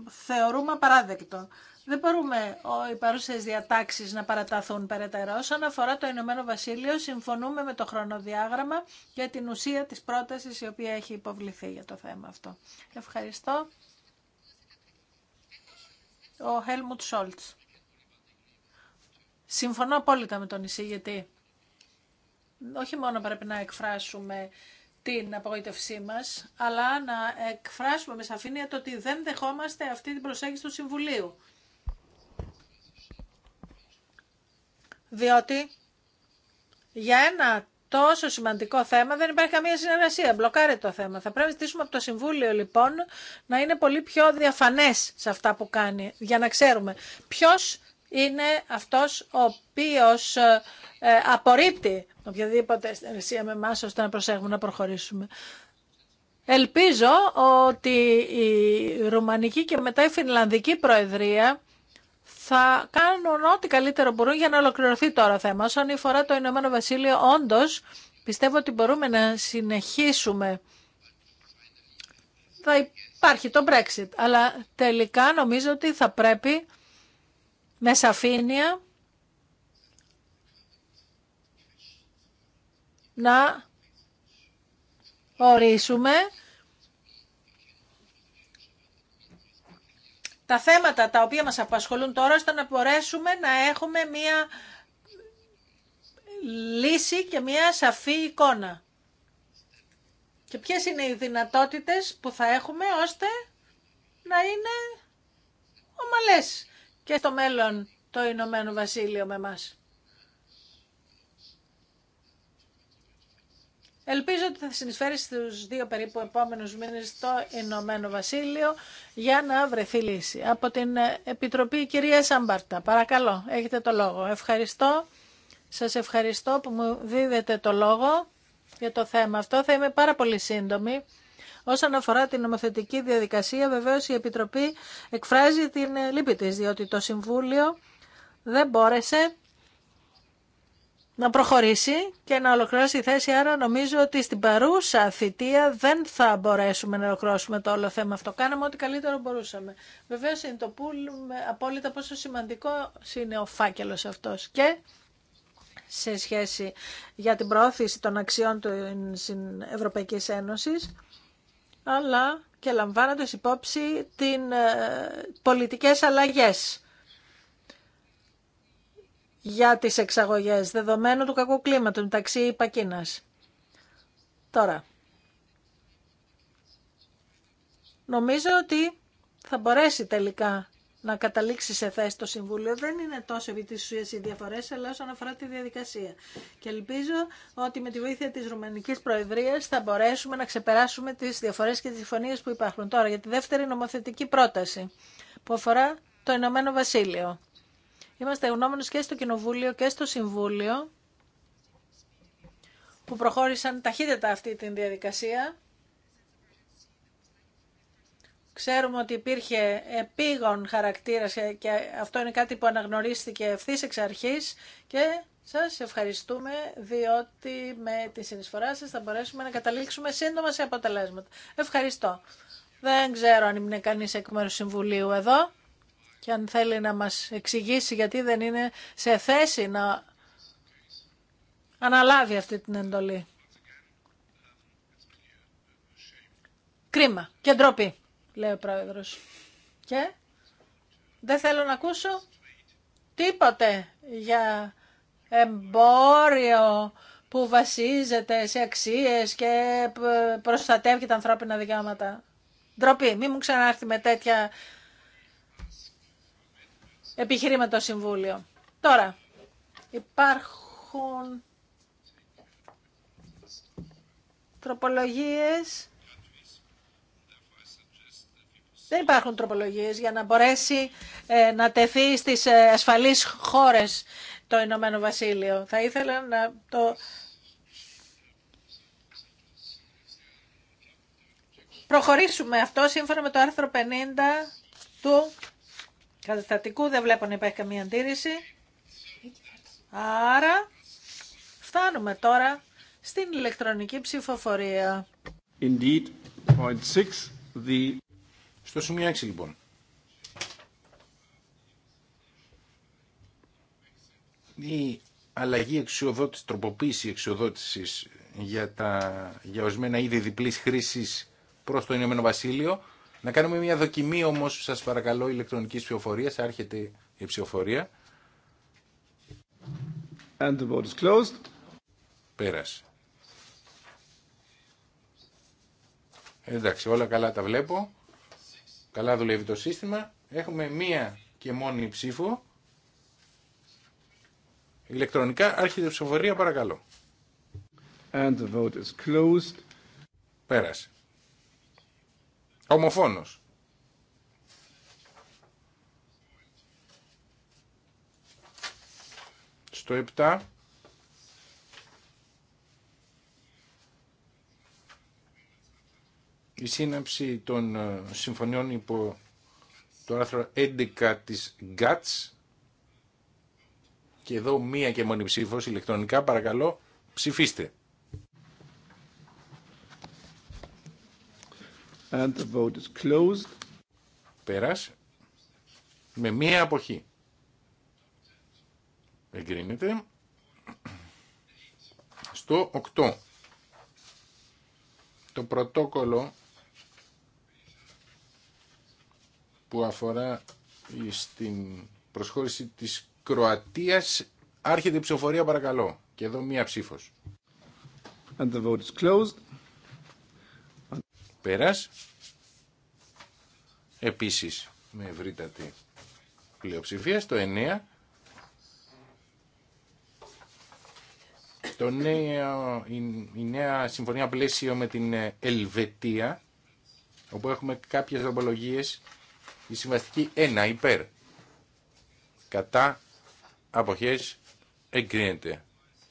Speaker 3: θεωρούμε απαράδεκτο. Δεν μπορούμε οι παρούσες διατάξεις να παραταθούν περαιτέρω. Όσον αφορά το Ηνωμένο Βασίλειο, συμφωνούμε με το χρονοδιάγραμμα για την ουσία της πρότασης η οποία έχει υποβληθεί για το θέμα αυτό. Ευχαριστώ ο Χέλμουτ Σόλτ. Συμφωνώ απόλυτα με τον εισηγητή. Όχι μόνο πρέπει να εκφράσουμε την απογοήτευσή μας, αλλά να εκφράσουμε με σαφήνεια το ότι δεν δεχόμαστε αυτή την προσέγγιση του Συμβουλίου. Διότι για ένα τόσο σημαντικό θέμα δεν υπάρχει καμία συνεργασία. Μπλοκάρεται το θέμα. Θα πρέπει να ζητήσουμε από το Συμβούλιο λοιπόν να είναι πολύ πιο διαφανές σε αυτά που κάνει για να ξέρουμε ποιο είναι αυτός ο οποίος ε, ε, απορρίπτει οποιαδήποτε συνεργασία με εμά, ώστε να προσέχουμε να προχωρήσουμε. Ελπίζω ότι η Ρουμανική και μετά η Φινλανδική Προεδρία θα κάνουν ό,τι καλύτερο μπορούν για να ολοκληρωθεί τώρα θέμα. Όσον αφορά το Ηνωμένο Βασίλειο, όντω πιστεύω ότι μπορούμε να συνεχίσουμε. Θα υπάρχει το Brexit, αλλά τελικά νομίζω ότι θα πρέπει με σαφήνεια να ορίσουμε τα θέματα τα οποία μας απασχολούν τώρα, ώστε να μπορέσουμε να έχουμε μία λύση και μία σαφή εικόνα. Και ποιες είναι οι δυνατότητες που θα έχουμε ώστε να είναι ομαλές και στο μέλλον το Ηνωμένο Βασίλειο με μας. Ελπίζω ότι θα συνεισφέρει στου δύο περίπου επόμενους μήνες το Ηνωμένο Βασίλειο για να βρεθεί λύση. Από την Επιτροπή η κυρία Σαμπάρτα, παρακαλώ, έχετε το λόγο. Ευχαριστώ. Σας ευχαριστώ που μου δίδετε το λόγο για το θέμα αυτό. Θα είμαι πάρα πολύ σύντομη. Όσον αφορά την νομοθετική διαδικασία, βεβαίως η Επιτροπή εκφράζει την λύπη τη διότι το Συμβούλιο δεν μπόρεσε να προχωρήσει και να ολοκληρώσει η θέση. Άρα νομίζω ότι στην παρούσα θητεία δεν θα μπορέσουμε να ολοκληρώσουμε το όλο θέμα αυτό. Κάναμε ό,τι καλύτερο μπορούσαμε. Βεβαίως είναι το πουλ απόλυτα πόσο σημαντικό είναι ο φάκελος αυτός. Και σε σχέση για την προώθηση των αξιών του Ευρωπαϊκή Ένωσης, αλλά και λαμβάνοντας υπόψη την ε, πολιτικές αλλαγές για τις εξαγωγές, δεδομένου του κακού κλίματος μεταξύ Πακίνας. Τώρα, νομίζω ότι θα μπορέσει τελικά να καταλήξει σε θέση το Συμβούλιο. Δεν είναι τόσο επί της οι διαφορές, αλλά όσον αφορά τη διαδικασία. Και ελπίζω ότι με τη βοήθεια της Ρουμανικής Προεδρίας θα μπορέσουμε να ξεπεράσουμε τις διαφορές και τις συμφωνίες που υπάρχουν τώρα για τη δεύτερη νομοθετική πρόταση που αφορά το Ηνωμένο Βασίλειο. Είμαστε γνώμονες και στο Κοινοβούλιο και στο Συμβούλιο που προχώρησαν ταχύτερα αυτή την διαδικασία. Ξέρουμε ότι υπήρχε επίγον χαρακτήρας και αυτό είναι κάτι που αναγνωρίστηκε ευθύ εξ αρχής και σας ευχαριστούμε διότι με τη συνεισφορά σας θα μπορέσουμε να καταλήξουμε σύντομα σε αποτελέσματα. Ευχαριστώ. Δεν ξέρω αν είναι κανείς εκ μέρους Συμβουλίου εδώ και αν θέλει να μας εξηγήσει γιατί δεν είναι σε θέση να αναλάβει αυτή την εντολή. Κρίμα και ντροπή, λέει ο πρόεδρος. Και δεν θέλω να ακούσω τίποτε για εμπόριο που βασίζεται σε αξίες και προστατεύει τα ανθρώπινα δικαιώματα. Ντροπή, μην μου ξανάρθει με τέτοια επιχειρήματο το Συμβούλιο. Τώρα, υπάρχουν τροπολογίες. Δεν υπάρχουν τροπολογίες για να μπορέσει ε, να τεθεί στις ε, ασφαλείς χώρες το Ηνωμένο Βασίλειο. Θα ήθελα να το προχωρήσουμε αυτό σύμφωνα με το άρθρο 50 του καταστατικού. Δεν βλέπω να υπάρχει καμία αντίρρηση. Άρα φτάνουμε τώρα στην ηλεκτρονική ψηφοφορία.
Speaker 1: Indeed, point six, the... Στο σημείο 6 λοιπόν. Η αλλαγή εξοδότηση, τροποποίηση εξοδότησης για, τα, για ορισμένα είδη διπλή χρήση προς το Ηνωμένο Βασίλειο να κάνουμε μια δοκιμή όμως, σας παρακαλώ, ηλεκτρονικής ψηφοφορίας. Άρχεται η ψηφοφορία. And the vote closed. Πέρασε. Εντάξει, όλα καλά τα βλέπω. Καλά δουλεύει το σύστημα. Έχουμε μία και μόνη ψήφο. Ηλεκτρονικά άρχεται η ψηφοφορία, παρακαλώ. And the vote is closed. Πέρασε. Ομοφόνος. Στο 7. Η σύναψη των ε, συμφωνιών υπό το άρθρο 11 της GATS και εδώ μία και μόνη ψήφος ηλεκτρονικά παρακαλώ ψηφίστε. And Με μία αποχή. Εγκρίνεται. Στο 8. Το πρωτόκολλο που αφορά στην προσχώρηση της Κροατίας άρχεται η ψηφοφορία παρακαλώ και εδώ μία ψήφος. And the vote is Πέρας, επίσης με ευρύτατη πλειοψηφία, στο 9, το νέο, η, νέα συμφωνία πλαίσιο με την Ελβετία, όπου έχουμε κάποιες δομπολογίες, η συμβαστική 1 υπέρ, κατά αποχές εγκρίνεται.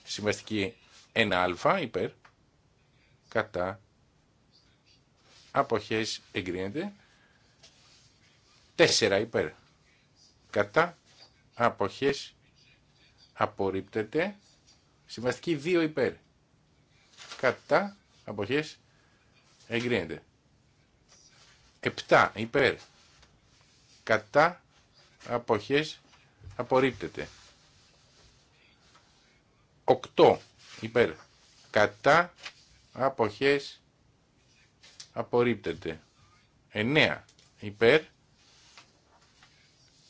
Speaker 1: Συμβαστική 1α υπέρ, κατά αποχές εγκρίνεται. 4 υπέρ κατά αποχές απορρίπτεται. Συμβαστική 2 υπέρ κατά αποχές εγκρίνεται. 7 υπέρ κατά αποχές απορρίπτεται. 8 υπέρ κατά αποχές απορρίπτεται. 9 υπέρ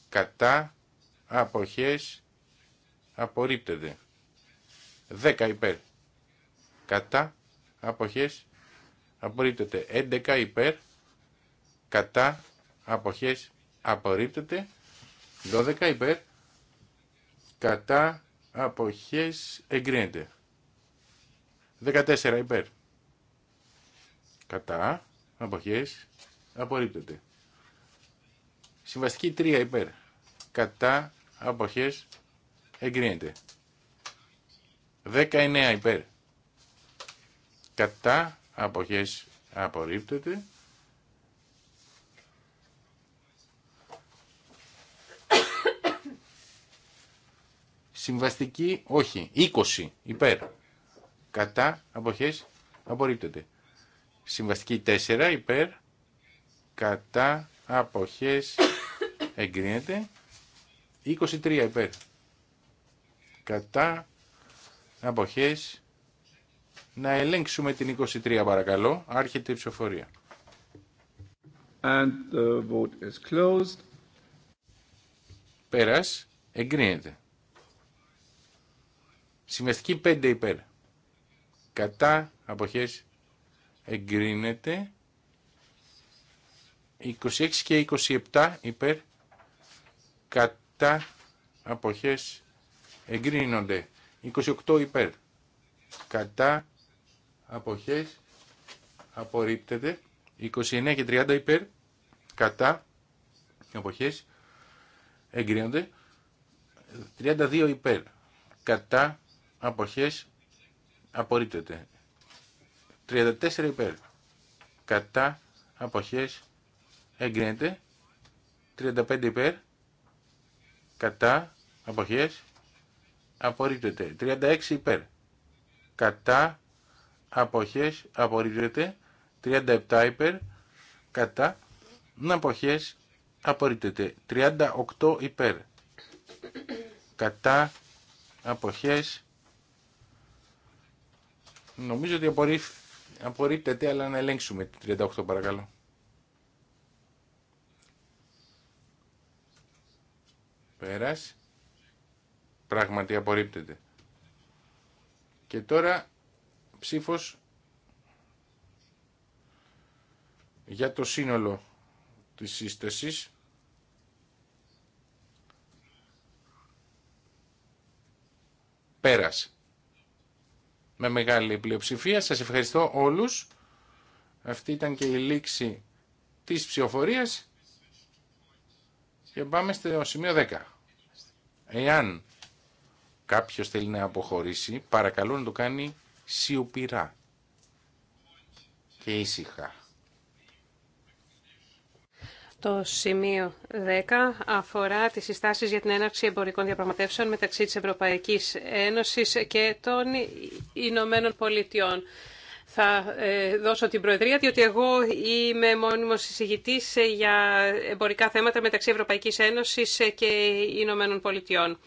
Speaker 1: κατά αποχές απορρίπτεται. 10 υπέρ κατά αποχές απορρίπτεται. 11 υπέρ κατά αποχές απορρίπτεται. 12 υπέρ κατά αποχές εγκρίνεται. 14 υπέρ Κατά. Αποχές. Απορρίπτεται. Συμβαστική 3 υπέρ. Κατά. Αποχές. Εγκρίνεται. 19 υπέρ. Κατά. Αποχές. Απορρίπτεται. Συμβαστική όχι. 20 υπέρ. Κατά. Αποχές. Απορρίπτεται. Συμβαστική 4 υπέρ κατά αποχές εγκρίνεται. 23 υπέρ κατά αποχές να ελέγξουμε την 23 παρακαλώ. Άρχεται η ψηφοφορία. And the vote is closed. Πέρας εγκρίνεται. Συμβαστική 5 υπέρ. Κατά αποχές εγκρίνεται 26 και 27 υπέρ κατά αποχές εγκρίνονται 28 υπέρ κατά αποχές απορρίπτεται 29 και 30 υπέρ κατά αποχές εγκρίνονται 32 υπέρ κατά αποχές απορρίπτεται 34 υπέρ. Κατά αποχές εγκρίνεται. 35 υπέρ. Κατά αποχές απορρίπτεται. 36 υπέρ. Κατά αποχές απορρίπτεται. 37 υπέρ. Κατά αποχές απορρίπτεται. 38 υπέρ. Κατά αποχές νομίζω ότι απορρίφθηκε Απορρίπτεται, αλλά να ελέγξουμε το 38 παρακαλώ. Πέρας. Πράγματι απορρίπτεται. Και τώρα ψήφος για το σύνολο της σύστασης. Πέρασε με μεγάλη πλειοψηφία. Σας ευχαριστώ όλους. Αυτή ήταν και η λήξη της ψηφοφορίας και πάμε στο σημείο 10. Εάν κάποιος θέλει να αποχωρήσει, παρακαλώ να το κάνει σιωπηρά και ήσυχα.
Speaker 2: Το σημείο 10 αφορά τις συστάσεις για την έναρξη εμπορικών διαπραγματεύσεων μεταξύ της Ευρωπαϊκής Ένωσης και των Ηνωμένων Πολιτειών. Θα ε, δώσω την Προεδρία, διότι εγώ είμαι μόνιμος συζητητής ε, για εμπορικά θέματα μεταξύ Ευρωπαϊκής Ένωσης ε, και Ηνωμένων Πολιτειών.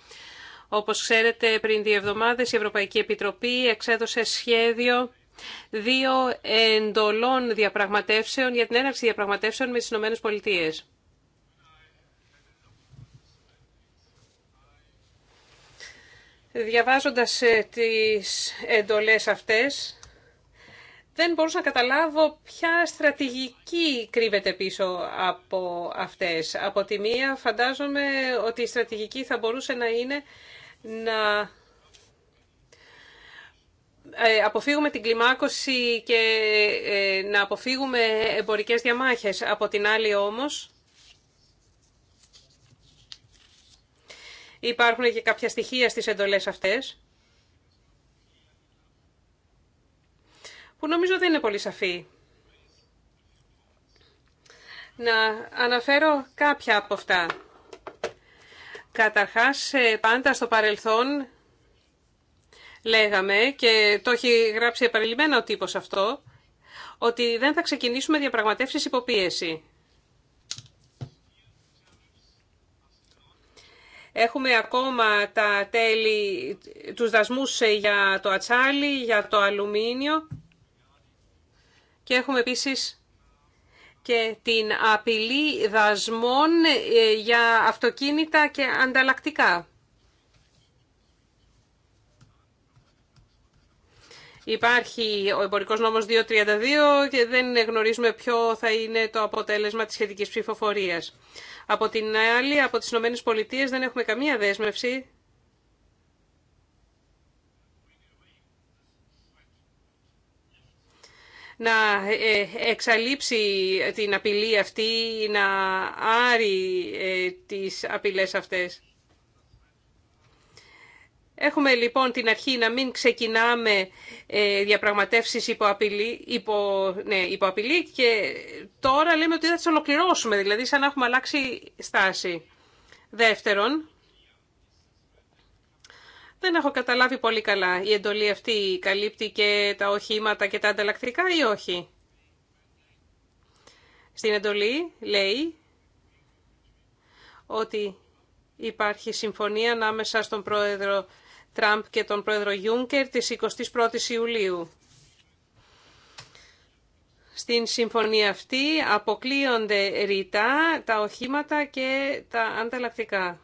Speaker 2: Όπως ξέρετε, πριν δύο εβδομάδες η Ευρωπαϊκή Επιτροπή εξέδωσε σχέδιο δύο εντολών διαπραγματεύσεων για την έναρξη διαπραγματεύσεων με τις Ηνωμένες Πολιτείες. Διαβάζοντας ε, τις εντολές αυτές, δεν μπορούσα να καταλάβω ποια στρατηγική κρύβεται πίσω από αυτές. Από τη μία φαντάζομαι ότι η στρατηγική θα μπορούσε να είναι να ε, αποφύγουμε την κλιμάκωση και ε, να αποφύγουμε εμπορικές διαμάχες. Από την άλλη όμως, υπάρχουν και κάποια στοιχεία στις εντολές αυτές, που νομίζω δεν είναι πολύ σαφή. Να αναφέρω κάποια από αυτά. Καταρχάς, ε, πάντα στο παρελθόν λέγαμε και το έχει γράψει επανειλημμένα ο τύπος αυτό, ότι δεν θα ξεκινήσουμε διαπραγματεύσεις υποπίεση. Έχουμε ακόμα τα τέλη, τους δασμούς για το ατσάλι, για το αλουμίνιο και έχουμε επίσης και την απειλή δασμών ε, για αυτοκίνητα και ανταλλακτικά. Υπάρχει ο εμπορικός νόμος 232 και δεν γνωρίζουμε ποιο θα είναι το αποτέλεσμα της σχετικής ψηφοφορία. Από την άλλη, από τις ΗΠΑ δεν έχουμε καμία δέσμευση να ε, εξαλείψει την απειλή αυτή, να άρει ε, τις απειλές αυτές. Έχουμε λοιπόν την αρχή να μην ξεκινάμε ε, διαπραγματεύσεις υπό απειλή, υπό, ναι, και τώρα λέμε ότι θα τις ολοκληρώσουμε, δηλαδή σαν να έχουμε αλλάξει στάση. Δεύτερον, δεν έχω καταλάβει πολύ καλά η εντολή αυτή καλύπτει και τα οχήματα και τα ανταλλακτικά ή όχι. Στην εντολή λέει ότι υπάρχει συμφωνία ανάμεσα στον πρόεδρο Τραμπ και τον πρόεδρο Γιούνκερ της 21ης Ιουλίου. Στην συμφωνία αυτή αποκλείονται ρητά τα οχήματα και τα ανταλλακτικά.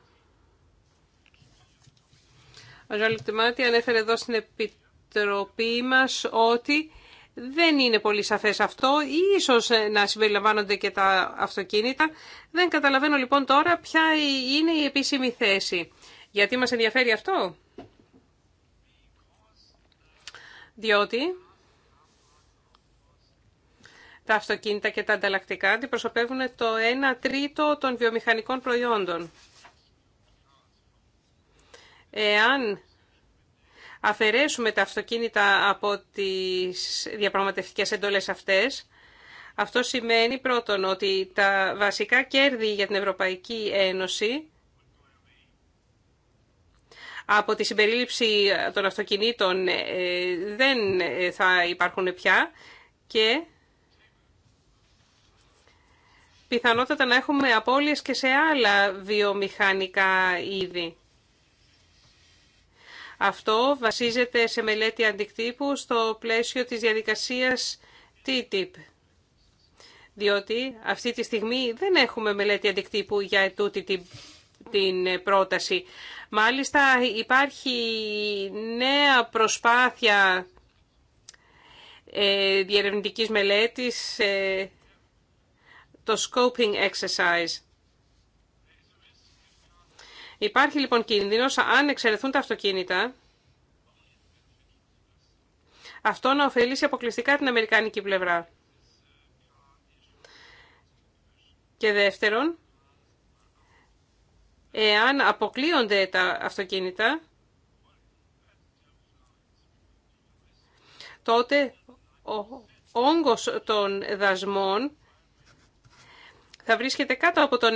Speaker 2: Ο Ζωάλη ανέφερε εδώ στην Επιτροπή μας ότι δεν είναι πολύ σαφές αυτό ή ίσως να συμπεριλαμβάνονται και τα αυτοκίνητα. Δεν καταλαβαίνω λοιπόν τώρα ποια είναι η επίσημη θέση. Γιατί μας ενδιαφέρει αυτό. διότι τα αυτοκίνητα και τα ανταλλακτικά αντιπροσωπεύουν το 1 τρίτο των βιομηχανικών προϊόντων. Εάν αφαιρέσουμε τα αυτοκίνητα από τις διαπραγματευτικές εντολές αυτές, αυτό σημαίνει πρώτον ότι τα βασικά κέρδη για την Ευρωπαϊκή Ένωση από τη συμπερίληψη ε, των αυτοκινήτων ε, δεν ε, θα υπάρχουν πια και πιθανότατα να έχουμε απώλειες και σε άλλα βιομηχανικά είδη. Αυτό βασίζεται σε μελέτη αντικτύπου στο πλαίσιο της διαδικασίας TTIP. Διότι αυτή τη στιγμή δεν έχουμε μελέτη αντικτύπου για τούτη την την πρόταση. Μάλιστα υπάρχει νέα προσπάθεια ε, διερευνητικής μελέτης, ε, το scoping exercise. Υπάρχει λοιπόν κίνδυνος αν εξαιρεθούν τα αυτοκίνητα, αυτό να ωφελήσει αποκλειστικά την αμερικάνικη πλευρά. Και δεύτερον, εάν αποκλείονται τα αυτοκίνητα, τότε ο όγκος των δασμών θα βρίσκεται κάτω από το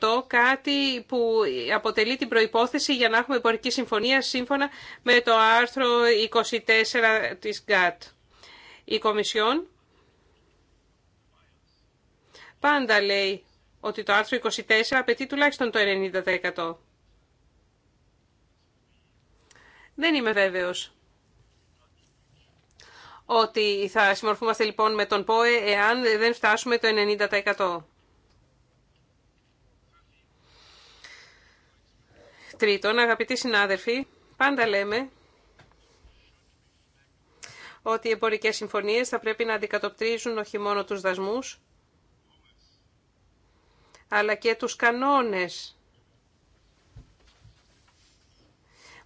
Speaker 2: 90%, κάτι που αποτελεί την προϋπόθεση για να έχουμε εμπορική συμφωνία σύμφωνα με το άρθρο 24 της ΓΑΤ, Η Κομισιόν πάντα λέει ότι το άρθρο 24 απαιτεί τουλάχιστον το 90%. Δεν είμαι βέβαιος ότι θα συμμορφούμαστε λοιπόν με τον ΠΟΕ εάν δεν φτάσουμε το 90%. Τρίτον, αγαπητοί συνάδελφοι, πάντα λέμε ότι οι εμπορικές συμφωνίες θα πρέπει να αντικατοπτρίζουν όχι μόνο τους δασμούς, αλλά και τους κανόνες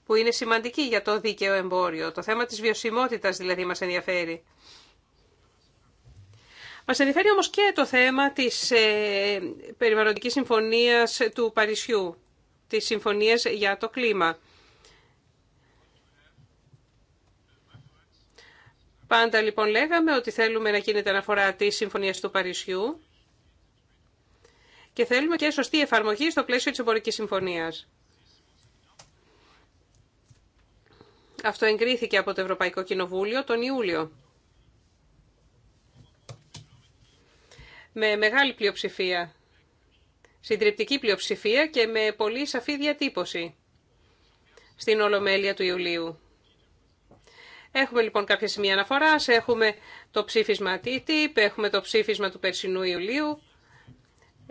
Speaker 2: που είναι σημαντικοί για το δίκαιο εμπόριο. Το θέμα της βιωσιμότητας δηλαδή μας ενδιαφέρει. Μας ενδιαφέρει όμως και το θέμα της ε, περιβαλλοντικής συμφωνίας του Παρισιού, της συμφωνίας για το κλίμα. Πάντα λοιπόν λέγαμε ότι θέλουμε να γίνεται αναφορά της συμφωνίας του Παρισιού και θέλουμε και σωστή εφαρμογή στο πλαίσιο της εμπορικής συμφωνίας. Αυτό εγκρίθηκε από το Ευρωπαϊκό Κοινοβούλιο τον Ιούλιο. Με μεγάλη πλειοψηφία, συντριπτική πλειοψηφία και με πολύ σαφή διατύπωση στην Ολομέλεια του Ιουλίου. Έχουμε λοιπόν κάποια σημεία αναφοράς, έχουμε το ψήφισμα TTIP, έχουμε το ψήφισμα του περσινού Ιουλίου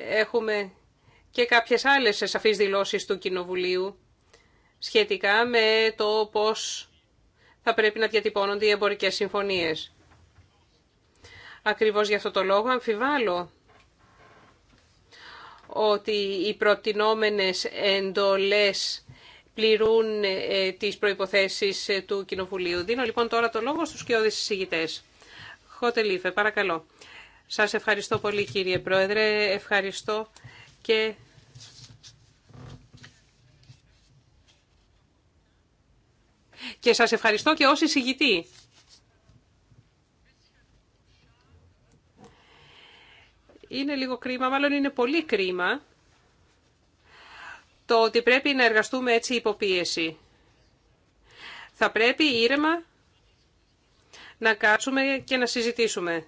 Speaker 2: έχουμε και κάποιες άλλες σαφείς δηλώσεις του Κοινοβουλίου σχετικά με το πώς θα πρέπει να διατυπώνονται οι εμπορικές συμφωνίες. Ακριβώς για αυτό το λόγο αμφιβάλλω ότι οι προτινόμενες εντολές πληρούν ε, τις προϋποθέσεις ε, του Κοινοβουλίου. Δίνω λοιπόν τώρα το λόγο στους κοιόδες συζητητές. Χώτε Λίφε, παρακαλώ. Σας ευχαριστώ πολύ κύριε Πρόεδρε, ευχαριστώ και και σας ευχαριστώ και ως εισηγητή. Είναι λίγο κρίμα, μάλλον είναι πολύ κρίμα το ότι πρέπει να εργαστούμε έτσι υποπίεση. Θα πρέπει ήρεμα να κάτσουμε και να συζητήσουμε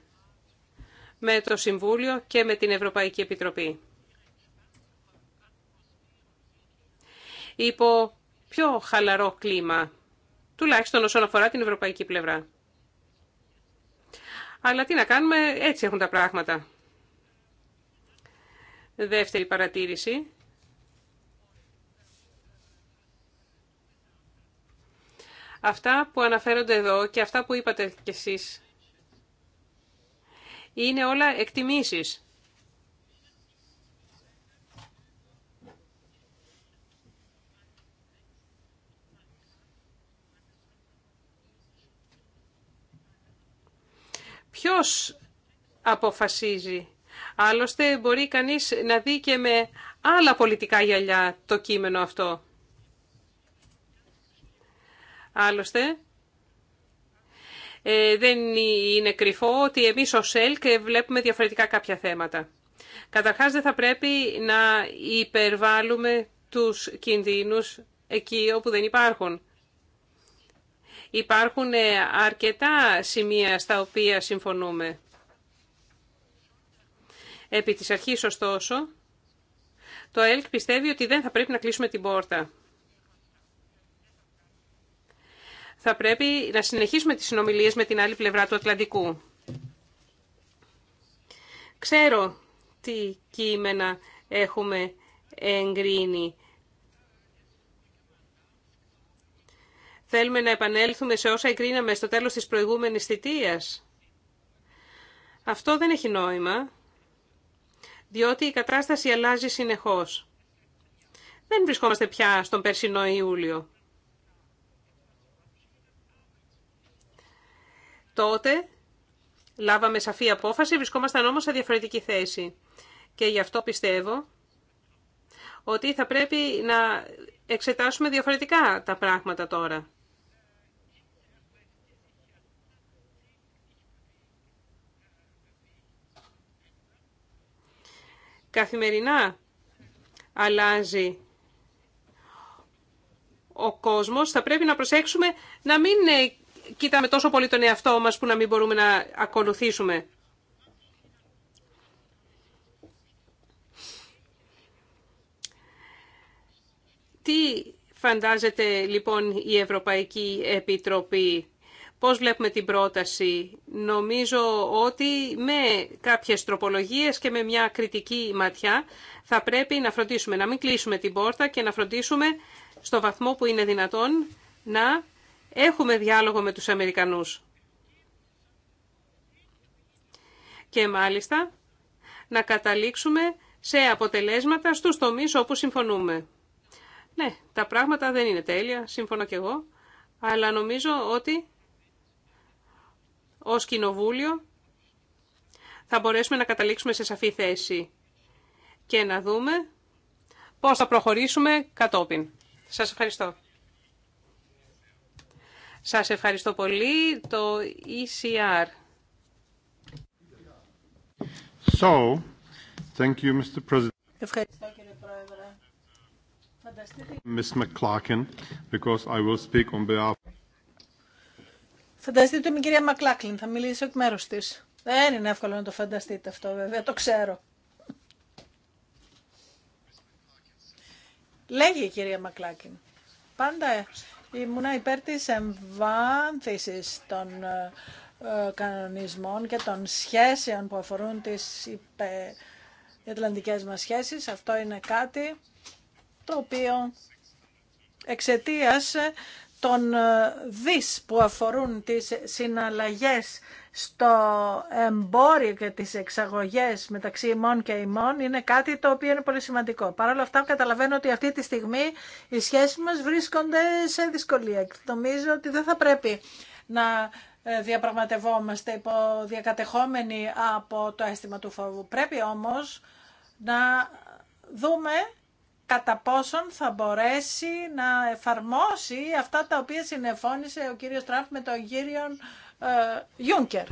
Speaker 2: με το Συμβούλιο και με την Ευρωπαϊκή Επιτροπή. Υπό πιο χαλαρό κλίμα, τουλάχιστον όσον αφορά την ευρωπαϊκή πλευρά. Αλλά τι να κάνουμε, έτσι έχουν τα πράγματα. Δεύτερη παρατήρηση. Αυτά που αναφέρονται εδώ και αυτά που είπατε κι εσείς είναι όλα εκτιμήσεις. Ποιος αποφασίζει. Άλλωστε μπορεί κανείς να δει και με άλλα πολιτικά γυαλιά το κείμενο αυτό. Άλλωστε, ε, δεν είναι κρυφό ότι εμείς ως ΕΛΚ βλέπουμε διαφορετικά κάποια θέματα. Καταρχάς δεν θα πρέπει να υπερβάλλουμε τους κινδύνους εκεί όπου δεν υπάρχουν. Υπάρχουν ε, αρκετά σημεία στα οποία συμφωνούμε. Επί της αρχής, ωστόσο, το ΕΛΚ πιστεύει ότι δεν θα πρέπει να κλείσουμε την πόρτα. θα πρέπει να συνεχίσουμε τις συνομιλίες με την άλλη πλευρά του Ατλαντικού. Ξέρω τι κείμενα έχουμε εγκρίνει. Θέλουμε να επανέλθουμε σε όσα εγκρίναμε στο τέλος της προηγούμενης θητείας. Αυτό δεν έχει νόημα, διότι η κατάσταση αλλάζει συνεχώς. Δεν βρισκόμαστε πια στον περσινό Ιούλιο. τότε λάβαμε σαφή απόφαση, βρισκόμασταν όμως σε διαφορετική θέση. Και γι' αυτό πιστεύω ότι θα πρέπει να εξετάσουμε διαφορετικά τα πράγματα τώρα. Καθημερινά αλλάζει ο κόσμος, θα πρέπει να προσέξουμε να μην κοίταμε τόσο πολύ τον εαυτό μας που να μην μπορούμε να ακολουθήσουμε. Τι φαντάζεται λοιπόν η Ευρωπαϊκή Επιτροπή, πώς βλέπουμε την πρόταση. Νομίζω ότι με κάποιες τροπολογίες και με μια κριτική ματιά θα πρέπει να φροντίσουμε να μην κλείσουμε την πόρτα και να φροντίσουμε στο βαθμό που είναι δυνατόν να Έχουμε διάλογο με τους Αμερικανούς. Και μάλιστα να καταλήξουμε σε αποτελέσματα στους τομείς όπου συμφωνούμε. Ναι, τα πράγματα δεν είναι τέλεια, σύμφωνα και εγώ, αλλά νομίζω ότι ως κοινοβούλιο θα μπορέσουμε να καταλήξουμε σε σαφή θέση και να δούμε πώς θα προχωρήσουμε κατόπιν. Σας ευχαριστώ. Σας ευχαριστώ πολύ. Το ECR.
Speaker 3: So, thank you, Mr. President.
Speaker 2: Ευχαριστώ κύριε Πρόεδρε.
Speaker 3: Φανταστείτε... Miss McClarkin, because I will speak on behalf... Φανταστείτε με κυρία Μακλάκλιν, θα μιλήσω εκ μέρους της. Δεν είναι εύκολο να το φανταστείτε αυτό βέβαια, το ξέρω. Λέγει η κυρία Μακλάκιν. Πάντα ήμουνα υπέρ της εμβάνθησης των ε, ε, κανονισμών και των σχέσεων που αφορούν τις ατλαντικές μας σχέσεις. Αυτό είναι κάτι το οποίο εξαιτίας των ε, δις που αφορούν τις συναλλαγές στο εμπόριο και τις εξαγωγές μεταξύ ημών και ημών είναι κάτι το οποίο είναι πολύ σημαντικό. Παρ' όλα αυτά καταλαβαίνω ότι αυτή τη στιγμή οι σχέσεις μας βρίσκονται σε δυσκολία. Νομίζω ότι δεν θα πρέπει να ε, διαπραγματευόμαστε υπό διακατεχόμενοι από το αίσθημα του φόβου. Πρέπει όμως να δούμε κατά πόσον θα μπορέσει να εφαρμόσει αυτά τα οποία συνεφώνησε ο κύριος Τραμπ με τον κύριο ε, Γιούνκερ.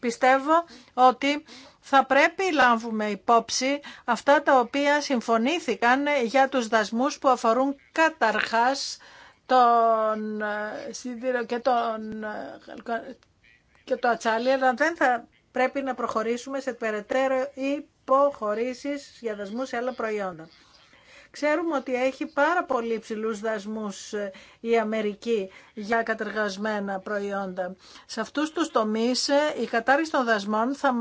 Speaker 3: Πιστεύω ότι θα πρέπει λάβουμε υπόψη αυτά τα οποία συμφωνήθηκαν για τους δασμούς που αφορούν καταρχάς τον ε, σίδηρο και, τον, ε, και το ατσάλι, αλλά δεν θα πρέπει να προχωρήσουμε σε περαιτέρω υποχωρήσεις για δασμούς σε άλλα προϊόντα. Ξέρουμε ότι έχει πάρα πολύ ψηλούς δασμούς ε, η Αμερική για κατεργασμένα προϊόντα. Σε αυτούς τους τομείς ε, η κατάρριξη των δασμών θα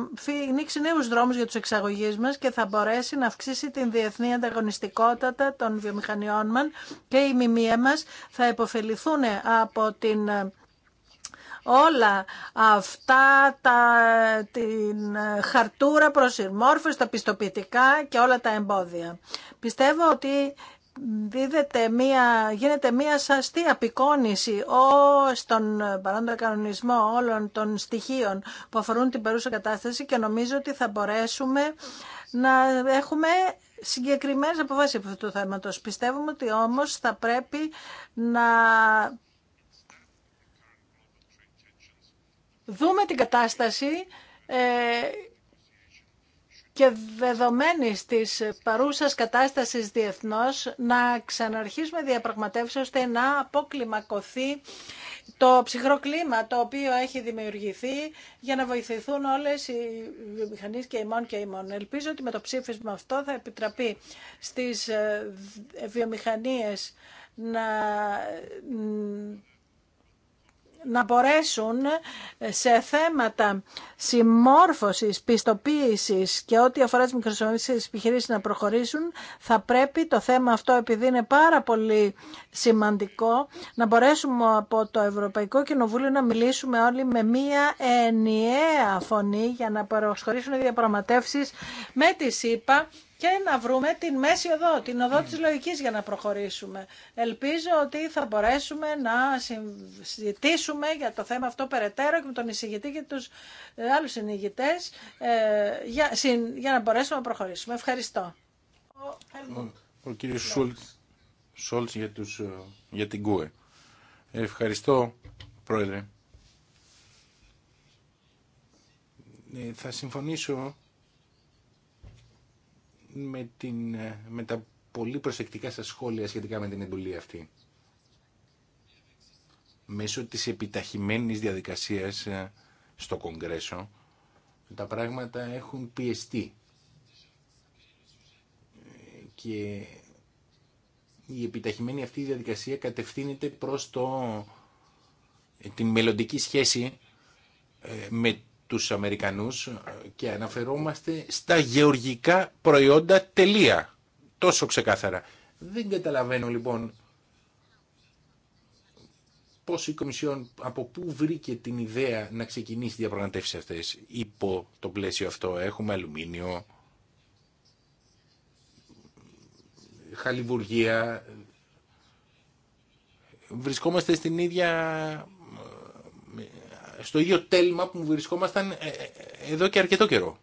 Speaker 3: ανοίξει νέους δρόμους για τους εξαγωγείς μας και θα μπορέσει να αυξήσει την διεθνή ανταγωνιστικότητα των βιομηχανιών μας και οι μιμία μας θα υποφεληθούν από την ε, όλα αυτά τα, την χαρτούρα προσυρμόρφωση, τα πιστοποιητικά και όλα τα εμπόδια. Πιστεύω ότι δίδεται μία, γίνεται μία σαστή απεικόνηση ως στον παρόντο κανονισμό όλων των στοιχείων που αφορούν την περούσα κατάσταση και νομίζω ότι θα μπορέσουμε να έχουμε συγκεκριμένες αποφάσεις από αυτού του θέματος. Πιστεύουμε ότι όμως θα πρέπει να δούμε την κατάσταση ε, και δεδομένη της παρούσας κατάστασης διεθνώς να ξαναρχίσουμε διαπραγματεύσει ώστε να αποκλιμακωθεί το ψυχρό κλίμα το οποίο έχει δημιουργηθεί για να βοηθηθούν όλες οι βιομηχανίες και ημών και ημών. Ελπίζω ότι με το ψήφισμα αυτό θα επιτραπεί στις ε, βιομηχανίες να να μπορέσουν σε θέματα συμμόρφωσης, πιστοποίησης και ό,τι αφορά τις μικροσωματικές επιχειρήσεις να προχωρήσουν, θα πρέπει το θέμα αυτό, επειδή είναι πάρα πολύ σημαντικό, να μπορέσουμε από το Ευρωπαϊκό Κοινοβούλιο να μιλήσουμε όλοι με μία ενιαία φωνή για να προσχωρήσουν οι διαπραγματεύσεις με τη ΣΥΠΑ και να βρούμε την μέση οδό, την οδό της ναι. λογικής για να προχωρήσουμε. Ελπίζω ότι θα μπορέσουμε να συζητήσουμε για το θέμα αυτό περαιτέρω και με τον εισηγητή και τους ε, άλλους συνηγητές ε, για, να μπορέσουμε να προχωρήσουμε. Ευχαριστώ. Ο, ο
Speaker 1: κύριος Σόλτς για, ε, για την ΚΟΕ. Ευχαριστώ, Πρόεδρε. θα συμφωνήσω με, την, με τα πολύ προσεκτικά σας σχόλια σχετικά με την εντολή αυτή. Μέσω της επιταχυμένης διαδικασίας ε, στο Κογκρέσο, τα πράγματα έχουν πιεστεί. Και η επιταχυμένη αυτή διαδικασία κατευθύνεται προς το, ε, την μελλοντική σχέση ε, με τους Αμερικανούς ε, και αναφερόμαστε στα γεωργικά προϊόντα τελεία. Τόσο ξεκάθαρα. Δεν καταλαβαίνω λοιπόν πώς η Κομισιόν, από πού βρήκε την ιδέα να ξεκινήσει διαπραγματεύσεις αυτές υπό το πλαίσιο αυτό. Έχουμε αλουμίνιο, χαλιβουργία, βρισκόμαστε στην ίδια στο ίδιο τέλμα που βρισκόμασταν ε, ε, εδώ και αρκετό καιρό.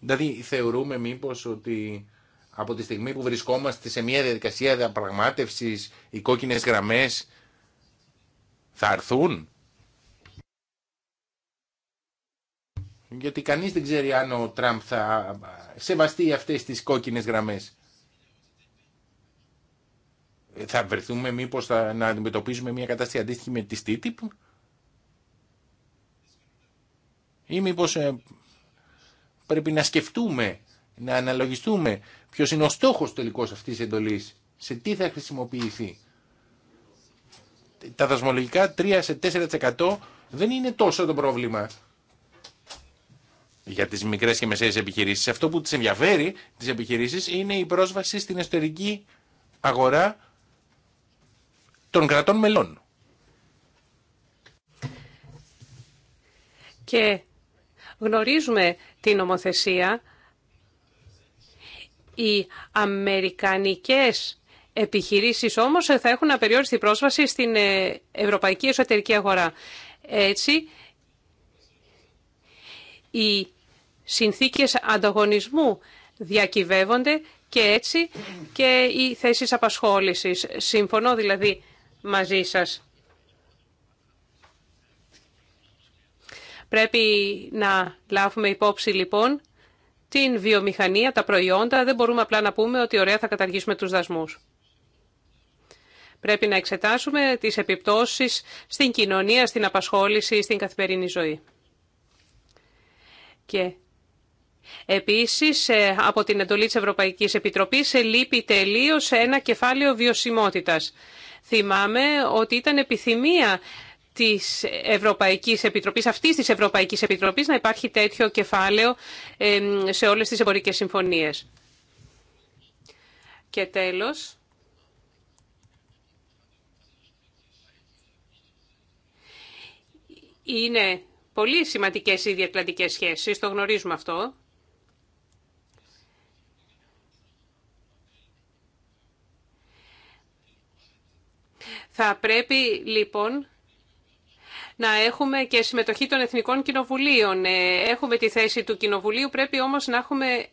Speaker 1: Δηλαδή θεωρούμε μήπως ότι από τη στιγμή που βρισκόμαστε σε μια διαδικασία διαπραγμάτευσης οι κόκκινες γραμμές θα αρθούν. Γιατί κανείς δεν ξέρει αν ο Τραμπ θα σεβαστεί αυτές τις κόκκινες γραμμές θα βρεθούμε μήπω να αντιμετωπίζουμε μια κατάσταση αντίστοιχη με τη TTIP ή μήπως ε, πρέπει να σκεφτούμε, να αναλογιστούμε ποιος είναι ο στόχος τελικός αυτής της εντολής, σε τι θα χρησιμοποιηθεί. Τα δασμολογικά 3 σε 4% δεν είναι τόσο το πρόβλημα για τις μικρές και μεσαίες επιχειρήσεις. Αυτό που τι ενδιαφέρει τι επιχειρήσει είναι η πρόσβαση στην εσωτερική αγορά των κρατών μελών.
Speaker 2: Και γνωρίζουμε την ομοθεσία Οι αμερικανικές επιχειρήσεις όμως θα έχουν απεριόριστη πρόσβαση στην ε, ευρωπαϊκή εσωτερική αγορά. Έτσι, οι συνθήκες ανταγωνισμού διακυβεύονται και έτσι και οι θέσεις απασχόλησης. Συμφωνώ δηλαδή μαζί σας. Πρέπει να λάβουμε υπόψη λοιπόν την βιομηχανία, τα προϊόντα. Δεν μπορούμε απλά να πούμε ότι ωραία θα καταργήσουμε τους δασμούς. Πρέπει να εξετάσουμε τις επιπτώσεις στην κοινωνία, στην απασχόληση, στην καθημερινή ζωή. Και επίσης ε, από την εντολή της Ευρωπαϊκής Επιτροπής ε, λείπει τελείως ένα κεφάλαιο βιωσιμότητας. Θυμάμαι ότι ήταν επιθυμία της Ευρωπαϊκής Επιτροπής, αυτής της Ευρωπαϊκής Επιτροπής, να υπάρχει τέτοιο κεφάλαιο σε όλες τις εμπορικές συμφωνίες. Και τέλος... Είναι πολύ σημαντικές οι διακλαντικές σχέσεις, το γνωρίζουμε αυτό. Θα πρέπει λοιπόν να έχουμε και συμμετοχή των Εθνικών Κοινοβουλίων. Ε, έχουμε τη θέση του Κοινοβουλίου, πρέπει όμως να έχουμε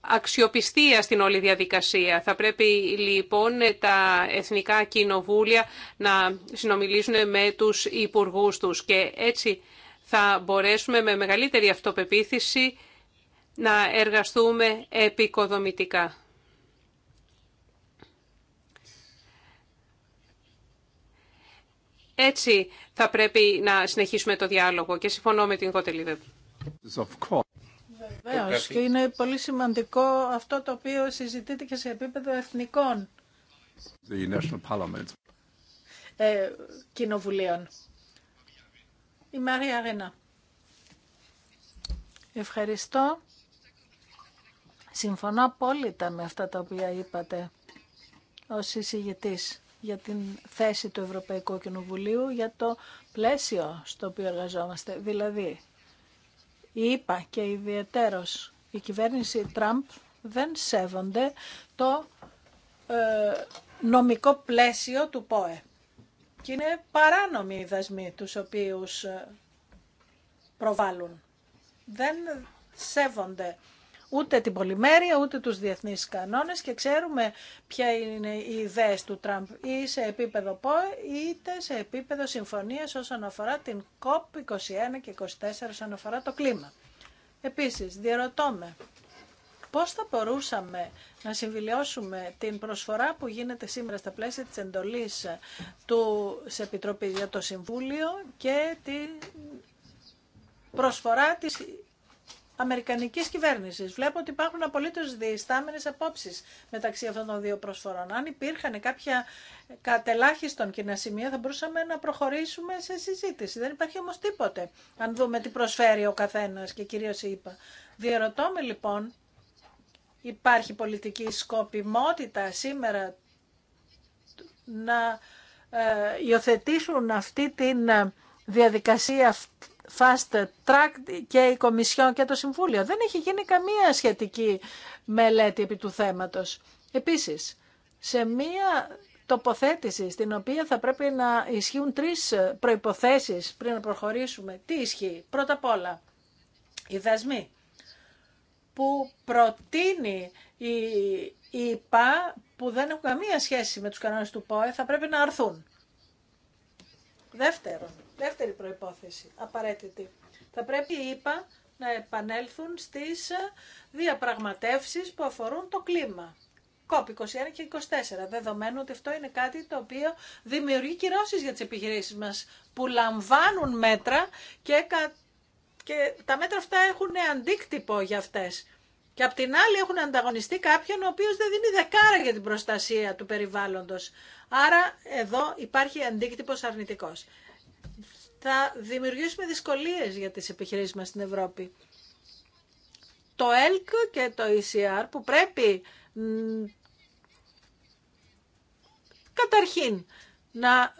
Speaker 2: αξιοπιστία στην όλη διαδικασία. Θα πρέπει λοιπόν τα Εθνικά Κοινοβούλια να συνομιλήσουν με τους υπουργούς τους και έτσι θα μπορέσουμε με μεγαλύτερη αυτοπεποίθηση να εργαστούμε επικοδομητικά. Έτσι θα πρέπει να συνεχίσουμε το διάλογο και συμφωνώ με την Κότελίδε.
Speaker 3: Βεβαίω και είναι πολύ σημαντικό αυτό το οποίο συζητείται και σε επίπεδο εθνικών ε, κοινοβουλίων. Η Μαρία Ρένα. Ευχαριστώ. Συμφωνώ απόλυτα με αυτά τα οποία είπατε ως εισηγητής για την θέση του Ευρωπαϊκού Κοινοβουλίου για το πλαίσιο στο οποίο εργαζόμαστε. Δηλαδή, είπα και Ιδιαίτερο, η κυβέρνηση Τραμπ δεν σέβονται το ε, νομικό πλαίσιο του ΠΟΕ. Και είναι παράνομοι οι δασμοί τους οποίους ε, προβάλλουν. Δεν σέβονται ούτε την πολυμέρεια, ούτε τους διεθνείς κανόνες και ξέρουμε ποια είναι οι ιδέες του Τραμπ ή σε επίπεδο ΠΟΕ είτε σε επίπεδο συμφωνίας όσον αφορά την COP21 και 24 όσον αφορά το κλίμα. Επίσης, διαρωτώμε πώς θα μπορούσαμε να συμβιλιώσουμε την προσφορά που γίνεται σήμερα στα πλαίσια της εντολής του σε Επιτροπή για το Συμβούλιο και την προσφορά της Αμερικανική κυβέρνηση. Βλέπω ότι υπάρχουν απολύτω διεστάμενε απόψεις μεταξύ αυτών των δύο προσφορών. Αν υπήρχαν κάποια κατελάχιστον κοινά σημεία θα μπορούσαμε να προχωρήσουμε σε συζήτηση. Δεν υπάρχει όμως τίποτε αν δούμε τι προσφέρει ο καθένα και κυρίως είπα. Διερωτώ με λοιπόν υπάρχει πολιτική σκοπιμότητα σήμερα να ε, υιοθετήσουν αυτή τη ε, διαδικασία fast track και η Κομισιόν και το Συμβούλιο. Δεν έχει γίνει καμία σχετική μελέτη επί του θέματος. Επίσης, σε μία τοποθέτηση στην οποία θα πρέπει να ισχύουν τρεις προϋποθέσεις πριν να προχωρήσουμε. Τι ισχύει. Πρώτα απ' όλα, οι δασμοί που προτείνει η, η που δεν έχουν καμία σχέση με τους κανόνες του ΠΟΕ θα πρέπει να αρθούν. Δεύτερον, Δεύτερη προϋπόθεση, απαραίτητη. Θα πρέπει είπα να επανέλθουν στις διαπραγματεύσεις που αφορούν το κλίμα. COP21 και 24, δεδομένου ότι αυτό είναι κάτι το οποίο δημιουργεί κυρώσεις για τις επιχειρήσεις μας, που λαμβάνουν μέτρα και, και τα μέτρα αυτά έχουν αντίκτυπο για αυτές. Και απ' την άλλη έχουν ανταγωνιστεί κάποιον ο οποίος δεν δίνει δεκάρα για την προστασία του περιβάλλοντος. Άρα εδώ υπάρχει αντίκτυπος αρνητικός θα δημιουργήσουμε δυσκολίες για τις επιχειρήσεις μας στην Ευρώπη. Το ΕΛΚ και το ECR που πρέπει καταρχήν να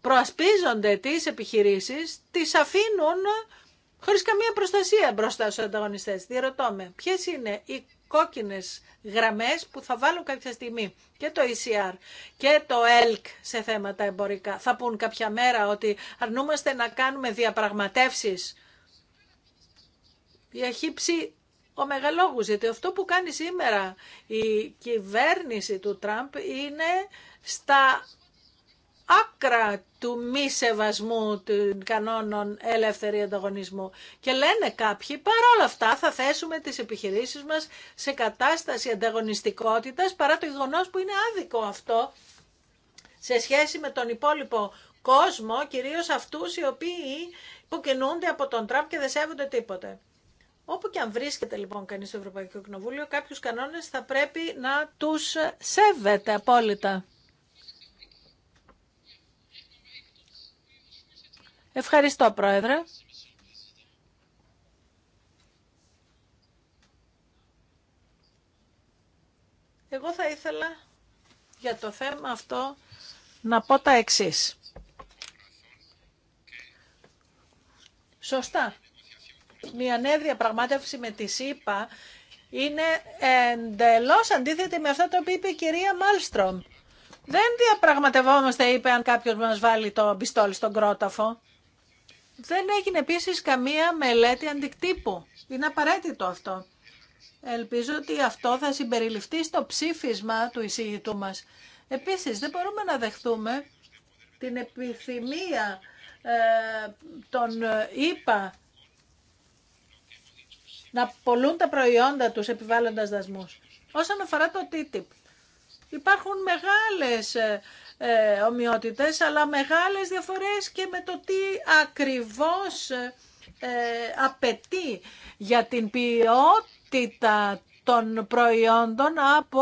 Speaker 3: προασπίζονται τις επιχειρήσεις, τις αφήνουν χωρίς καμία προστασία μπροστά στους ανταγωνιστές. Διερωτώ με, ποιες είναι οι κόκκινες γραμμές που θα βάλουν κάποια στιγμή και το ECR και το ELK σε θέματα εμπορικά. Θα πούν κάποια μέρα ότι αρνούμαστε να κάνουμε διαπραγματεύσεις. αχύψη ο μεγαλόγους, γιατί αυτό που κάνει σήμερα η κυβέρνηση του Τραμπ είναι στα άκρα του μη σεβασμού των κανόνων ελεύθερη ανταγωνισμού. Και λένε κάποιοι, παρόλα αυτά θα θέσουμε τις επιχειρήσεις μας σε κατάσταση ανταγωνιστικότητας παρά το γεγονό που είναι άδικο αυτό σε σχέση με τον υπόλοιπο κόσμο, κυρίως αυτούς οι οποίοι υποκινούνται από τον Τραμπ και δεν σέβονται τίποτε. Όπου και αν βρίσκεται λοιπόν κανείς στο Ευρωπαϊκό Κοινοβούλιο, κάποιους κανόνες θα πρέπει να τους σέβεται απόλυτα. Ευχαριστώ, Πρόεδρε. Εγώ θα ήθελα για το θέμα αυτό να πω τα εξής. Σωστά. Μια νέα διαπραγμάτευση με τη ΣΥΠΑ είναι εντελώς αντίθετη με αυτά το οποίο είπε η κυρία Μάλστρομ. Δεν διαπραγματευόμαστε, είπε, αν κάποιος μας βάλει το πιστόλι στον κρόταφο. Δεν έγινε επίσης καμία μελέτη αντικτύπου. Είναι απαραίτητο αυτό. Ελπίζω ότι αυτό θα συμπεριληφθεί στο ψήφισμα του εισηγητού μας. Επίσης, δεν μπορούμε να δεχτούμε την επιθυμία ε, των ε, ΙΠΑ να πολλούν τα προϊόντα τους επιβάλλοντας δασμούς. Όσον αφορά το TTIP, υπάρχουν μεγάλες ε, ε, ομοιότητες, αλλά μεγάλες διαφορές και με το τι ακριβώς ε, απαιτεί για την ποιότητα των προϊόντων από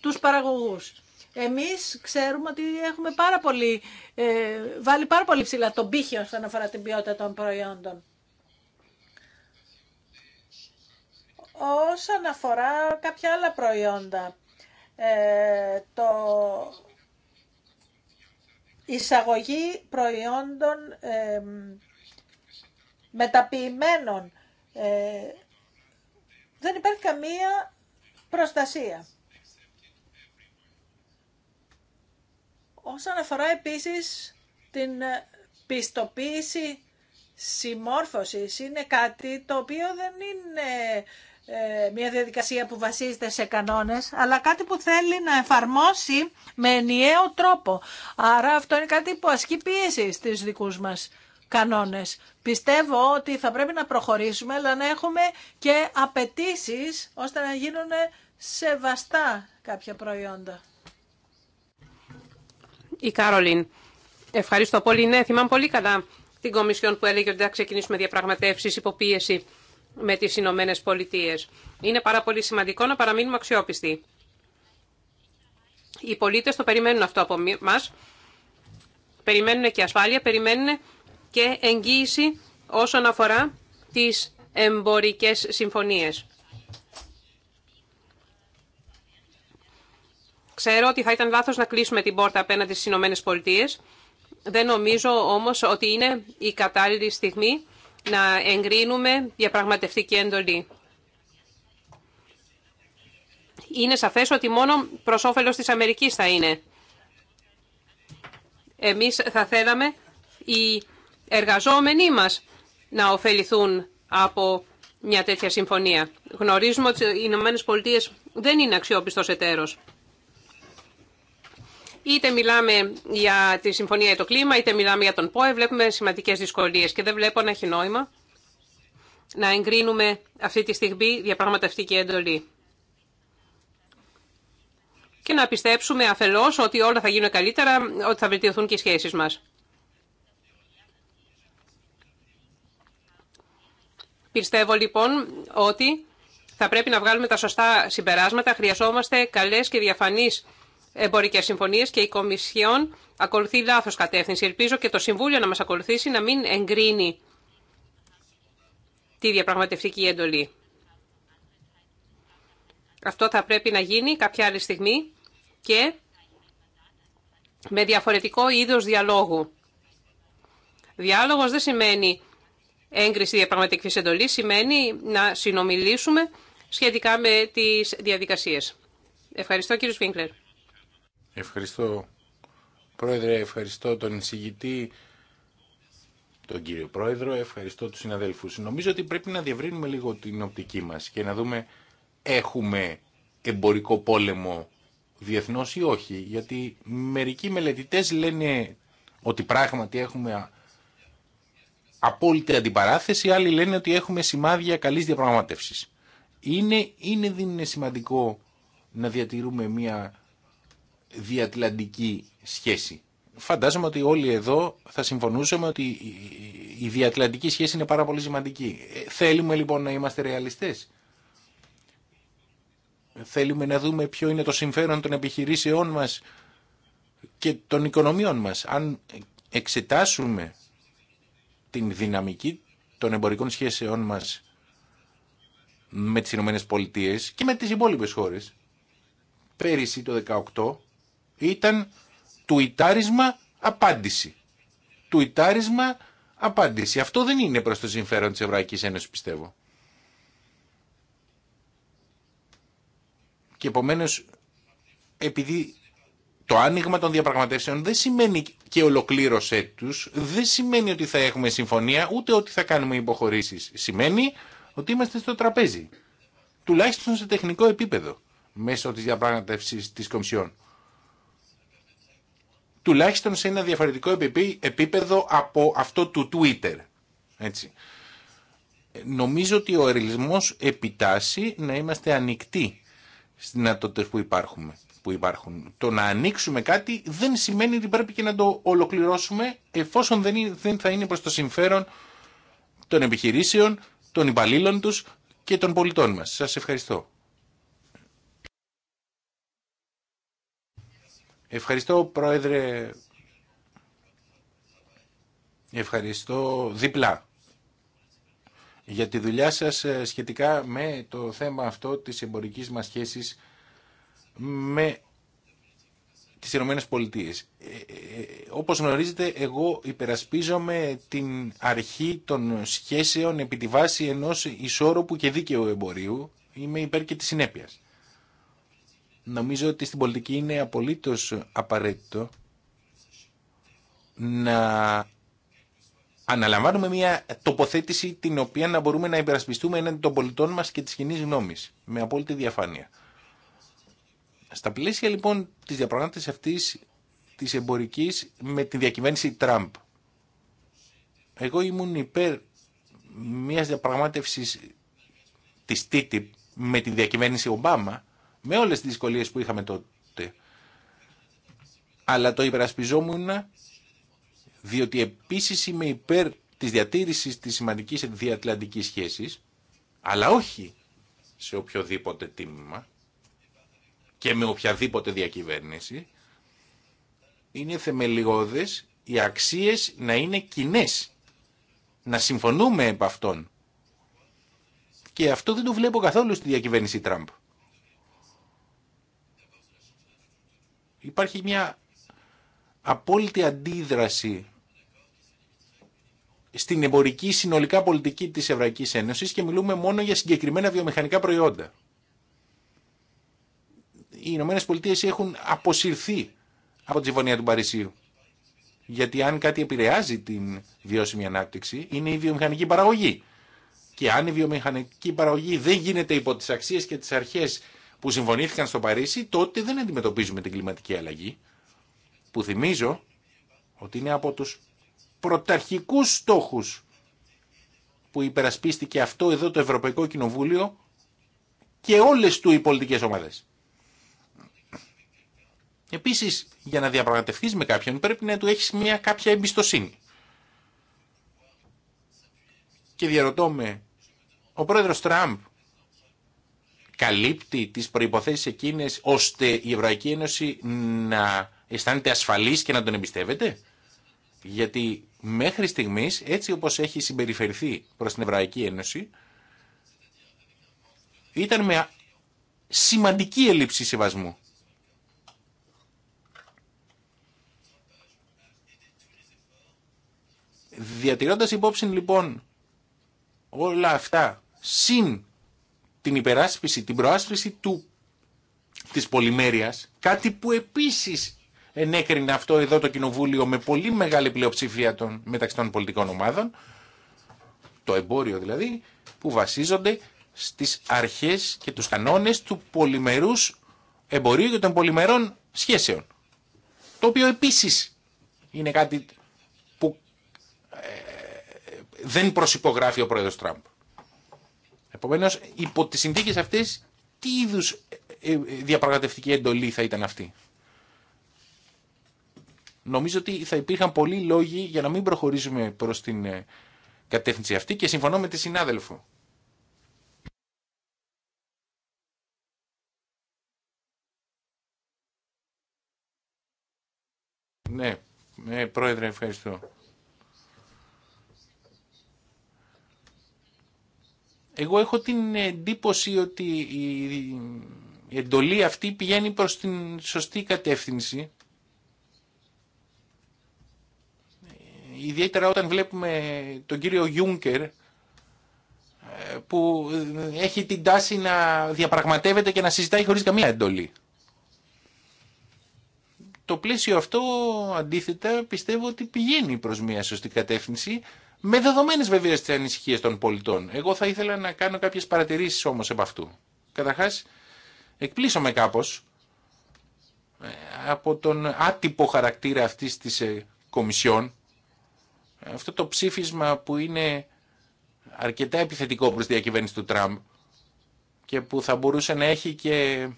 Speaker 3: τους παραγωγούς. Εμείς ξέρουμε ότι έχουμε πάρα πολύ, ε, βάλει πάρα πολύ ψηλά τον πύχη όσον αφορά την ποιότητα των προϊόντων. Όσον αφορά κάποια άλλα προϊόντα, ε, το εισαγωγή προϊόντων ε, μεταποιημένων. δεν υπάρχει καμία προστασία. Όσον αφορά επίσης την πιστοποίηση συμμόρφωσης, είναι κάτι το οποίο δεν είναι ε, μια διαδικασία που βασίζεται σε κανόνες, αλλά κάτι που θέλει να εφαρμόσει με ενιαίο τρόπο. Άρα αυτό είναι κάτι που ασκεί πίεση στις δικούς μας κανόνες. Πιστεύω ότι θα πρέπει να προχωρήσουμε, αλλά να έχουμε και απαιτήσει ώστε να γίνουν σεβαστά κάποια προϊόντα.
Speaker 2: Η Κάρολιν, ευχαριστώ πολύ. Ναι, θυμάμαι πολύ καλά την Κομισιόν που έλεγε ότι θα ξεκινήσουμε διαπραγματεύσεις υποπίεση με τις Ηνωμένε Πολιτείε. Είναι πάρα πολύ σημαντικό να παραμείνουμε αξιόπιστοι. Οι πολίτες το περιμένουν αυτό από μας. Περιμένουν και ασφάλεια, περιμένουν και εγγύηση όσον αφορά τις εμπορικές συμφωνίες. Ξέρω ότι θα ήταν λάθος να κλείσουμε την πόρτα απέναντι στις Ηνωμένε Πολιτείε. Δεν νομίζω όμως ότι είναι η κατάλληλη στιγμή να εγκρίνουμε διαπραγματευτική εντολή. Είναι σαφές ότι μόνο προς όφελος της Αμερικής θα είναι. Εμείς θα θέλαμε οι εργαζόμενοι μας να ωφεληθούν από μια τέτοια συμφωνία. Γνωρίζουμε ότι οι ΗΠΑ δεν είναι αξιόπιστος εταίρος. Είτε μιλάμε για τη Συμφωνία για το Κλίμα, είτε μιλάμε για τον ΠΟΕ, βλέπουμε σημαντικές δυσκολίες και δεν βλέπω να έχει νόημα να εγκρίνουμε αυτή τη στιγμή διαπραγματευτική εντολή. Και να πιστέψουμε αφελώ ότι όλα θα γίνουν καλύτερα, ότι θα βελτιωθούν και οι σχέσει μας. Πιστεύω λοιπόν ότι θα πρέπει να βγάλουμε τα σωστά συμπεράσματα. Χρειαζόμαστε καλές και διαφανείς εμπορικές συμφωνίες και η Κομισιόν ακολουθεί λάθος κατεύθυνση. Ελπίζω και το Συμβούλιο να μας ακολουθήσει να μην εγκρίνει τη διαπραγματευτική εντολή. Αυτό θα πρέπει να γίνει κάποια άλλη στιγμή και με διαφορετικό είδος διαλόγου. Διάλογος δεν σημαίνει έγκριση διαπραγματευτικής εντολής, σημαίνει να συνομιλήσουμε σχετικά με τις διαδικασίες. Ευχαριστώ κύριε Σφίγκλερ.
Speaker 1: Ευχαριστώ Πρόεδρε, ευχαριστώ τον εισηγητή, τον κύριο Πρόεδρο, ευχαριστώ τους συναδέλφους. Νομίζω ότι πρέπει να διευρύνουμε λίγο την οπτική μας και να δούμε έχουμε εμπορικό πόλεμο διεθνώς ή όχι. Γιατί μερικοί μελετητές λένε ότι πράγματι έχουμε απόλυτη αντιπαράθεση, άλλοι λένε ότι έχουμε σημάδια καλής διαπραγματεύσης. Είναι, είναι, είναι σημαντικό να διατηρούμε μια διατλαντική σχέση. Φαντάζομαι ότι όλοι εδώ θα συμφωνούσαμε ότι η διατλαντική σχέση είναι πάρα πολύ σημαντική. Ε, θέλουμε λοιπόν να είμαστε ρεαλιστές. Θέλουμε να δούμε ποιο είναι το συμφέρον των επιχειρήσεών μας και των οικονομιών μας. Αν εξετάσουμε την δυναμική των εμπορικών σχέσεών μας με τις Ηνωμένες και με τις υπόλοιπες χώρες, πέρυσι το 18 ήταν τουιτάρισμα απάντηση. Τουιτάρισμα απάντηση. Αυτό δεν είναι προς το συμφέρον της Ευρωπαϊκής Ένωσης πιστεύω. Και επομένως επειδή το άνοιγμα των διαπραγματεύσεων δεν σημαίνει και ολοκλήρωσέ τους, δεν σημαίνει ότι θα έχουμε συμφωνία, ούτε ότι θα κάνουμε υποχωρήσεις. Σημαίνει ότι είμαστε στο τραπέζι, τουλάχιστον σε τεχνικό επίπεδο, μέσω της διαπραγματεύσης της Κομισιόν τουλάχιστον σε ένα διαφορετικό επίπεδο από αυτό του Twitter. Έτσι. Νομίζω ότι ο ερελισμός επιτάσσει να είμαστε ανοιχτοί στις δυνατότητες που, υπάρχουμε, που υπάρχουν. Το να ανοίξουμε κάτι δεν σημαίνει ότι πρέπει και να το ολοκληρώσουμε εφόσον δεν, δεν θα είναι προς το συμφέρον των επιχειρήσεων, των υπαλλήλων τους και των πολιτών μας. Σας ευχαριστώ. Ευχαριστώ πρόεδρε. Ευχαριστώ διπλά για τη δουλειά σας ε, σχετικά με το θέμα αυτό της εμπορικής μας σχέσης με τις Ηνωμένες Πολιτείες. Ε, ε, όπως γνωρίζετε, εγώ υπερασπίζομαι την αρχή των σχέσεων επί τη βάση ενός ισόρροπου και δίκαιου εμπορίου. Είμαι υπέρ και της συνέπειας νομίζω ότι στην πολιτική είναι απολύτως απαραίτητο να αναλαμβάνουμε μια τοποθέτηση την οποία να μπορούμε να υπερασπιστούμε έναντι των πολιτών μας και της κοινή γνώμης με απόλυτη διαφάνεια. Στα πλαίσια λοιπόν της διαπραγμάτευσης αυτής της εμπορικής με τη διακυβέρνηση Τραμπ. Εγώ ήμουν υπέρ μιας διαπραγμάτευσης της TTIP με τη διακυβέρνηση Ομπάμα με όλες τις δυσκολίες που είχαμε τότε. Αλλά το υπερασπιζόμουν διότι επίσης είμαι υπέρ της διατήρησης της σημαντικής διατλαντικής σχέσης, αλλά όχι σε οποιοδήποτε τίμημα και με οποιαδήποτε διακυβέρνηση. Είναι θεμελιώδες οι αξίες να είναι κοινέ. να συμφωνούμε επ' αυτών. Και αυτό δεν το βλέπω καθόλου στη διακυβέρνηση Τραμπ. Υπάρχει μια απόλυτη αντίδραση στην εμπορική συνολικά πολιτική της Ευρωπαϊκής Ένωσης και μιλούμε μόνο για συγκεκριμένα βιομηχανικά προϊόντα. Οι Ηνωμένε Πολιτείε έχουν αποσυρθεί από τη Συμφωνία του Παρισίου. Γιατί αν κάτι επηρεάζει την βιώσιμη ανάπτυξη είναι η βιομηχανική παραγωγή. Και αν η βιομηχανική παραγωγή δεν γίνεται υπό τις αξίες και τις αρχές που συμφωνήθηκαν στο Παρίσι, τότε δεν αντιμετωπίζουμε την κλιματική αλλαγή. Που θυμίζω ότι είναι από τους πρωταρχικούς στόχους που υπερασπίστηκε αυτό εδώ το Ευρωπαϊκό Κοινοβούλιο και όλες του οι πολιτικές ομάδες. Επίσης, για να διαπραγματευτείς με κάποιον πρέπει να του έχεις μια κάποια εμπιστοσύνη. Και διαρωτώ με, ο πρόεδρος Τραμπ καλύπτει τις προϋποθέσεις εκείνες ώστε η Ευρωπαϊκή Ένωση να αισθάνεται ασφαλής και να τον εμπιστεύεται. Γιατί μέχρι στιγμής έτσι όπως έχει συμπεριφερθεί προς την Ευρωπαϊκή Ένωση ήταν με σημαντική έλλειψη σεβασμού. Διατηρώντας υπόψη λοιπόν όλα αυτά συν την υπεράσπιση, την προάσπιση του, της πολυμέρειας, κάτι που επίσης ενέκρινε αυτό εδώ το Κοινοβούλιο με πολύ μεγάλη πλειοψηφία των, μεταξύ των πολιτικών ομάδων, το εμπόριο δηλαδή, που βασίζονται στις αρχές και τους κανόνες του πολυμερούς εμπορίου και των πολυμερών σχέσεων. Το οποίο επίσης είναι κάτι που ε, ε, δεν προσυπογράφει ο πρόεδρος Τραμπ. Επομένω, υπό τι συνθήκε αυτές, τι είδου ε, ε, διαπραγματευτική εντολή θα ήταν αυτή. Νομίζω ότι θα υπήρχαν πολλοί λόγοι για να μην προχωρήσουμε προς την ε, κατεύθυνση αυτή και συμφωνώ με τη συνάδελφο. Ναι, ναι, πρόεδρε, ευχαριστώ. Εγώ έχω την εντύπωση ότι η εντολή αυτή πηγαίνει προς την σωστή κατεύθυνση. Ιδιαίτερα όταν βλέπουμε τον κύριο Γιούνκερ ε, που έχει την τάση να διαπραγματεύεται και να συζητάει χωρίς καμία εντολή. Το πλαίσιο αυτό αντίθετα πιστεύω ότι πηγαίνει προς μια σωστή κατεύθυνση με δεδομένε βεβαίω τι ανησυχίε των πολιτών. Εγώ θα ήθελα να κάνω κάποιε παρατηρήσει όμω επ' αυτού. Καταρχά, εκπλήσωμαι κάπω ε, από τον άτυπο χαρακτήρα αυτής της ε, Κομισιόν. Αυτό το ψήφισμα που είναι αρκετά επιθετικό προς τη διακυβέρνηση του Τραμπ και που θα μπορούσε να έχει και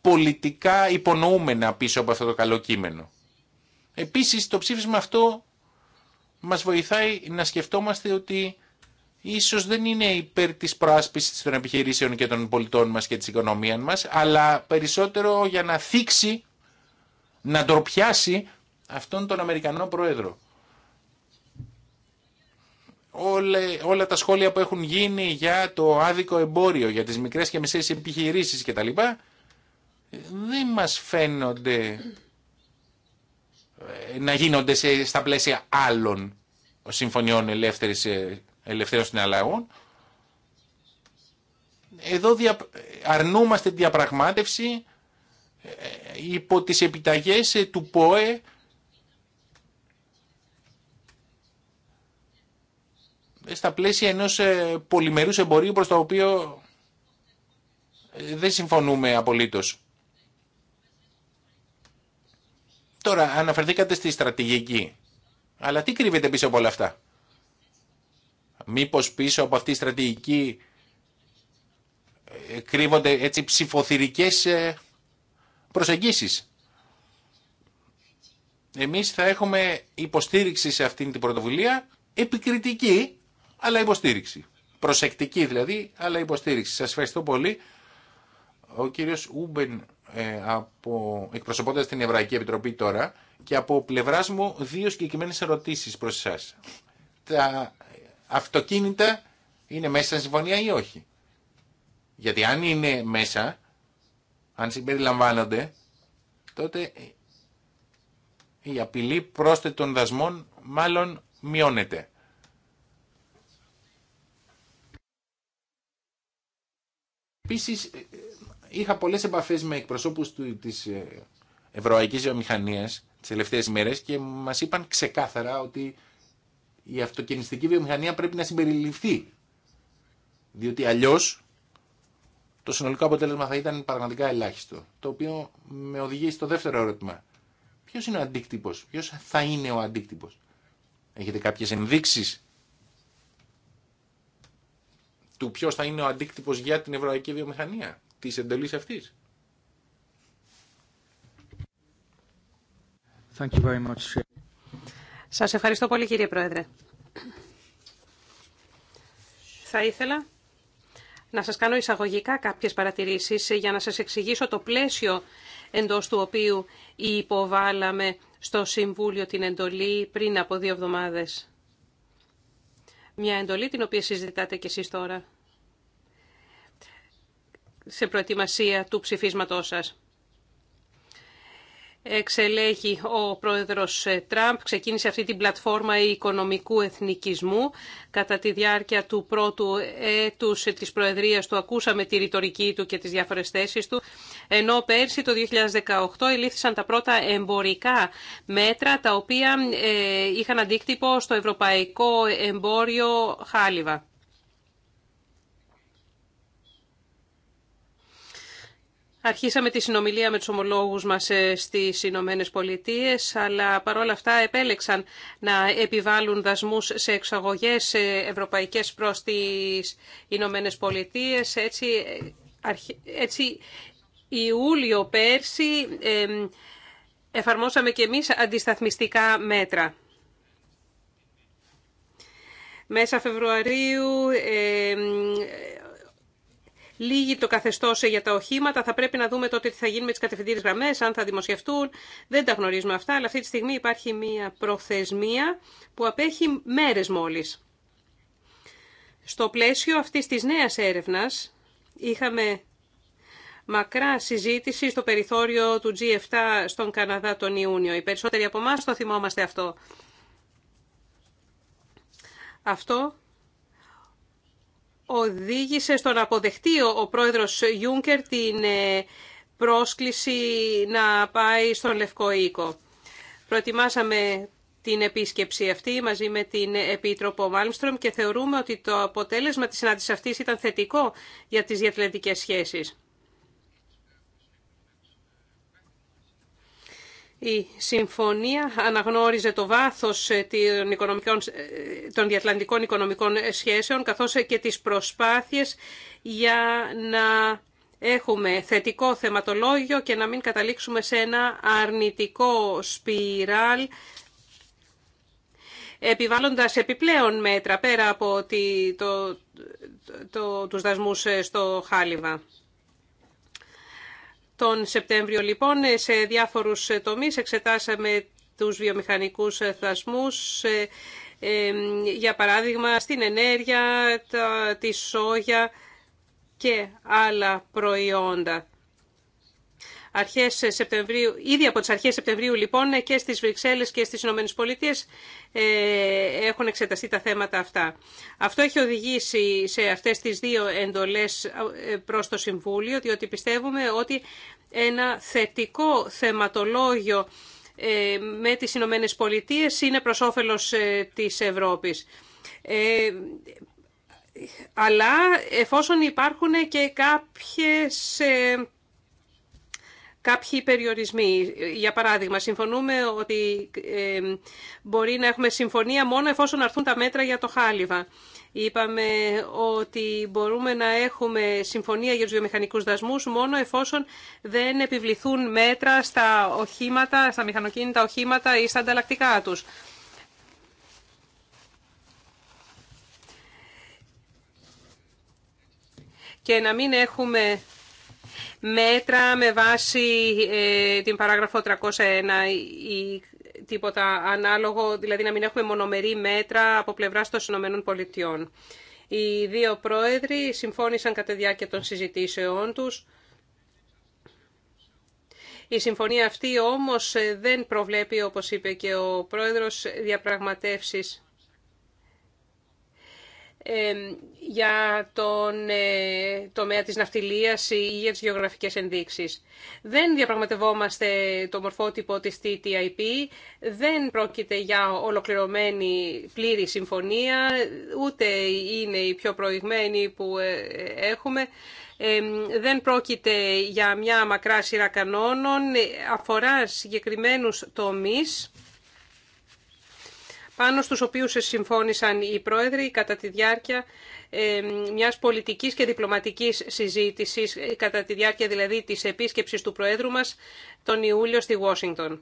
Speaker 1: πολιτικά υπονοούμενα πίσω από αυτό το καλό κείμενο. Επίσης το ψήφισμα αυτό μας βοηθάει να σκεφτόμαστε ότι ίσως δεν είναι υπέρ της προάσπισης των επιχειρήσεων και των πολιτών μας και της οικονομίας μας, αλλά περισσότερο για να θίξει, να ντροπιάσει αυτόν τον Αμερικανό Πρόεδρο. Όλα, όλα τα σχόλια που έχουν γίνει για το άδικο εμπόριο, για τις μικρές και μεσαίες επιχειρήσεις κτλ. δεν μας φαίνονται ε, να γίνονται σε, στα πλαίσια άλλων συμφωνιών ελεύθερης, ε, ελευθερών συναλλαγών. Εδώ αρνούμαστε τη διαπραγμάτευση ε, υπό τις επιταγές του ΠΟΕ στα πλαίσια ενός πολυμερούς εμπορίου προς το οποίο δεν συμφωνούμε απολύτως. Τώρα αναφερθήκατε στη στρατηγική. Αλλά τι κρύβεται πίσω από όλα αυτά. Μήπως πίσω από αυτή τη στρατηγική ε, κρύβονται έτσι ψηφοθυρικές ε, προσεγγίσεις. Εμείς θα έχουμε υποστήριξη σε αυτήν την πρωτοβουλία, επικριτική, αλλά υποστήριξη. Προσεκτική δηλαδή, αλλά υποστήριξη. Σας ευχαριστώ πολύ. Ο κύριος Ούμπεν ε, από, εκπροσωπώντας την Ευρωπαϊκή Επιτροπή τώρα και από πλευράς μου δύο συγκεκριμένε ερωτήσεις προς εσάς. Τα αυτοκίνητα είναι μέσα στην συμφωνία ή όχι. Γιατί αν είναι μέσα, αν συμπεριλαμβάνονται, τότε η απειλή πρόσθετων δασμών μάλλον μειώνεται. Επίσης, είχα πολλές επαφέ με εκπροσώπους τη της ε, βιομηχανία τι τις τελευταίες και μας είπαν ξεκάθαρα ότι η αυτοκινηστική βιομηχανία πρέπει να συμπεριληφθεί. Διότι αλλιώς το συνολικό αποτέλεσμα θα ήταν πραγματικά ελάχιστο. Το οποίο με οδηγεί στο δεύτερο ερώτημα. Ποιο είναι ο αντίκτυπος, ποιο θα είναι ο αντίκτυπο. Έχετε κάποιε ενδείξει του ποιο θα είναι ο αντίκτυπο για την ευρωπαϊκή βιομηχανία της εντολής αυτής.
Speaker 3: Thank you very much.
Speaker 2: Σας ευχαριστώ πολύ κύριε Πρόεδρε. Θα ήθελα να σας κάνω εισαγωγικά κάποιες παρατηρήσεις για να σας εξηγήσω το πλαίσιο εντός του οποίου υποβάλαμε στο Συμβούλιο την εντολή πριν από δύο εβδομάδες. Μια εντολή την οποία συζητάτε και εσείς τώρα σε προετοιμασία του ψηφίσματός σας. Εξελέγει ο πρόεδρος Τραμπ, ξεκίνησε αυτή την πλατφόρμα οικονομικού εθνικισμού. Κατά τη διάρκεια του πρώτου έτους της Προεδρίας του ακούσαμε τη ρητορική του και τις διάφορες θέσεις του, ενώ πέρσι το 2018 ελήφθησαν τα πρώτα εμπορικά μέτρα, τα οποία ε, είχαν αντίκτυπο στο ευρωπαϊκό εμπόριο χάλιβα. Αρχίσαμε τη συνομιλία με τους ομολόγους μας ε, στις Ηνωμένε Πολιτείε, αλλά παρόλα αυτά επέλεξαν να επιβάλλουν δασμούς σε εξαγωγές ευρωπαϊκές προς τις Ηνωμένε Πολιτείε. Έτσι, έτσι Ιούλιο πέρσι εφαρμόσαμε και εμείς αντισταθμιστικά μέτρα. Μέσα Φεβρουαρίου Λίγη το καθεστώ για τα οχήματα. Θα πρέπει να δούμε τότε τι θα γίνει με τις κατευθυντήρε γραμμές, αν θα δημοσιευτούν. Δεν τα γνωρίζουμε αυτά, αλλά αυτή τη στιγμή υπάρχει μια προθεσμία που απέχει μέρες μόλις. Στο πλαίσιο αυτής της νέας έρευνας είχαμε μακρά συζήτηση στο περιθώριο του G7 στον Καναδά τον Ιούνιο. Οι περισσότεροι από εμά το θυμόμαστε αυτό. Αυτό οδήγησε στον αποδεχτή ο πρόεδρος Γιούγκερ την ε, πρόσκληση να πάει στον Λευκό Οίκο. Προετοιμάσαμε την επίσκεψη αυτή μαζί με την Επίτροπο Μάλμστρομ και θεωρούμε ότι το αποτέλεσμα της συνάντησης αυτής ήταν θετικό για τις διαθλητικές σχέσεις. Η συμφωνία αναγνώριζε το βάθος ε, των, ε, των διατλαντικών οικονομικών ε, σχέσεων καθώς και τις προσπάθειες για να έχουμε θετικό θεματολόγιο και να μην καταλήξουμε σε ένα αρνητικό σπιράλ επιβάλλοντας επιπλέον μέτρα πέρα από τη, το, τους δασμούς στο Χάλιβα. Τον Σεπτέμβριο λοιπόν σε διάφορους τομείς εξετάσαμε τους βιομηχανικούς θασμούς, για παράδειγμα στην ενέργεια, τη σόγια και άλλα προϊόντα αρχές Σεπτεμβρίου, ήδη από τις αρχές Σεπτεμβρίου λοιπόν και στις Βρυξέλλες και στις Ηνωμένες Πολιτείες ε, έχουν εξεταστεί τα θέματα αυτά. Αυτό έχει οδηγήσει σε αυτές τις δύο εντολές ε, προς το Συμβούλιο, διότι πιστεύουμε ότι ένα θετικό θεματολόγιο ε, με τις Ηνωμένε Πολιτείε είναι προς όφελος της Ευρώπης. αλλά εφόσον υπάρχουν και κάποιες κάποιοι περιορισμοί. Για παράδειγμα, συμφωνούμε ότι ε, μπορεί να έχουμε συμφωνία μόνο εφόσον αρθούν τα μέτρα για το χάλιβα. Είπαμε ότι μπορούμε να έχουμε συμφωνία για τους βιομηχανικούς δασμούς μόνο εφόσον δεν επιβληθούν μέτρα στα οχήματα, στα μηχανοκίνητα οχήματα ή στα ανταλλακτικά τους. Και να μην έχουμε μέτρα με βάση ε, την παράγραφο 301 ή τίποτα ανάλογο, δηλαδή να μην έχουμε μονομερή μέτρα από πλευράς των Συνωμένων Πολιτειών. Οι δύο πρόεδροι συμφώνησαν κατά διάρκεια των συζητήσεών τους. Η συμφωνία αυτή όμως δεν προβλέπει, όπως είπε και ο πρόεδρος, διαπραγματεύσεις για τον ε, τομέα της ναυτιλίας ή για τις γεωγραφικές ενδείξεις. Δεν διαπραγματευόμαστε το μορφότυπο της TTIP, δεν πρόκειται για ολοκληρωμένη πλήρη συμφωνία, ούτε είναι η πιο προηγμένη που ε, έχουμε. Δεν πρόκειται για μια μακρά σειρά κανόνων, αφορά συγκεκριμένους τομείς πάνω στους οποίους συμφώνησαν οι πρόεδροι κατά τη διάρκεια ε, μιας πολιτικής και διπλωματικής συζήτησης, ε, κατά τη διάρκεια δηλαδή της επίσκεψης του Προέδρου μας τον Ιούλιο στη Washington.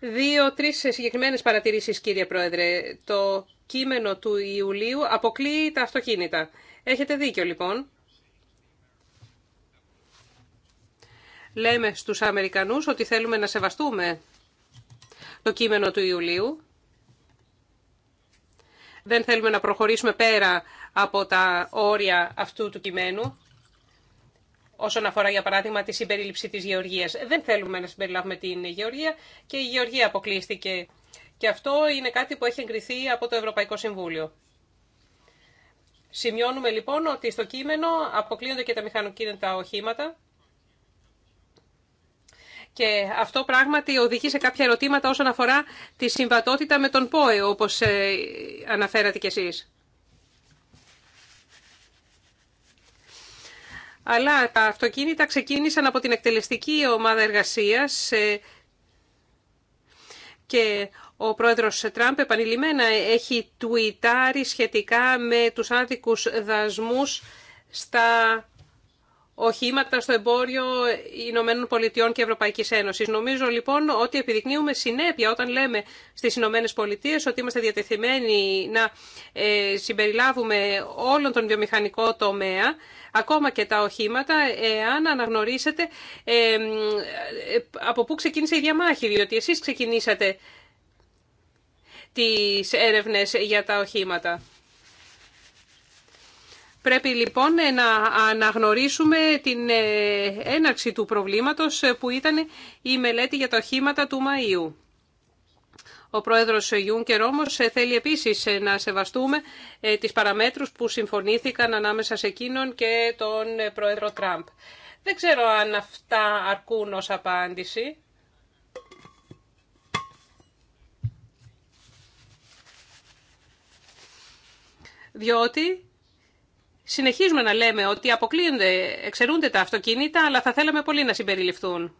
Speaker 2: Δύο-τρει συγκεκριμένε παρατηρήσει, κύριε Πρόεδρε. Το κείμενο του Ιουλίου αποκλείει τα αυτοκίνητα. Έχετε δίκιο, λοιπόν. Λέμε στους Αμερικανούς ότι θέλουμε να σεβαστούμε το κείμενο του Ιουλίου. Δεν θέλουμε να προχωρήσουμε πέρα από τα όρια αυτού του κειμένου, όσον αφορά για παράδειγμα τη συμπερίληψη της γεωργίας. Δεν θέλουμε να συμπεριλάβουμε την γεωργία και η γεωργία αποκλείστηκε. Και αυτό είναι κάτι που έχει εγκριθεί από το Ευρωπαϊκό Συμβούλιο. Σημειώνουμε λοιπόν ότι στο κείμενο αποκλείονται και τα μηχανοκίνητα οχήματα και αυτό πράγματι οδηγεί σε κάποια ερωτήματα όσον αφορά τη συμβατότητα με τον ΠΟΕ, όπως ε, αναφέρατε κι εσείς. Αλλά τα αυτοκίνητα ξεκίνησαν από την εκτελεστική ομάδα εργασίας ε, και ο πρόεδρος Τραμπ επανειλημμένα έχει τουιτάρει σχετικά με τους άδικους δασμούς στα οχήματα στο εμπόριο Ηνωμένων Πολιτειών και Ευρωπαϊκής Ένωση. Νομίζω λοιπόν ότι επιδεικνύουμε συνέπεια όταν λέμε στις Ηνωμένε Πολιτείε, ότι είμαστε διατεθειμένοι να ε, συμπεριλάβουμε όλον τον βιομηχανικό τομέα, ακόμα και τα οχήματα, εάν αναγνωρίσετε ε, από πού ξεκίνησε η διαμάχη, διότι εσείς ξεκινήσατε τις έρευνες για τα οχήματα. Πρέπει λοιπόν ε, να αναγνωρίσουμε την ε, έναρξη του προβλήματος ε, που ήταν η μελέτη για τα οχήματα του Μαΐου. Ο πρόεδρος Γιούνκερ όμως θέλει επίσης να σεβαστούμε τις παραμέτρους που συμφωνήθηκαν ανάμεσα σε εκείνον και τον πρόεδρο Τραμπ. Δεν ξέρω αν αυτά αρκούν ως απάντηση. Διότι Συνεχίζουμε να λέμε ότι αποκλείονται, εξαιρούνται τα αυτοκίνητα, αλλά θα θέλαμε πολύ να συμπεριληφθούν.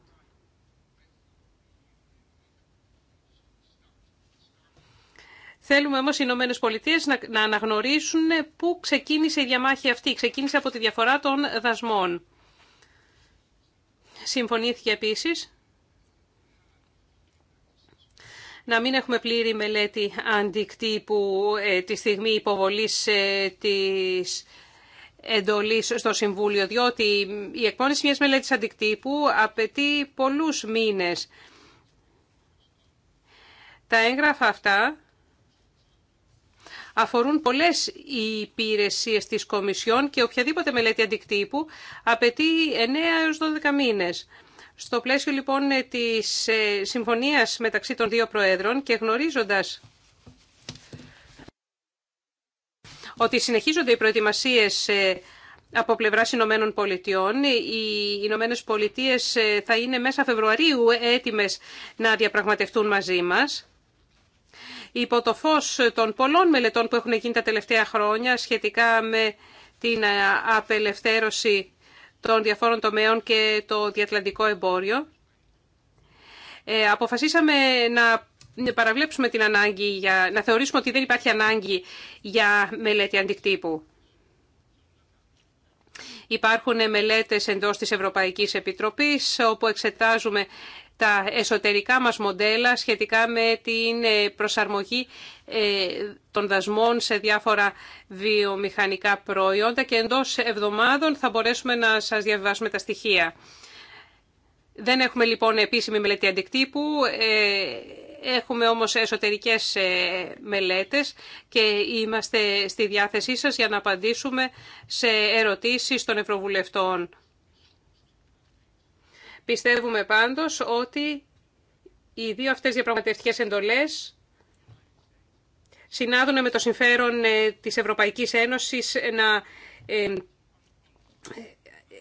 Speaker 2: Θέλουμε όμως οι Ηνωμένε Πολιτείε να αναγνωρίσουν πού ξεκίνησε η διαμάχη αυτή. Ξεκίνησε από τη διαφορά των δασμών. Συμφωνήθηκε επίσης να μην έχουμε πλήρη μελέτη αντικτύπου ε, τη στιγμή υποβολής ε, της εντολή στο Συμβούλιο, διότι η εκπόνηση μιας μελέτης αντικτύπου απαιτεί πολλούς μήνες. Τα έγγραφα αυτά αφορούν πολλές υπηρεσίες της Κομισιόν και οποιαδήποτε μελέτη αντικτύπου απαιτεί 9 έως 12 μήνες. Στο πλαίσιο λοιπόν της ε, συμφωνίας μεταξύ των δύο Προέδρων και γνωρίζοντας ότι συνεχίζονται οι προετοιμασίες ε, από πλευρά Ηνωμένων Πολιτειών. Οι Ηνωμένε Πολιτείε ε, θα είναι μέσα Φεβρουαρίου έτοιμε να διαπραγματευτούν μαζί μα. Υπό το φως των πολλών μελετών που έχουν γίνει τα τελευταία χρόνια σχετικά με την ε, απελευθέρωση των διαφόρων τομέων και το διατλαντικό εμπόριο, αποφασίσαμε να παραβλέψουμε την ανάγκη, για, να θεωρήσουμε ότι δεν υπάρχει ανάγκη για μελέτη αντικτύπου. Υπάρχουν μελέτες εντός της Ευρωπαϊκής Επιτροπής όπου εξετάζουμε τα εσωτερικά μας μοντέλα σχετικά με την ε, προσαρμογή ε, των δασμών σε διάφορα βιομηχανικά προϊόντα και εντός εβδομάδων θα μπορέσουμε να σας διαβάσουμε τα στοιχεία. Δεν έχουμε λοιπόν επίσημη μελέτη αντικτύπου. Ε, Έχουμε όμως εσωτερικές ε, μελέτες και είμαστε στη διάθεσή σας για να απαντήσουμε σε ερωτήσεις των Ευρωβουλευτών. Πιστεύουμε πάντως ότι οι δύο αυτές διαπραγματευτικές εντολές συνάδουν με το συμφέρον ε, της Ευρωπαϊκής Ένωσης να ε,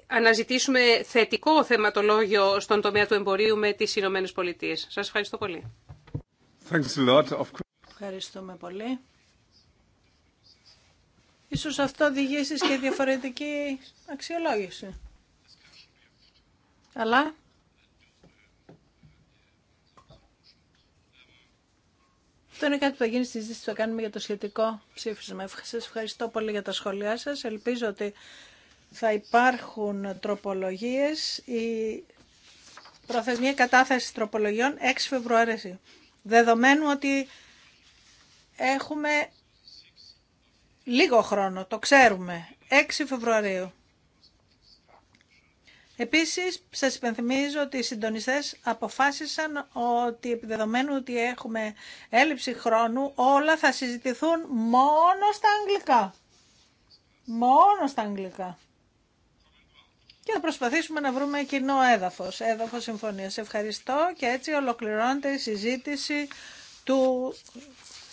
Speaker 2: αναζητήσουμε θετικό θεματολόγιο στον τομέα του εμπορίου με τις Ηνωμένες Πολιτείες. Σας ευχαριστώ πολύ.
Speaker 3: Ευχαριστούμε πολύ. Ίσως αυτό οδηγήσει και διαφορετική αξιολόγηση. Αλλά... Αυτό είναι κάτι που θα γίνει στη συζήτηση που θα κάνουμε για το σχετικό ψήφισμα. Σα ευχαριστώ πολύ για τα σχόλιά σας. Ελπίζω ότι θα υπάρχουν τροπολογίες. Η προθεσμία κατάθεση τροπολογιών 6 Φεβρουαρίου. Δεδομένου ότι έχουμε λίγο χρόνο, το ξέρουμε, 6 Φεβρουαρίου. Επίσης, σας υπενθυμίζω ότι οι συντονιστές αποφάσισαν ότι επιδεδομένου ότι έχουμε έλλειψη χρόνου, όλα θα συζητηθούν μόνο στα αγγλικά. Μόνο στα αγγλικά και θα προσπαθήσουμε να βρούμε κοινό έδαφος, έδαφος συμφωνίας. Ευχαριστώ και έτσι ολοκληρώνεται η συζήτηση του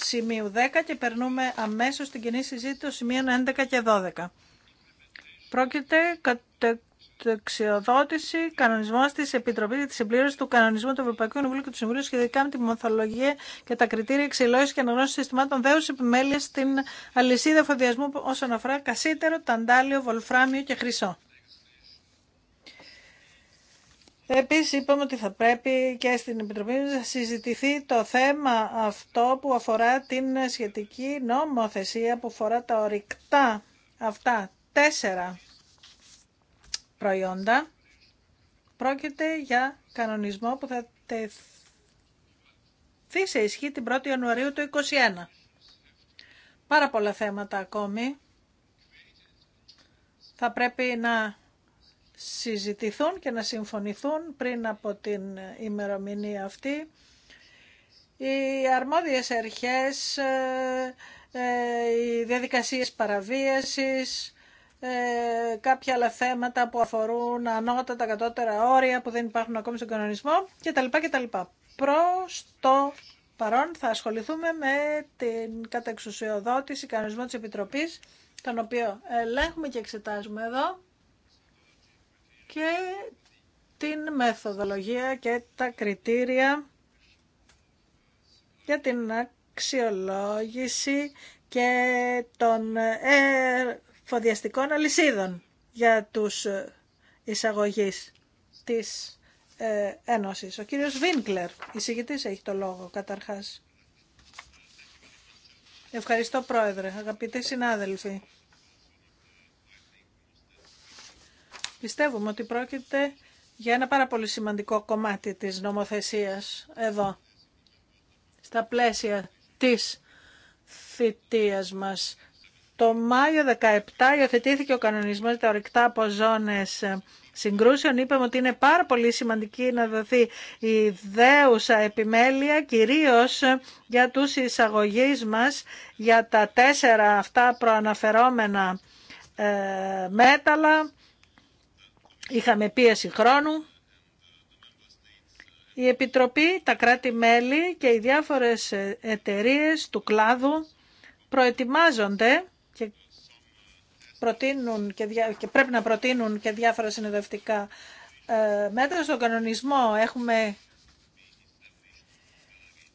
Speaker 3: σημείου 10 και περνούμε αμέσως στην κοινή συζήτηση των σημείων 11 και 12. Πρόκειται κατά εξοδότηση κανονισμό τη Επιτροπή για τη Συμπλήρωση του Κανονισμού του Ευρωπαϊκού Κοινοβουλίου και του Συμβουλίου σχετικά με τη μοθολογία και τα κριτήρια εξελόγηση και αναγνώριση συστημάτων δέου επιμέλεια στην αλυσίδα φοδιασμού όσον αφορά κασίτερο, ταντάλιο, βολφράμιο και χρυσό. Επίσης είπαμε ότι θα πρέπει και στην Επιτροπή να συζητηθεί το θέμα αυτό που αφορά την σχετική νομοθεσία που αφορά τα ορυκτά αυτά τέσσερα προϊόντα. Πρόκειται για κανονισμό που θα τεθεί σε ισχύ την 1η Ιανουαρίου του 2021. Πάρα πολλά θέματα ακόμη θα πρέπει να συζητηθούν και να συμφωνηθούν πριν από την ημερομηνία αυτή. Οι αρμόδιες αρχές, ε, ε, οι διαδικασίες παραβίασης, ε, κάποια άλλα θέματα που αφορούν ανώτατα, κατώτερα όρια που δεν υπάρχουν ακόμη στον κανονισμό κτλ. κτλ. Προς το παρόν θα ασχοληθούμε με την κατεξουσιοδότηση κανονισμό της Επιτροπής, τον οποίο ελέγχουμε και εξετάζουμε εδώ και την μεθοδολογία και τα κριτήρια για την αξιολόγηση και των εφοδιαστικών αλυσίδων για τους εισαγωγείς της ε, Ένωσης. Ο κύριος Βίνκλερ, εισηγητής, έχει το λόγο καταρχάς. Ευχαριστώ πρόεδρε, αγαπητοί συνάδελφοι. Πιστεύουμε ότι πρόκειται για ένα πάρα πολύ σημαντικό κομμάτι της νομοθεσίας εδώ, στα πλαίσια της θητείας μας. Το Μάιο 17 υιοθετήθηκε ο κανονισμός τα ορυκτά από ζώνες συγκρούσεων. Είπαμε ότι είναι πάρα πολύ σημαντική να δοθεί η δέουσα επιμέλεια, κυρίως για τους εισαγωγείς μας, για τα τέσσερα αυτά προαναφερόμενα ε, μέταλλα, είχαμε πίεση χρόνου. Η Επιτροπή, τα κράτη-μέλη και οι διάφορες εταιρείες του κλάδου προετοιμάζονται και, προτείνουν και, πρέπει να προτείνουν και διάφορα συνεδευτικά ε, μέτρα στον κανονισμό. Έχουμε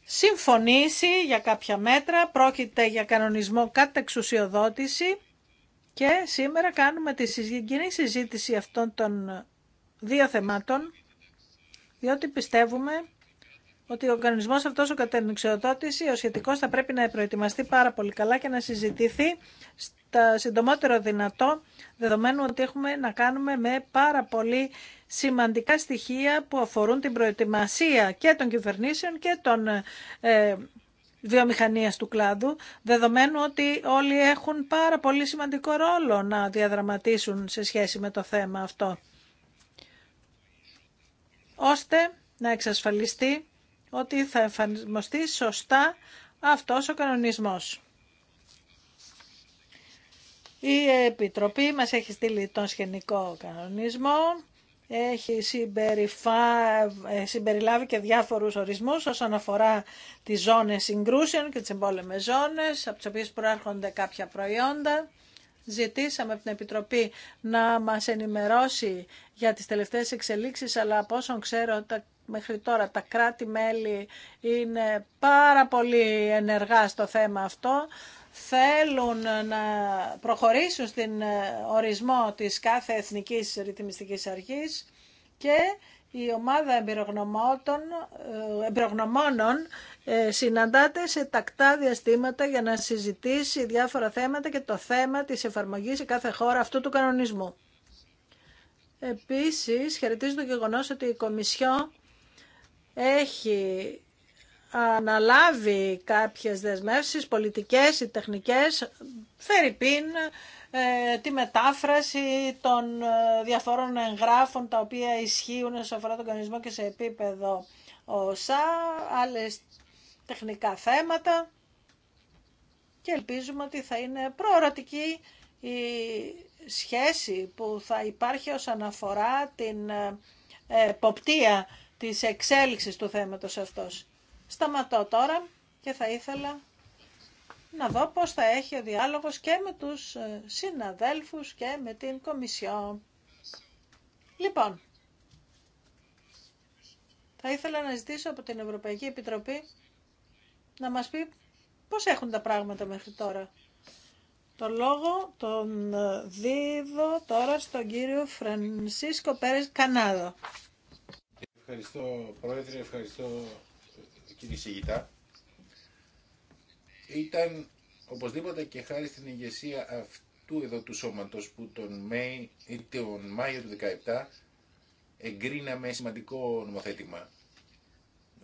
Speaker 3: συμφωνήσει για κάποια μέτρα, πρόκειται για κανονισμό κατά εξουσιοδότηση και σήμερα κάνουμε τη κοινή συζήτηση αυτών των δύο θεμάτων, διότι πιστεύουμε ότι ο οργανισμός αυτός ο κατενεξιοδότηση, ο σχετικός, θα πρέπει να προετοιμαστεί πάρα πολύ καλά και να συζητηθεί στα συντομότερο δυνατό, δεδομένου ότι έχουμε να κάνουμε με πάρα πολύ σημαντικά στοιχεία που αφορούν την προετοιμασία και των κυβερνήσεων και των ε, βιομηχανίας του κλάδου, δεδομένου ότι όλοι έχουν πάρα πολύ σημαντικό ρόλο να διαδραματίσουν σε σχέση με το θέμα αυτό, ώστε να εξασφαλιστεί ότι θα εφαρμοστεί σωστά αυτός ο κανονισμός. Η Επιτροπή μας έχει στείλει τον σχετικό κανονισμό έχει ε, συμπεριλάβει και διάφορους ορισμούς όσον αφορά τις ζώνες συγκρούσεων και τις εμπόλεμες ζώνες, από τις οποίες προέρχονται κάποια προϊόντα. Ζητήσαμε από την Επιτροπή να μας ενημερώσει για τις τελευταίες εξελίξεις, αλλά από όσον ξέρω μέχρι τώρα τα κράτη-μέλη είναι πάρα πολύ ενεργά στο θέμα αυτό θέλουν να προχωρήσουν στην ε, ορισμό της κάθε εθνικής ρυθμιστικής αρχής και η ομάδα ε, εμπειρογνωμόνων ε, συναντάται σε τακτά διαστήματα για να συζητήσει διάφορα θέματα και το θέμα της εφαρμογής σε κάθε χώρα αυτού του κανονισμού. Επίσης, χαιρετίζω το γεγονός ότι η Κομισιό έχει αναλάβει κάποιες δεσμεύσεις πολιτικές ή τεχνικές, φέρει πίν, ε, τη μετάφραση των ε, διαφόρων εγγράφων τα οποία ισχύουν σε αφορά τον κανονισμό και σε επίπεδο ΩΣΑ, άλλες τεχνικά θέματα και ελπίζουμε ότι θα είναι προορατική η σχέση που θα υπάρχει ως αναφορά την ε, εποπτεία της εξέλιξης του θέματος αυτός. Σταματώ τώρα και θα ήθελα να δω πώς θα έχει ο διάλογος και με τους ε, συναδέλφους και με την Κομισιό. Λοιπόν, θα ήθελα να ζητήσω από την Ευρωπαϊκή Επιτροπή να μας πει πώς έχουν τα πράγματα μέχρι τώρα. Το λόγο τον ε, δίδω τώρα στον κύριο Φρανσίσκο Πέρες Κανάδο.
Speaker 1: Ευχαριστώ Πρόεδρε, ευχαριστώ την Ήταν οπωσδήποτε και χάρη στην ηγεσία αυτού εδώ του σώματος που τον, τον Μάιο του 2017 εγκρίναμε σημαντικό νομοθέτημα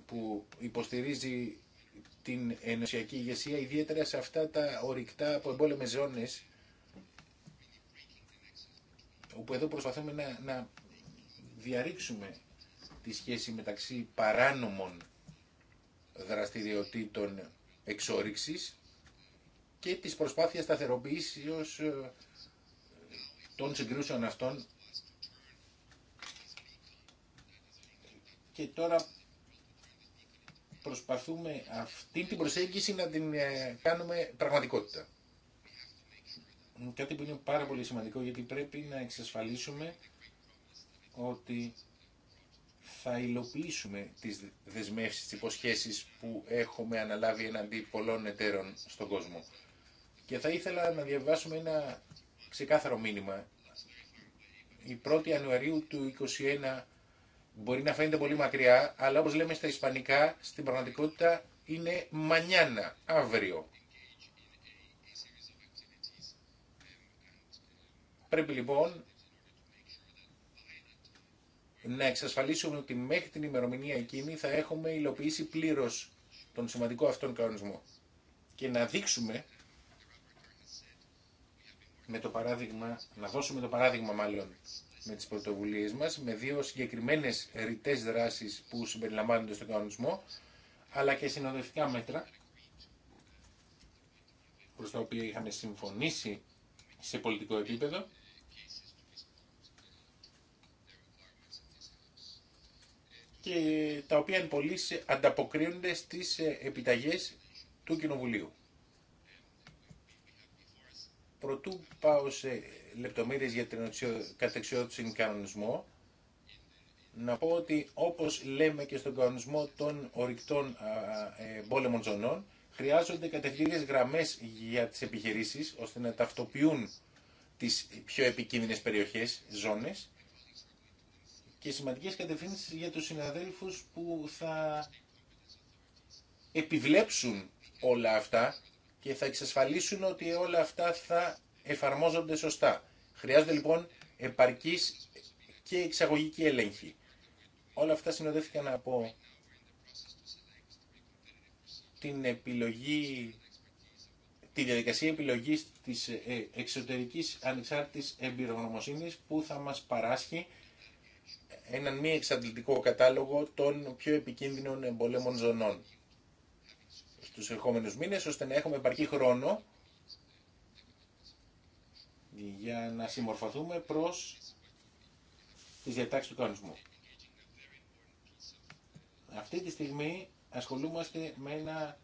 Speaker 1: που υποστηρίζει την ενωσιακή ηγεσία ιδιαίτερα σε αυτά τα ορυκτά από εμπόλεμες ζώνες όπου εδώ προσπαθούμε να, να διαρρήξουμε τη σχέση μεταξύ παράνομων δραστηριοτήτων εξόριξης και της προσπάθειας σταθεροποίησης ε, των συγκρούσεων αυτών και τώρα προσπαθούμε αυτή την προσέγγιση να την ε, κάνουμε πραγματικότητα. Κάτι που είναι πάρα πολύ σημαντικό γιατί πρέπει να εξασφαλίσουμε ότι θα υλοποιήσουμε τις δεσμεύσεις, τις υποσχέσεις που έχουμε αναλάβει εναντί πολλών εταίρων στον κόσμο. Και θα ήθελα να διαβάσουμε ένα ξεκάθαρο μήνυμα. Η 1η Ιανουαρίου του 2021 μπορεί να φαίνεται πολύ μακριά, αλλά όπως λέμε στα ισπανικά, στην πραγματικότητα είναι μανιάνα, αύριο. Πρέπει λοιπόν να εξασφαλίσουμε ότι μέχρι την ημερομηνία εκείνη θα έχουμε υλοποιήσει πλήρω τον σημαντικό αυτόν κανονισμό και να δείξουμε με το παράδειγμα, να δώσουμε το παράδειγμα μάλλον με τις πρωτοβουλίες μας, με δύο συγκεκριμένες ρητές δράσεις που συμπεριλαμβάνονται στον κανονισμό, αλλά και συνοδευτικά μέτρα, προς τα οποία είχαμε συμφωνήσει σε πολιτικό επίπεδο, και τα οποία εν πωλής ανταποκρίνονται στις ε, επιταγές του Κοινοβουλίου. Προτού πάω σε λεπτομέρειες για την τον κανονισμό, να πω ότι όπως λέμε και στον κανονισμό των ορυκτών ε, πόλεμων ζωνών, χρειάζονται κατευθύνες γραμμές για τις επιχειρήσεις, ώστε να ταυτοποιούν τις πιο επικίνδυνες περιοχές, ζώνες, και σημαντικές κατευθύνσεις για τους συναδέλφους που θα επιβλέψουν όλα αυτά και θα εξασφαλίσουν ότι όλα αυτά θα εφαρμόζονται σωστά. Χρειάζεται λοιπόν επαρκής και εξαγωγική έλεγχη. Όλα αυτά συνοδεύτηκαν από την επιλογή, τη διαδικασία επιλογής της ε, εξωτερικής ανεξάρτητης εμπειρογνωμοσύνης που θα μας παράσχει έναν μη εξαντλητικό κατάλογο των πιο επικίνδυνων εμπολέμων ζωνών στους ερχόμενους μήνες, ώστε να έχουμε επαρκή χρόνο για να συμμορφωθούμε προς τις διατάξεις του κανονισμού. Αυτή τη στιγμή ασχολούμαστε με ένα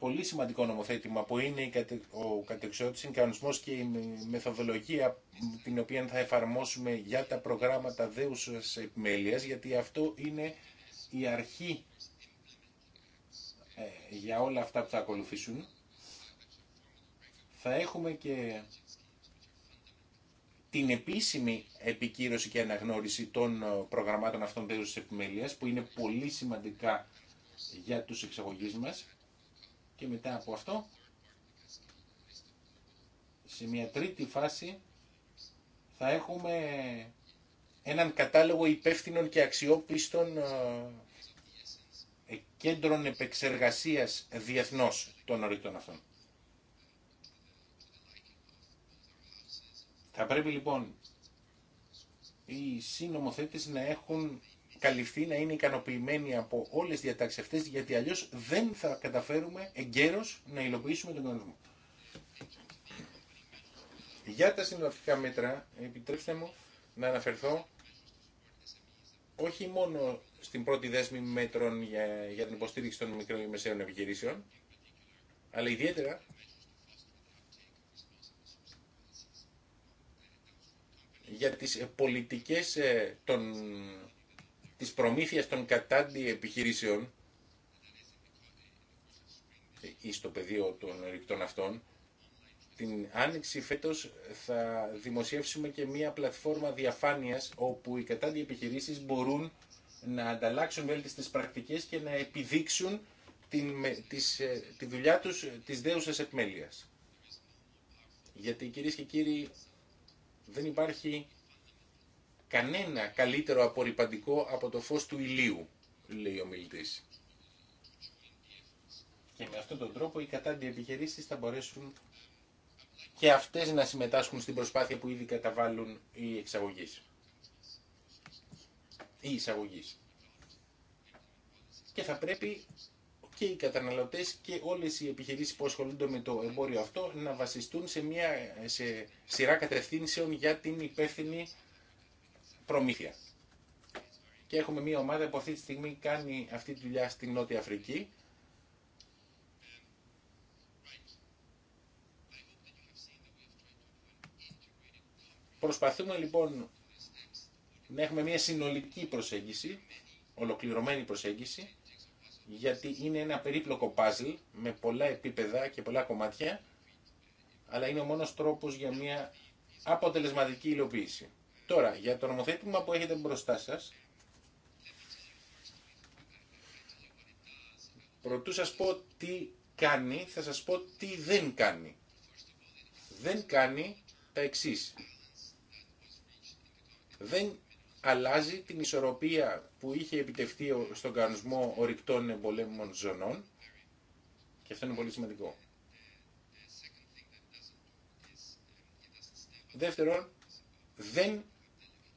Speaker 1: πολύ σημαντικό νομοθέτημα που είναι ο κατεξιότητας κανονισμός και η μεθοδολογία την οποία θα εφαρμόσουμε για τα προγράμματα δέουσας επιμέλειας γιατί αυτό είναι η αρχή ε, για όλα αυτά που θα ακολουθήσουν. Θα έχουμε και την επίσημη επικύρωση και αναγνώριση των ε, προγραμμάτων αυτών δέουσας επιμέλειας που είναι πολύ σημαντικά για τους εξαγωγείς μας και μετά από αυτό σε μια τρίτη φάση θα έχουμε έναν κατάλογο υπεύθυνων και αξιόπιστων ε, κέντρων επεξεργασίας διεθνώς των ορίτων αυτών. Θα πρέπει λοιπόν οι συνομοθέτες να έχουν καλυφθεί να είναι ικανοποιημένοι από όλες τι διατάξει αυτέ γιατί αλλιώς δεν θα καταφέρουμε εγκαίρω να υλοποιήσουμε τον κανονισμό. Για τα συνολικά μέτρα, επιτρέψτε μου να αναφερθώ όχι μόνο στην πρώτη δέσμη μέτρων για, για την υποστήριξη των μικρών και μεσαίων επιχειρήσεων, αλλά ιδιαίτερα για τις πολιτικές ε, των της προμήθειας των κατάντι επιχειρήσεων ή στο πεδίο των ρηκτών αυτών. Την άνοιξη φέτος θα δημοσιεύσουμε και μία πλατφόρμα διαφάνειας όπου οι κατάντι επιχειρήσεις μπορούν να ανταλλάξουν βέλτιστες πρακτικές και να επιδείξουν την, ε, τη δουλειά τους της δέουσας επιμέλειας. Γιατί κυρίες και κύριοι δεν υπάρχει κανένα καλύτερο απορριπαντικό από το φως του ηλίου, λέει ο μιλητής. Και με αυτόν τον τρόπο οι κατάντια επιχειρήσεις θα μπορέσουν και αυτές να συμμετάσχουν στην προσπάθεια που ήδη καταβάλουν οι εξαγωγείς. Οι εισαγωγείς. Και θα πρέπει και οι καταναλωτές και όλες οι επιχειρήσεις που ασχολούνται με το εμπόριο αυτό να βασιστούν σε μια σε σειρά κατευθύνσεων για την υπεύθυνη προμήθεια. Και έχουμε μια ομάδα που αυτή τη στιγμή κάνει αυτή τη δουλειά στην Νότια Αφρική. Προσπαθούμε λοιπόν να έχουμε μια συνολική προσέγγιση, ολοκληρωμένη προσέγγιση, γιατί είναι ένα περίπλοκο παζλ με πολλά επίπεδα και πολλά κομμάτια, αλλά είναι ο μόνος τρόπος για μια αποτελεσματική υλοποίηση. Τώρα, για το νομοθέτημα που έχετε μπροστά σας, προτού σας πω τι κάνει, θα σας πω τι δεν κάνει. Δεν κάνει τα εξής. Δεν αλλάζει την ισορροπία που είχε επιτευχθεί στον κανονισμό ορυκτών εμπολέμων ζωνών και αυτό είναι πολύ σημαντικό. Δεύτερον, δεν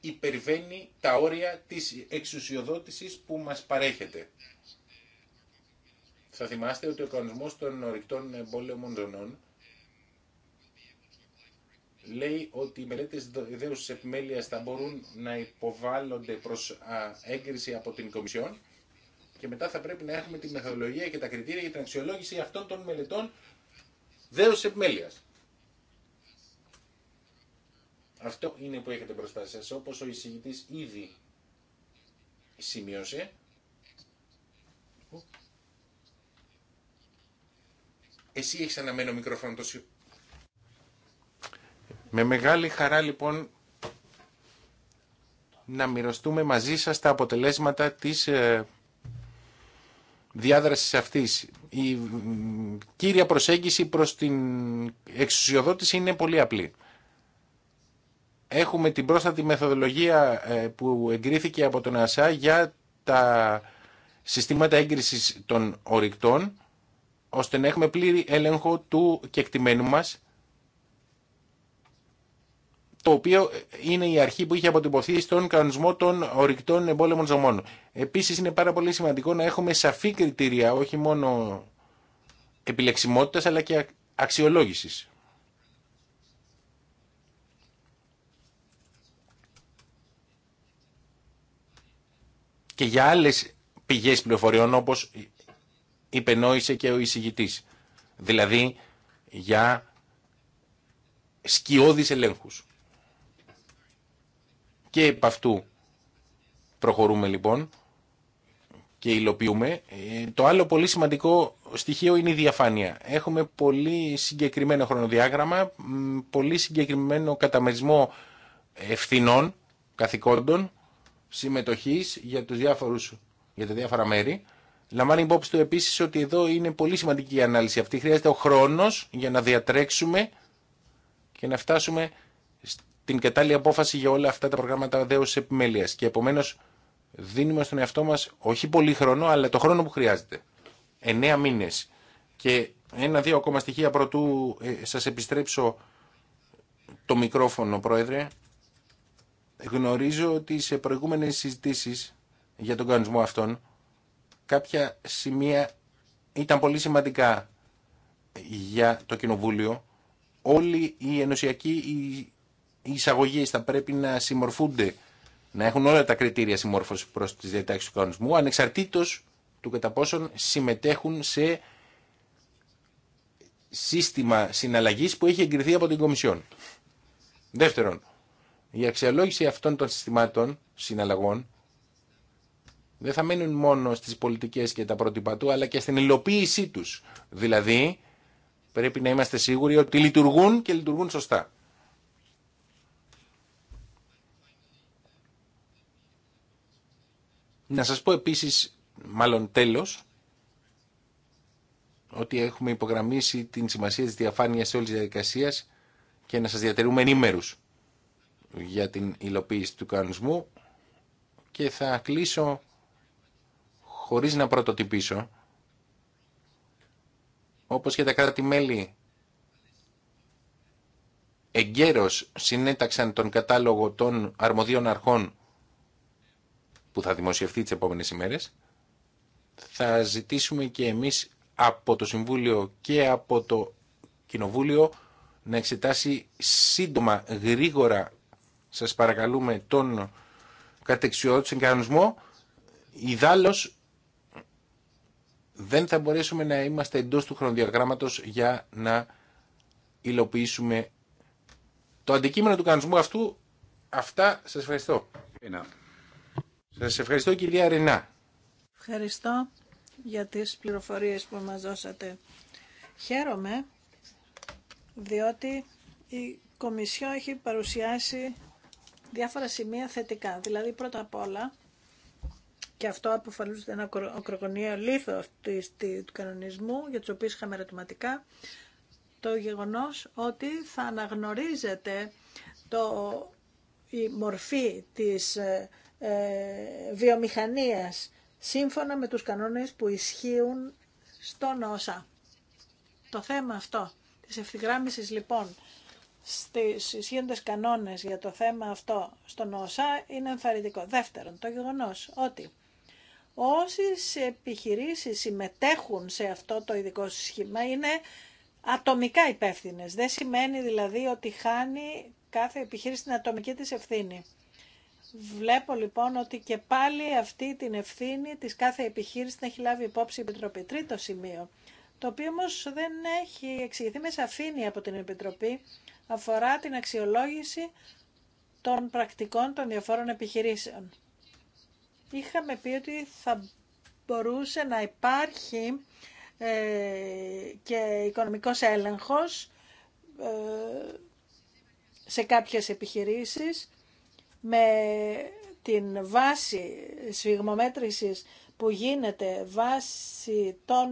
Speaker 1: υπερβαίνει τα όρια της εξουσιοδότησης που μας παρέχεται. Θα θυμάστε ότι ο κανονισμός των ορυκτών εμπόλεμων ζωνών λέει ότι οι μελέτες ιδέους επιμέλειας θα μπορούν να υποβάλλονται προς έγκριση από την Κομισιόν και μετά θα πρέπει να έχουμε τη μεθοδολογία και τα κριτήρια για την αξιολόγηση αυτών των μελετών δέους επιμέλειας. Αυτό είναι που έχετε μπροστά σας, όπως ο εισηγητής ήδη σημείωσε. Εσύ έχεις αναμένο μικρόφωνο το Με μεγάλη χαρά λοιπόν να μοιραστούμε μαζί σας τα αποτελέσματα της ε, διάδρασης αυτής. Η κύρια προσέγγιση προς την εξουσιοδότηση είναι πολύ απλή. Έχουμε την πρόσθετη μεθοδολογία ε, που εγκρίθηκε από τον ΑΣΑ για τα συστήματα έγκρισης των ορυκτών, ώστε να έχουμε πλήρη έλεγχο του κεκτημένου μας, το οποίο είναι η αρχή που είχε αποτυπωθεί στον κανονισμό των ορυκτών εμπόλεμων ζωμών. Επίσης είναι πάρα πολύ σημαντικό να έχουμε σαφή κριτήρια, όχι μόνο επιλεξιμότητας αλλά και αξιολόγησης. και για άλλες πηγές πληροφοριών όπως υπενόησε και ο εισηγητή. Δηλαδή για σκιώδεις ελέγχους. Και επ' αυτού προχωρούμε λοιπόν και υλοποιούμε. Ε, το άλλο πολύ σημαντικό στοιχείο είναι η διαφάνεια. Έχουμε πολύ συγκεκριμένο χρονοδιάγραμμα, πολύ συγκεκριμένο καταμερισμό ευθυνών, καθηκόντων Συμμετοχή για, τους διάφορους, για τα διάφορα μέρη. Λαμβάνει υπόψη του επίση ότι εδώ είναι πολύ σημαντική η ανάλυση αυτή. Χρειάζεται ο χρόνος για να διατρέξουμε και να φτάσουμε στην κατάλληλη απόφαση για όλα αυτά τα προγράμματα δέους επιμέλειας. Και επομένω, δίνουμε στον εαυτό μας όχι πολύ χρόνο, αλλά το χρόνο που χρειάζεται. Εννέα μήνε. Και ένα-δύο ακόμα στοιχεία πρωτού ε, σας επιστρέψω το μικρόφωνο, Πρόεδρε. Γνωρίζω ότι σε προηγούμενες συζητήσεις για τον κανονισμό αυτών κάποια σημεία ήταν πολύ σημαντικά για το Κοινοβούλιο. Όλοι οι ενωσιακοί εισαγωγή θα πρέπει να συμμορφούνται, να έχουν όλα τα κριτήρια συμμόρφωση προς τις διατάξεις του κανονισμού, ανεξαρτήτως του κατά πόσον συμμετέχουν σε σύστημα συναλλαγής που έχει εγκριθεί από την Κομισιόν. Δεύτερον, η αξιολόγηση αυτών των συστημάτων συναλλαγών δεν θα μένουν μόνο στις πολιτικές και τα πρότυπα του, αλλά και στην υλοποίησή τους. Δηλαδή, πρέπει να είμαστε σίγουροι ότι λειτουργούν και λειτουργούν σωστά. Να σας πω επίσης, μάλλον τέλος, ότι έχουμε υπογραμμίσει την σημασία της διαφάνειας σε όλη τη διαδικασία και να σας διατηρούμε ενήμερους για την υλοποίηση του κανονισμού και θα κλείσω χωρίς να πρωτοτυπήσω όπως και τα κράτη-μέλη εγκαίρως συνέταξαν τον κατάλογο των αρμοδίων αρχών που θα δημοσιευτεί τις επόμενες ημέρες, θα ζητήσουμε και εμείς από το Συμβούλιο και από το Κοινοβούλιο να εξετάσει σύντομα, γρήγορα σας παρακαλούμε τον κατεξιό Η ιδάλω δεν θα μπορέσουμε να είμαστε εντός του χρονοδιαγράμματος για να υλοποιήσουμε το αντικείμενο του κανονισμού αυτού. Αυτά σας ευχαριστώ. Σα Σας ευχαριστώ κυρία Ρινά.
Speaker 3: Ευχαριστώ για τις πληροφορίες που μας δώσατε. Χαίρομαι διότι η Κομισιό έχει παρουσιάσει διάφορα σημεία θετικά. Δηλαδή πρώτα απ' όλα, και αυτό αποφαλούσε ένα ακρογωνιαίο λίθο του κανονισμού, για του οποίου είχαμε ερωτηματικά, το γεγονός ότι θα αναγνωρίζεται το, η μορφή της ε, ε, βιομηχανίας σύμφωνα με τους κανόνες που ισχύουν στον ΩΣΑ. Το θέμα αυτό της ευθυγράμμισης λοιπόν στις ισχύοντες κανόνες για το θέμα αυτό στον ΩΣΑ είναι ενθαρρυντικό. Δεύτερον, το γεγονός ότι όσες επιχειρήσεις συμμετέχουν σε αυτό το ειδικό σχήμα είναι ατομικά υπεύθυνε. Δεν σημαίνει δηλαδή ότι χάνει κάθε επιχείρηση την ατομική της ευθύνη. Βλέπω λοιπόν ότι και πάλι αυτή την ευθύνη της κάθε επιχείρηση την έχει λάβει υπόψη η Επιτροπή. Τρίτο σημείο, το οποίο όμω δεν έχει εξηγηθεί με σαφήνεια από την Επιτροπή, αφορά την αξιολόγηση των πρακτικών των διαφόρων επιχειρήσεων. Είχαμε πει ότι θα μπορούσε να υπάρχει ε, και οικονομικός έλεγχος ε, σε κάποιες επιχειρήσεις με την βάση σφιγμομέτρησης που γίνεται βάση των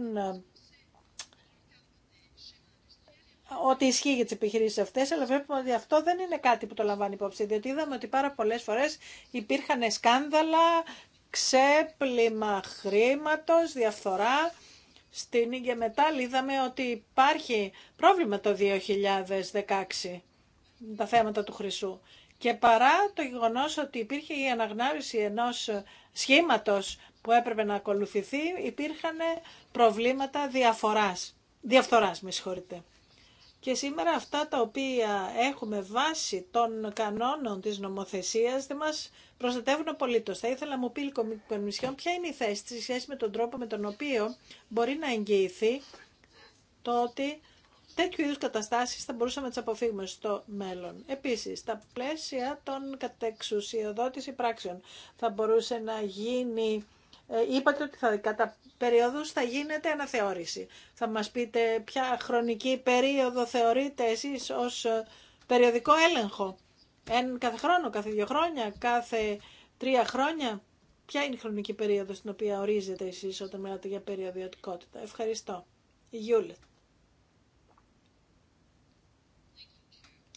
Speaker 3: ότι ισχύει για τι επιχειρήσει αυτέ, αλλά βλέπουμε ότι αυτό δεν είναι κάτι που το λαμβάνει υπόψη. Διότι είδαμε ότι πάρα πολλέ φορέ υπήρχαν σκάνδαλα, ξέπλυμα χρήματο, διαφθορά. Στην και μετά είδαμε ότι υπάρχει πρόβλημα το 2016 τα θέματα του χρυσού. Και παρά το γεγονός ότι υπήρχε η αναγνώριση ενός σχήματος που έπρεπε να ακολουθηθεί, υπήρχαν προβλήματα διαφοράς. διαφθοράς. Με συγχωρείτε. Και σήμερα αυτά τα οποία έχουμε βάσει των κανόνων της νομοθεσίας δεν μας προστατεύουν απολύτως. Θα ήθελα να μου πει η Κομισιόν ποια είναι η θέση της σχέση με τον τρόπο με τον οποίο μπορεί να εγγυηθεί το ότι τέτοιου είδους καταστάσεις θα μπορούσαμε να τις αποφύγουμε στο μέλλον. Επίσης, στα πλαίσια των κατεξουσιοδότηση πράξεων θα μπορούσε να γίνει ε, είπατε ότι θα, κατά περίοδους θα γίνεται αναθεώρηση. Θα μας πείτε ποια χρονική περίοδο θεωρείτε εσείς ως ε, περιοδικό έλεγχο. Εν, κάθε χρόνο, κάθε δύο χρόνια, κάθε τρία χρόνια. Ποια είναι η χρονική περίοδος στην οποία ορίζετε εσείς όταν μιλάτε για περιοδιωτικότητα. Ευχαριστώ. Η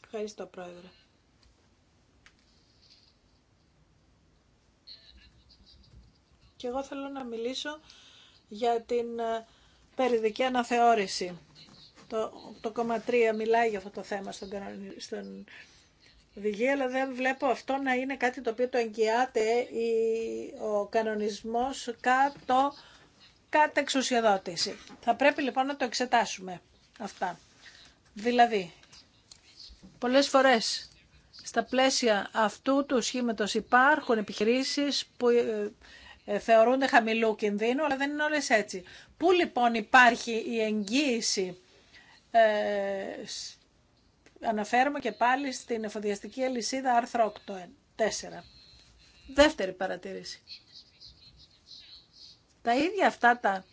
Speaker 3: Ευχαριστώ, Πρόεδρε. Και εγώ θέλω να μιλήσω για την ε, περιδική αναθεώρηση. Το, το κόμμα μιλάει για αυτό το θέμα στον, στον αλλά δεν βλέπω αυτό να είναι κάτι το οποίο το εγκυάται η, ο κανονισμός κάτω κάτω εξουσιοδότηση. Θα πρέπει λοιπόν να το εξετάσουμε αυτά. Δηλαδή, πολλές φορές στα πλαίσια αυτού του σχήματος υπάρχουν επιχειρήσεις που ε, ε, θεωρούνται χαμηλού κινδύνου, αλλά δεν είναι όλες έτσι. Πού λοιπόν υπάρχει η εγγύηση, ε, αναφέρομαι και πάλι στην εφοδιαστική αλυσίδα άρθρο 8, 4. Ε, Δεύτερη παρατήρηση. Τα ίδια αυτά τα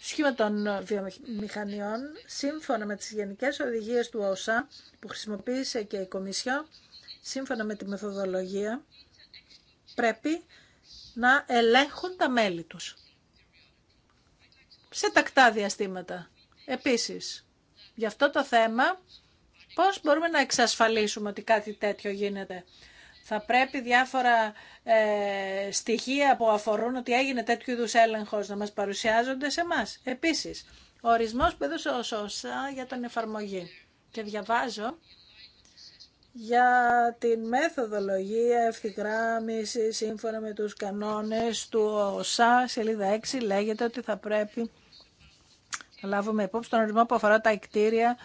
Speaker 3: σχήμα των βιομηχανιών, σύμφωνα με τις γενικές οδηγίες του ΩΣΑ που χρησιμοποίησε και η Κομισιό, σύμφωνα με τη μεθοδολογία, πρέπει να ελέγχουν τα μέλη τους. Σε τακτά διαστήματα. Επίσης, για αυτό το θέμα, πώς μπορούμε να εξασφαλίσουμε ότι κάτι τέτοιο γίνεται. Θα πρέπει διάφορα ε, στοιχεία που αφορούν ότι έγινε τέτοιου είδου έλεγχος να μας παρουσιάζονται σε εμά. Επίσης, ο ορισμός που έδωσε ο ΣΟΣΑ για τον εφαρμογή. Και διαβάζω για την μεθοδολογία ευθυγράμμιση σύμφωνα με τους κανόνες του ΟΣΑ. Σελίδα 6 λέγεται ότι θα πρέπει να λάβουμε υπόψη τον ορισμό που αφορά τα εκτήρια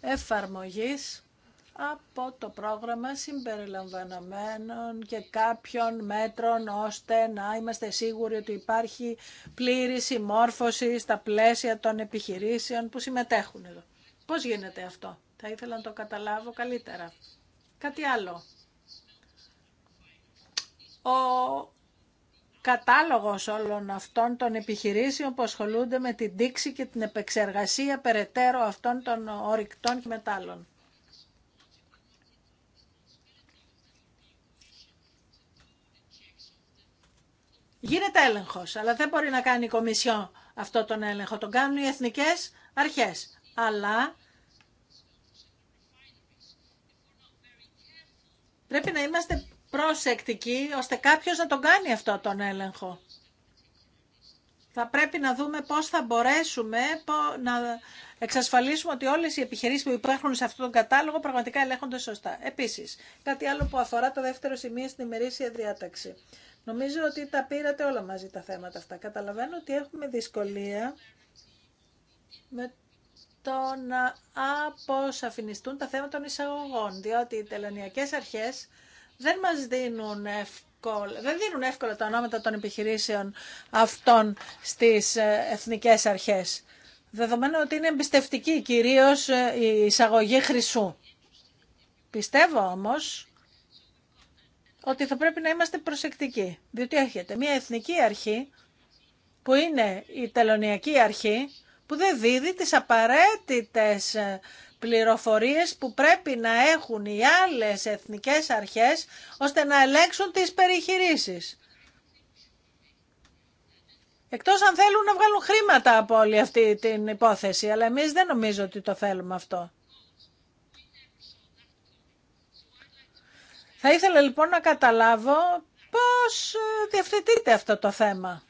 Speaker 3: εφαρμογής από το πρόγραμμα συμπεριλαμβανομένων και κάποιων μέτρων ώστε να είμαστε σίγουροι ότι υπάρχει πλήρη συμμόρφωση στα πλαίσια των επιχειρήσεων που συμμετέχουν εδώ. Πώς γίνεται αυτό, θα ήθελα να το καταλάβω καλύτερα. Κάτι άλλο. Ο κατάλογος όλων αυτών των επιχειρήσεων που ασχολούνται με την δίξη και την επεξεργασία περαιτέρω αυτών των ορυκτών και μετάλλων. Γίνεται έλεγχος, αλλά δεν μπορεί να κάνει η αυτό τον έλεγχο. Τον κάνουν οι εθνικές αρχές. Αλλά Πρέπει να είμαστε προσεκτικοί ώστε κάποιος να τον κάνει αυτό τον έλεγχο. Θα πρέπει να δούμε πώς θα μπορέσουμε να εξασφαλίσουμε ότι όλες οι επιχειρήσεις που υπάρχουν σε αυτόν τον κατάλογο πραγματικά ελέγχονται σωστά. Επίσης, κάτι άλλο που αφορά το δεύτερο σημείο στην ημερήσια διάταξη. Νομίζω ότι τα πήρατε όλα μαζί τα θέματα αυτά. Καταλαβαίνω ότι έχουμε δυσκολία με το να αποσαφινιστούν τα θέματα των εισαγωγών, διότι οι τελωνιακές αρχές δεν μας δίνουν εύκολα, δεν δίνουν εύκολα τα ονόματα των επιχειρήσεων αυτών στις ε, εθνικές αρχές. Δεδομένου ότι είναι εμπιστευτική κυρίως ε, η εισαγωγή χρυσού. Πιστεύω όμως ότι θα πρέπει να είμαστε προσεκτικοί, διότι έρχεται μια εθνική αρχή που είναι η τελωνιακή αρχή, που δεν δίδει τις απαραίτητες ε, πληροφορίες που πρέπει να έχουν οι άλλες εθνικές αρχές ώστε να ελέγξουν τις περιχειρήσεις. Εκτός αν θέλουν να βγάλουν χρήματα από όλη αυτή την υπόθεση, αλλά εμείς δεν νομίζω ότι το θέλουμε αυτό. Θα ήθελα λοιπόν να καταλάβω πώς ε, διευθετείται αυτό το θέμα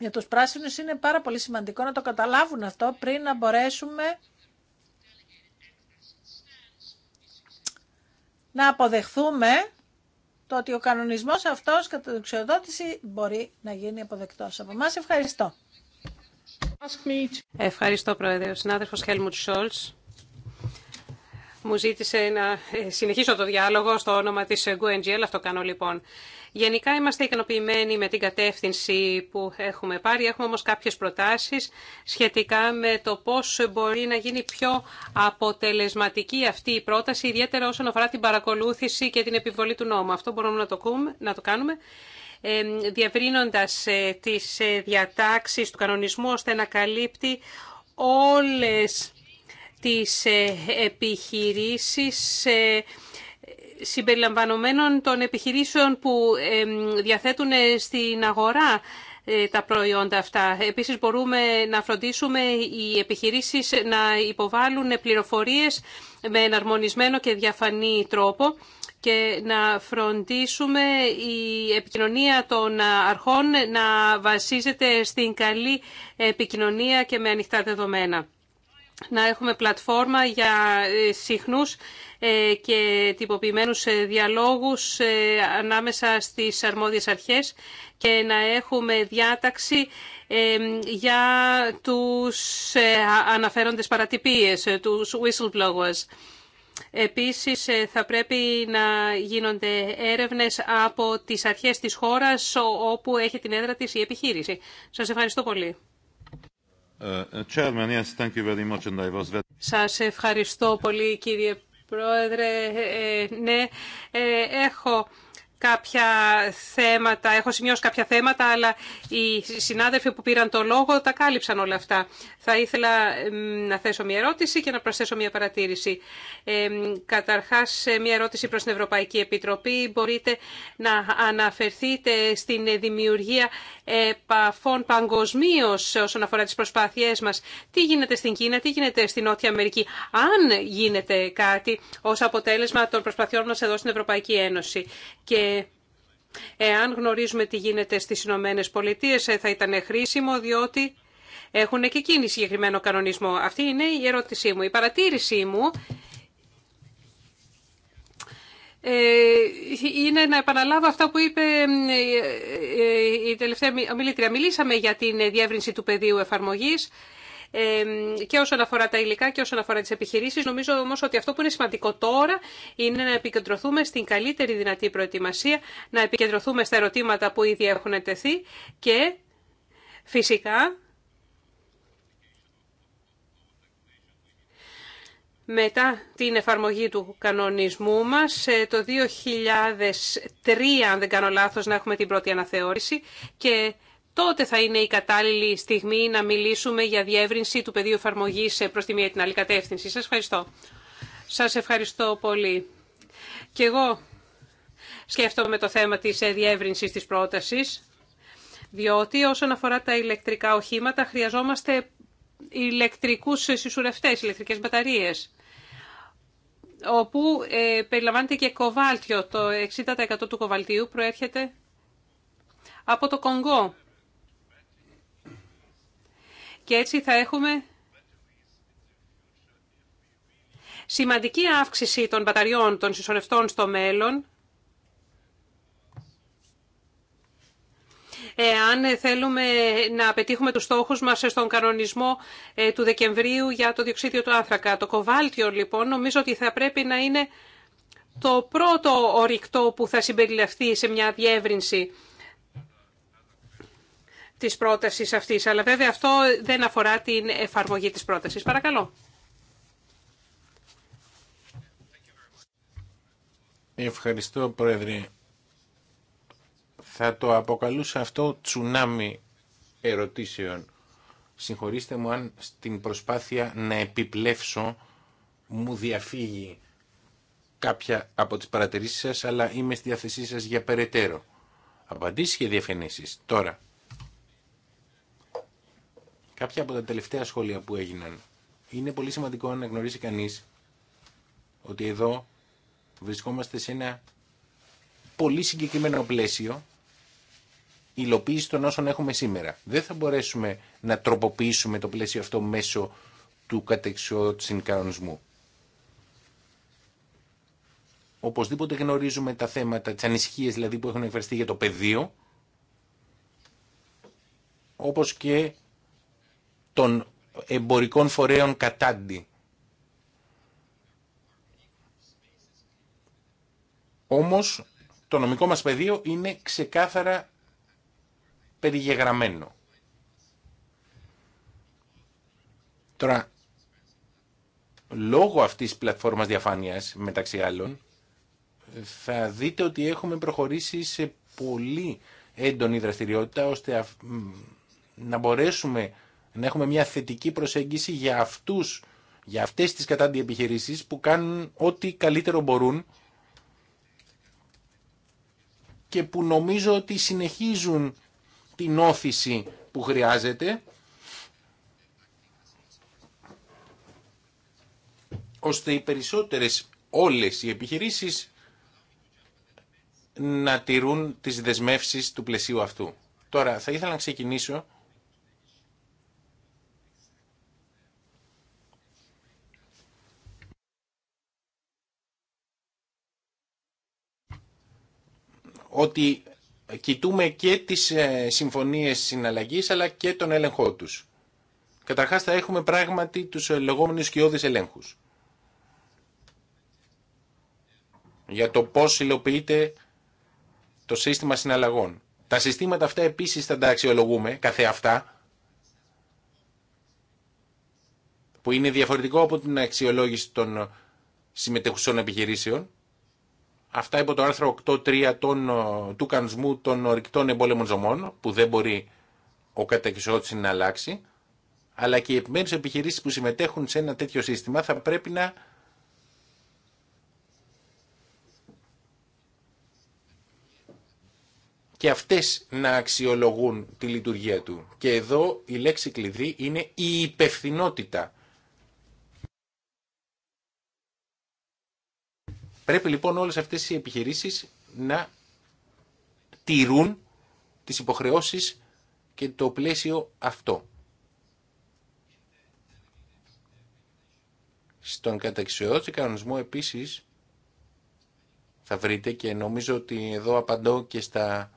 Speaker 3: για τους πράσινους είναι πάρα πολύ σημαντικό να το καταλάβουν αυτό πριν να μπορέσουμε να αποδεχθούμε το ότι ο κανονισμός αυτός κατά την μπορεί να γίνει αποδεκτός. Από εμάς ευχαριστώ.
Speaker 2: Ευχαριστώ Πρόεδρε. Ο συνάδελφος Χέλμουτ Σόλτς μου ζήτησε να ε, συνεχίσω το διάλογο στο όνομα της GoNGL, αυτό κάνω λοιπόν. Γενικά είμαστε ικανοποιημένοι με την κατεύθυνση που έχουμε πάρει, έχουμε όμως κάποιες προτάσεις σχετικά με το πώς μπορεί να γίνει πιο αποτελεσματική αυτή η πρόταση, ιδιαίτερα όσον αφορά την παρακολούθηση και την επιβολή του νόμου. Αυτό μπορούμε να το, να το κάνουμε ε, διευρύνοντας ε, τις διατάξεις του κανονισμού ώστε να καλύπτει όλες τις ε, επιχειρήσεις ε, συμπεριλαμβανομένων των επιχειρήσεων που διαθέτουν ε, στην αγορά τα προϊόντα αυτά. Επίσης μπορούμε να φροντίσουμε οι επιχειρήσεις να υποβάλουν πληροφορίες με εναρμονισμένο και διαφανή τρόπο και να φροντίσουμε η επικοινωνία των αρχών να βασίζεται στην καλή επικοινωνία και με ανοιχτά δεδομένα να έχουμε πλατφόρμα για ε, συχνούς ε, και τυποποιημένους ε, διαλόγους ανάμεσα στις αρμόδιες αρχές και να έχουμε διάταξη για τους αναφέροντες παρατυπίες, τους whistleblowers. Επίσης θα πρέπει να γίνονται έρευνες από τις αρχές της χώρας όπου έχει την έδρα της η επιχείρηση. Σας ευχαριστώ πολύ. Σας ευχαριστώ πολύ κύριε Πρόεδρε. Ε, ε, ναι, ε, έχω κάποια θέματα, έχω σημειώσει κάποια θέματα, αλλά οι συνάδελφοι που πήραν το λόγο τα κάλυψαν όλα αυτά. Θα ήθελα να θέσω μια ερώτηση και να προσθέσω μια παρατήρηση. Ε, καταρχάς, μια ερώτηση προς την Ευρωπαϊκή Επιτροπή. Μπορείτε να αναφερθείτε στην δημιουργία επαφών παγκοσμίω όσον αφορά τις προσπάθειές μας. Τι γίνεται στην Κίνα, τι γίνεται στην Νότια Αμερική, αν γίνεται κάτι ως αποτέλεσμα των προσπαθειών μας εδώ στην Ευρωπαϊκή Ένωση εάν γνωρίζουμε τι γίνεται στις Ηνωμένε Πολιτείε, ε, θα ήταν χρήσιμο διότι έχουν και εκείνη συγκεκριμένο κανονισμό. Αυτή είναι η ερώτησή μου. Η παρατήρησή μου ε, είναι να επαναλάβω αυτά που είπε ε, η τελευταία ομιλήτρια. Μιλήσαμε για την διεύρυνση του πεδίου εφαρμογής και όσον αφορά τα υλικά και όσον αφορά τις επιχειρήσεις. Νομίζω όμως ότι αυτό που είναι σημαντικό τώρα είναι να επικεντρωθούμε στην καλύτερη δυνατή προετοιμασία, να επικεντρωθούμε στα ερωτήματα που ήδη έχουν τεθεί και φυσικά μετά την εφαρμογή του κανονισμού μας ε, το 2003, αν δεν κάνω λάθος, να έχουμε την πρώτη αναθεώρηση και τότε θα είναι η κατάλληλη στιγμή να μιλήσουμε για διεύρυνση του πεδίου εφαρμογή ε, προ τη μία την άλλη κατεύθυνση. Σα ευχαριστώ. Σα ευχαριστώ πολύ. Και εγώ σκέφτομαι το θέμα τη ε, διεύρυνσης τη πρόταση, διότι όσον αφορά τα ηλεκτρικά οχήματα χρειαζόμαστε ηλεκτρικούς συσσουρευτές, ηλεκτρικές μπαταρίες, όπου ε, περιλαμβάνεται και κοβάλτιο. Το 60% του κοβαλτίου προέρχεται από το Κονγκό. Και έτσι θα έχουμε σημαντική αύξηση των μπαταριών των συσσωρευτών στο μέλλον, εάν θέλουμε να πετύχουμε τους στόχους μας στον κανονισμό ε, του Δεκεμβρίου για το διοξίδιο του άνθρακα. Το κοβάλτιο, λοιπόν, νομίζω ότι θα πρέπει να είναι το πρώτο ορυκτό που θα συμπεριληφθεί σε μια διεύρυνση της πρότασης αυτής. Αλλά βέβαια αυτό δεν αφορά την εφαρμογή της πρότασης. Παρακαλώ.
Speaker 1: Ευχαριστώ, Πρόεδρε. Θα το αποκαλούσα αυτό τσουνάμι ερωτήσεων. Συγχωρήστε μου αν στην προσπάθεια να επιπλέψω μου διαφύγει κάποια από τις παρατηρήσεις σας, αλλά είμαι στη διάθεσή σας για περαιτέρω. Απαντήσεις και διαφαινήσεις. Τώρα, Κάποια από τα τελευταία σχόλια που έγιναν. Είναι πολύ σημαντικό να γνωρίσει κανείς ότι εδώ βρισκόμαστε σε ένα πολύ συγκεκριμένο πλαίσιο υλοποίηση των όσων έχουμε σήμερα. Δεν θα μπορέσουμε να τροποποιήσουμε το πλαίσιο αυτό μέσω του κατεξιότσιν κανονισμού. Οπωσδήποτε γνωρίζουμε τα θέματα, τις ανησυχίες δηλαδή που έχουν εκφραστεί για το πεδίο, όπως και των εμπορικών φορέων κατάντι. Όμως το νομικό μας πεδίο είναι ξεκάθαρα περιγεγραμμένο. Τώρα, λόγω αυτής της πλατφόρμας διαφάνειας, μεταξύ άλλων, θα δείτε ότι έχουμε προχωρήσει σε πολύ έντονη δραστηριότητα, ώστε να μπορέσουμε να έχουμε μια θετική προσέγγιση για αυτούς, για αυτές τις κατάντια επιχειρήσεις που κάνουν ό,τι καλύτερο μπορούν και που νομίζω ότι συνεχίζουν την όθηση που χρειάζεται ώστε οι περισσότερες όλες οι επιχειρήσεις να τηρούν τις δεσμεύσεις του πλαισίου αυτού. Τώρα θα ήθελα να ξεκινήσω ότι κοιτούμε και τις ε, συμφωνίες συναλλαγής αλλά και τον έλεγχό τους. Καταρχάς θα έχουμε πράγματι τους ε, λεγόμενους σκιώδεις ελέγχους. Για το πώς υλοποιείται το σύστημα συναλλαγών. Τα συστήματα αυτά επίσης θα τα αξιολογούμε αυτά, που είναι διαφορετικό από την αξιολόγηση των συμμετεχουσών επιχειρήσεων αυτά υπό το άρθρο 8.3 ε, του κανονισμού των ορεικτών εμπόλεμων ζωμών, που δεν μπορεί ο κατακυσότης να αλλάξει, αλλά και οι επιμέρους επιχειρήσεις που συμμετέχουν σε ένα τέτοιο σύστημα θα πρέπει να και αυτές να αξιολογούν τη λειτουργία του. Και εδώ η λέξη κλειδί είναι η υπευθυνότητα Πρέπει λοιπόν όλες αυτές οι επιχειρήσεις να τηρούν τις υποχρεώσεις και το πλαίσιο αυτό. Στον καταξιότητα κανονισμό επίσης θα βρείτε και νομίζω ότι εδώ απαντώ και στα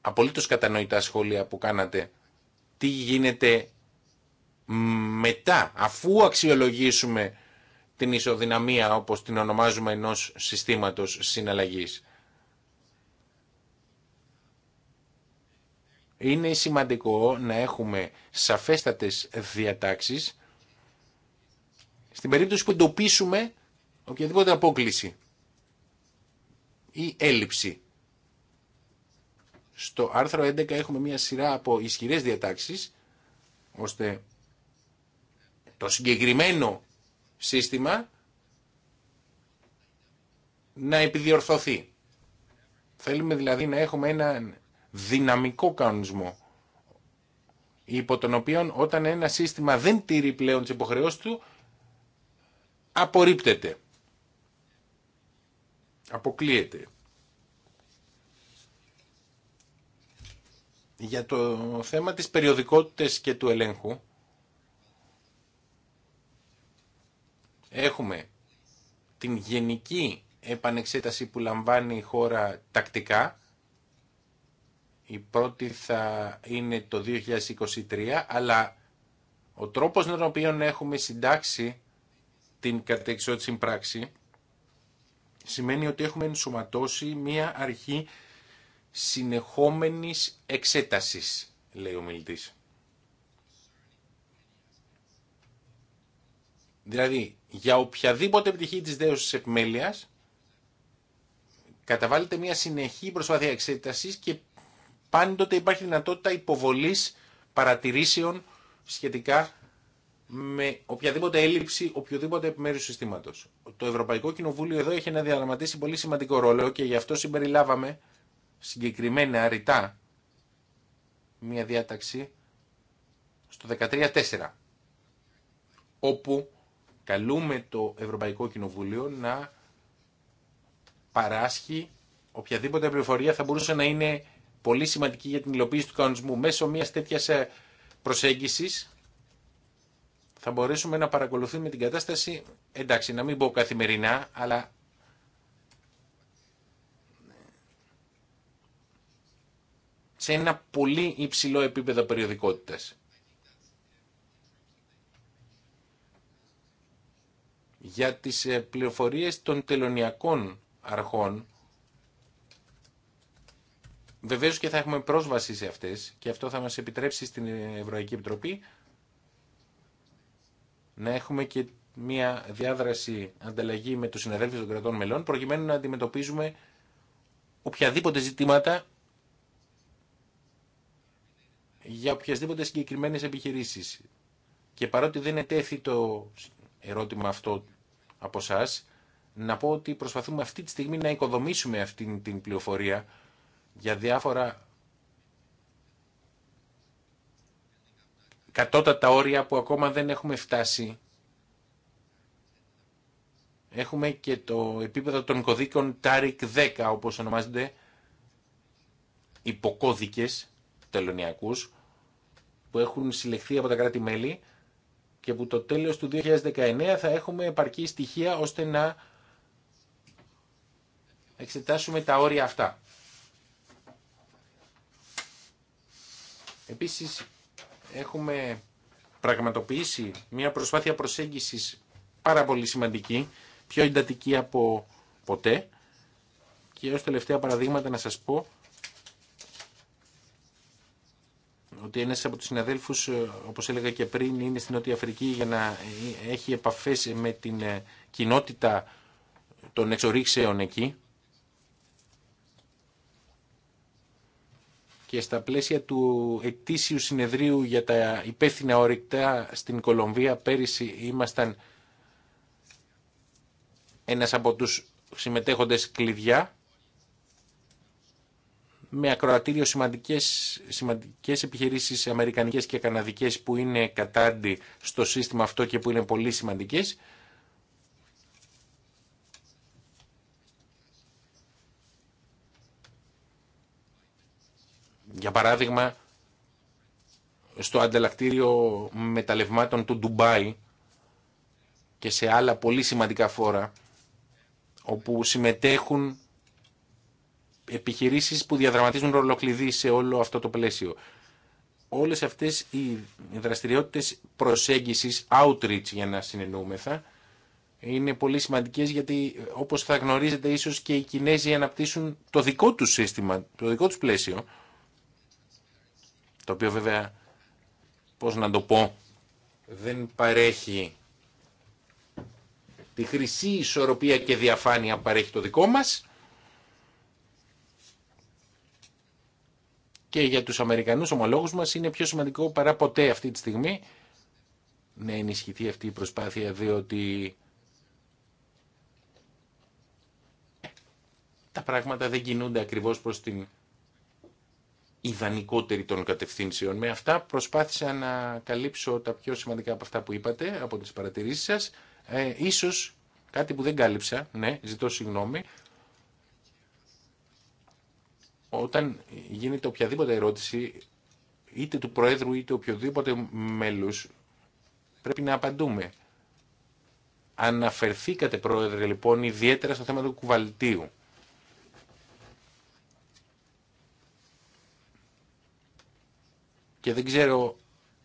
Speaker 1: απολύτως κατανοητά σχόλια που κάνατε. Τι γίνεται μετά αφού αξιολογήσουμε την ισοδυναμία όπως την ονομάζουμε ενός συστήματος συναλλαγής. Είναι σημαντικό να έχουμε σαφέστατες διατάξεις στην περίπτωση που εντοπίσουμε οποιαδήποτε απόκληση ή έλλειψη. Στο άρθρο 11 έχουμε μια σειρά από ισχυρές διατάξεις ώστε το συγκεκριμένο σύστημα να επιδιορθωθεί. Θέλουμε δηλαδή να έχουμε ένα δυναμικό κανονισμό υπό τον οποίο όταν ένα σύστημα δεν τηρεί πλέον τις υποχρεώσεις του απορρίπτεται. Αποκλείεται. Για το θέμα της περιοδικότητας και του ελέγχου Έχουμε την γενική επανεξέταση που λαμβάνει η χώρα τακτικά. Η πρώτη θα είναι το 2023, αλλά ο τρόπος με τον οποίο έχουμε συντάξει την κατεξότηση πράξη σημαίνει ότι έχουμε ενσωματώσει μία αρχή συνεχόμενης εξέτασης, λέει ο μιλητής. Δηλαδή, για οποιαδήποτε επιτυχή της δέωσης επιμέλειας καταβάλλεται μια συνεχή προσπάθεια εξέτασης και πάντοτε υπάρχει δυνατότητα υποβολής παρατηρήσεων σχετικά με οποιαδήποτε έλλειψη οποιοδήποτε επιμέρους συστήματος. Το Ευρωπαϊκό Κοινοβούλιο εδώ έχει να διαδραματίσει πολύ σημαντικό ρόλο και γι' αυτό συμπεριλάβαμε συγκεκριμένα αριτά μια διάταξη στο 13.4 όπου Καλούμε το Ευρωπαϊκό Κοινοβούλιο να παράσχει οποιαδήποτε πληροφορία θα μπορούσε να είναι πολύ σημαντική για την υλοποίηση του κανονισμού. Μέσω μιας τέτοιας ε, προσέγγισης θα μπορέσουμε να παρακολουθούμε την κατάσταση, εντάξει, να μην πω καθημερινά, αλλά σε ένα πολύ υψηλό επίπεδο περιοδικότητας. για τις ε, πληροφορίες των τελωνιακών αρχών. Βεβαίως και θα έχουμε πρόσβαση σε αυτές και αυτό θα μας επιτρέψει στην Ευρωπαϊκή Επιτροπή να έχουμε και μια διάδραση ανταλλαγή με τους συναδέλφους των κρατών μελών προκειμένου να αντιμετωπίζουμε οποιαδήποτε ζητήματα για οποιασδήποτε συγκεκριμένες επιχειρήσεις. Και παρότι δεν ετέθη το ερώτημα αυτό από εσά. Να πω ότι προσπαθούμε αυτή τη στιγμή να οικοδομήσουμε αυτή την πληροφορία για διάφορα κατώτατα όρια που ακόμα δεν έχουμε φτάσει. Έχουμε και το επίπεδο των κωδίκων TARIC 10 όπως ονομάζονται υποκώδικες τελωνιακούς που έχουν συλλεχθεί από τα κράτη-μέλη και που το τέλος του 2019 θα έχουμε επαρκή στοιχεία ώστε να εξετάσουμε τα όρια αυτά. Επίσης έχουμε πραγματοποιήσει μια προσπάθεια προσέγγισης πάρα πολύ σημαντική, πιο εντατική από ποτέ και ως τελευταία παραδείγματα να σας πω ότι ένα από τους συναδέλφου, ε, όπως έλεγα και πριν, είναι στην Νότια Αφρική για να ε, έχει επαφές με την ε, κοινότητα των εξορίξεων εκεί. Και στα πλαίσια του ετήσιου συνεδρίου για τα υπεύθυνα ορυκτά στην Κολομβία πέρυσι ήμασταν ένας από τους συμμετέχοντες κλειδιά με ακροατήριο σημαντικές, σημαντικές επιχειρήσεις αμερικανικές και καναδικές που είναι κατάντι στο σύστημα αυτό και που είναι πολύ σημαντικές. Για παράδειγμα, στο ανταλλακτήριο μεταλλευμάτων του Ντουμπάι και σε άλλα πολύ σημαντικά φόρα, όπου συμμετέχουν επιχειρήσεις που διαδραματίζουν ρολοκλειδί σε όλο αυτό το πλαίσιο. Όλες αυτές οι δραστηριότητες προσέγγιση, outreach για να συνεννοούμεθα, είναι πολύ σημαντικές γιατί όπως θα γνωρίζετε ίσως και οι Κινέζοι αναπτύσσουν το δικό τους σύστημα, το δικό του πλαίσιο, το οποίο βέβαια, πώ να το πω, δεν παρέχει τη χρυσή ισορροπία και διαφάνεια παρέχει το δικό μας, και για τους Αμερικανούς ομολόγους μας είναι πιο σημαντικό παρά ποτέ αυτή τη στιγμή να ενισχυθεί αυτή η προσπάθεια διότι τα πράγματα δεν κινούνται ακριβώς προς την ιδανικότερη των κατευθύνσεων. Με αυτά προσπάθησα να καλύψω τα πιο σημαντικά από αυτά που είπατε, από τις παρατηρήσεις σας. Ε, ίσως κάτι που δεν κάλυψα, ναι, ζητώ συγγνώμη, όταν γίνεται οποιαδήποτε ερώτηση είτε του Προέδρου είτε οποιοδήποτε μέλους πρέπει να απαντούμε. Αναφερθήκατε Πρόεδρε λοιπόν ιδιαίτερα στο θέμα του κουβαλτίου. Και δεν ξέρω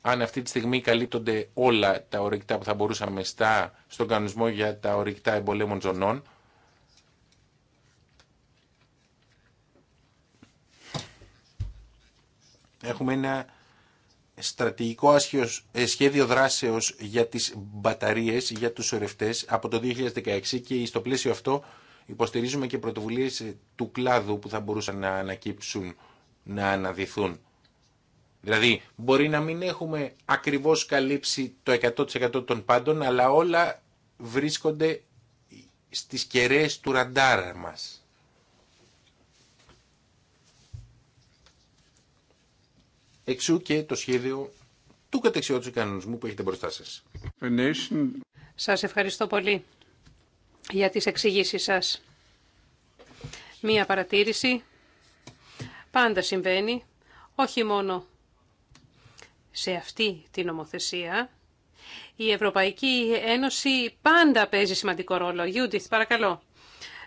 Speaker 1: αν αυτή τη στιγμή καλύπτονται όλα τα ορεικτά που θα μπορούσαμε στα, στον κανονισμό για τα ορεικτά εμπολέμων ζωνών. Έχουμε ένα στρατηγικό ε, σχέδιο δράσεως για τις μπαταρίες, για τους σωρευτές από το 2016 και στο πλαίσιο αυτό υποστηρίζουμε και πρωτοβουλίες ε, του κλάδου που θα μπορούσαν να ανακύψουν, να αναδυθούν. Δηλαδή, μπορεί να μην έχουμε ακριβώς καλύψει το 100% των πάντων, αλλά όλα βρίσκονται στις κεραίες του ραντάρ μας. Εξού και το σχέδιο του κατεξιότητας κανονισμού που έχετε μπροστά σας.
Speaker 2: Σας ευχαριστώ πολύ για τις εξηγήσεις σας. Μία παρατήρηση πάντα συμβαίνει, όχι μόνο σε αυτή την νομοθεσία. Η Ευρωπαϊκή Ένωση πάντα παίζει σημαντικό ρόλο. Γιούντιθ, παρακαλώ.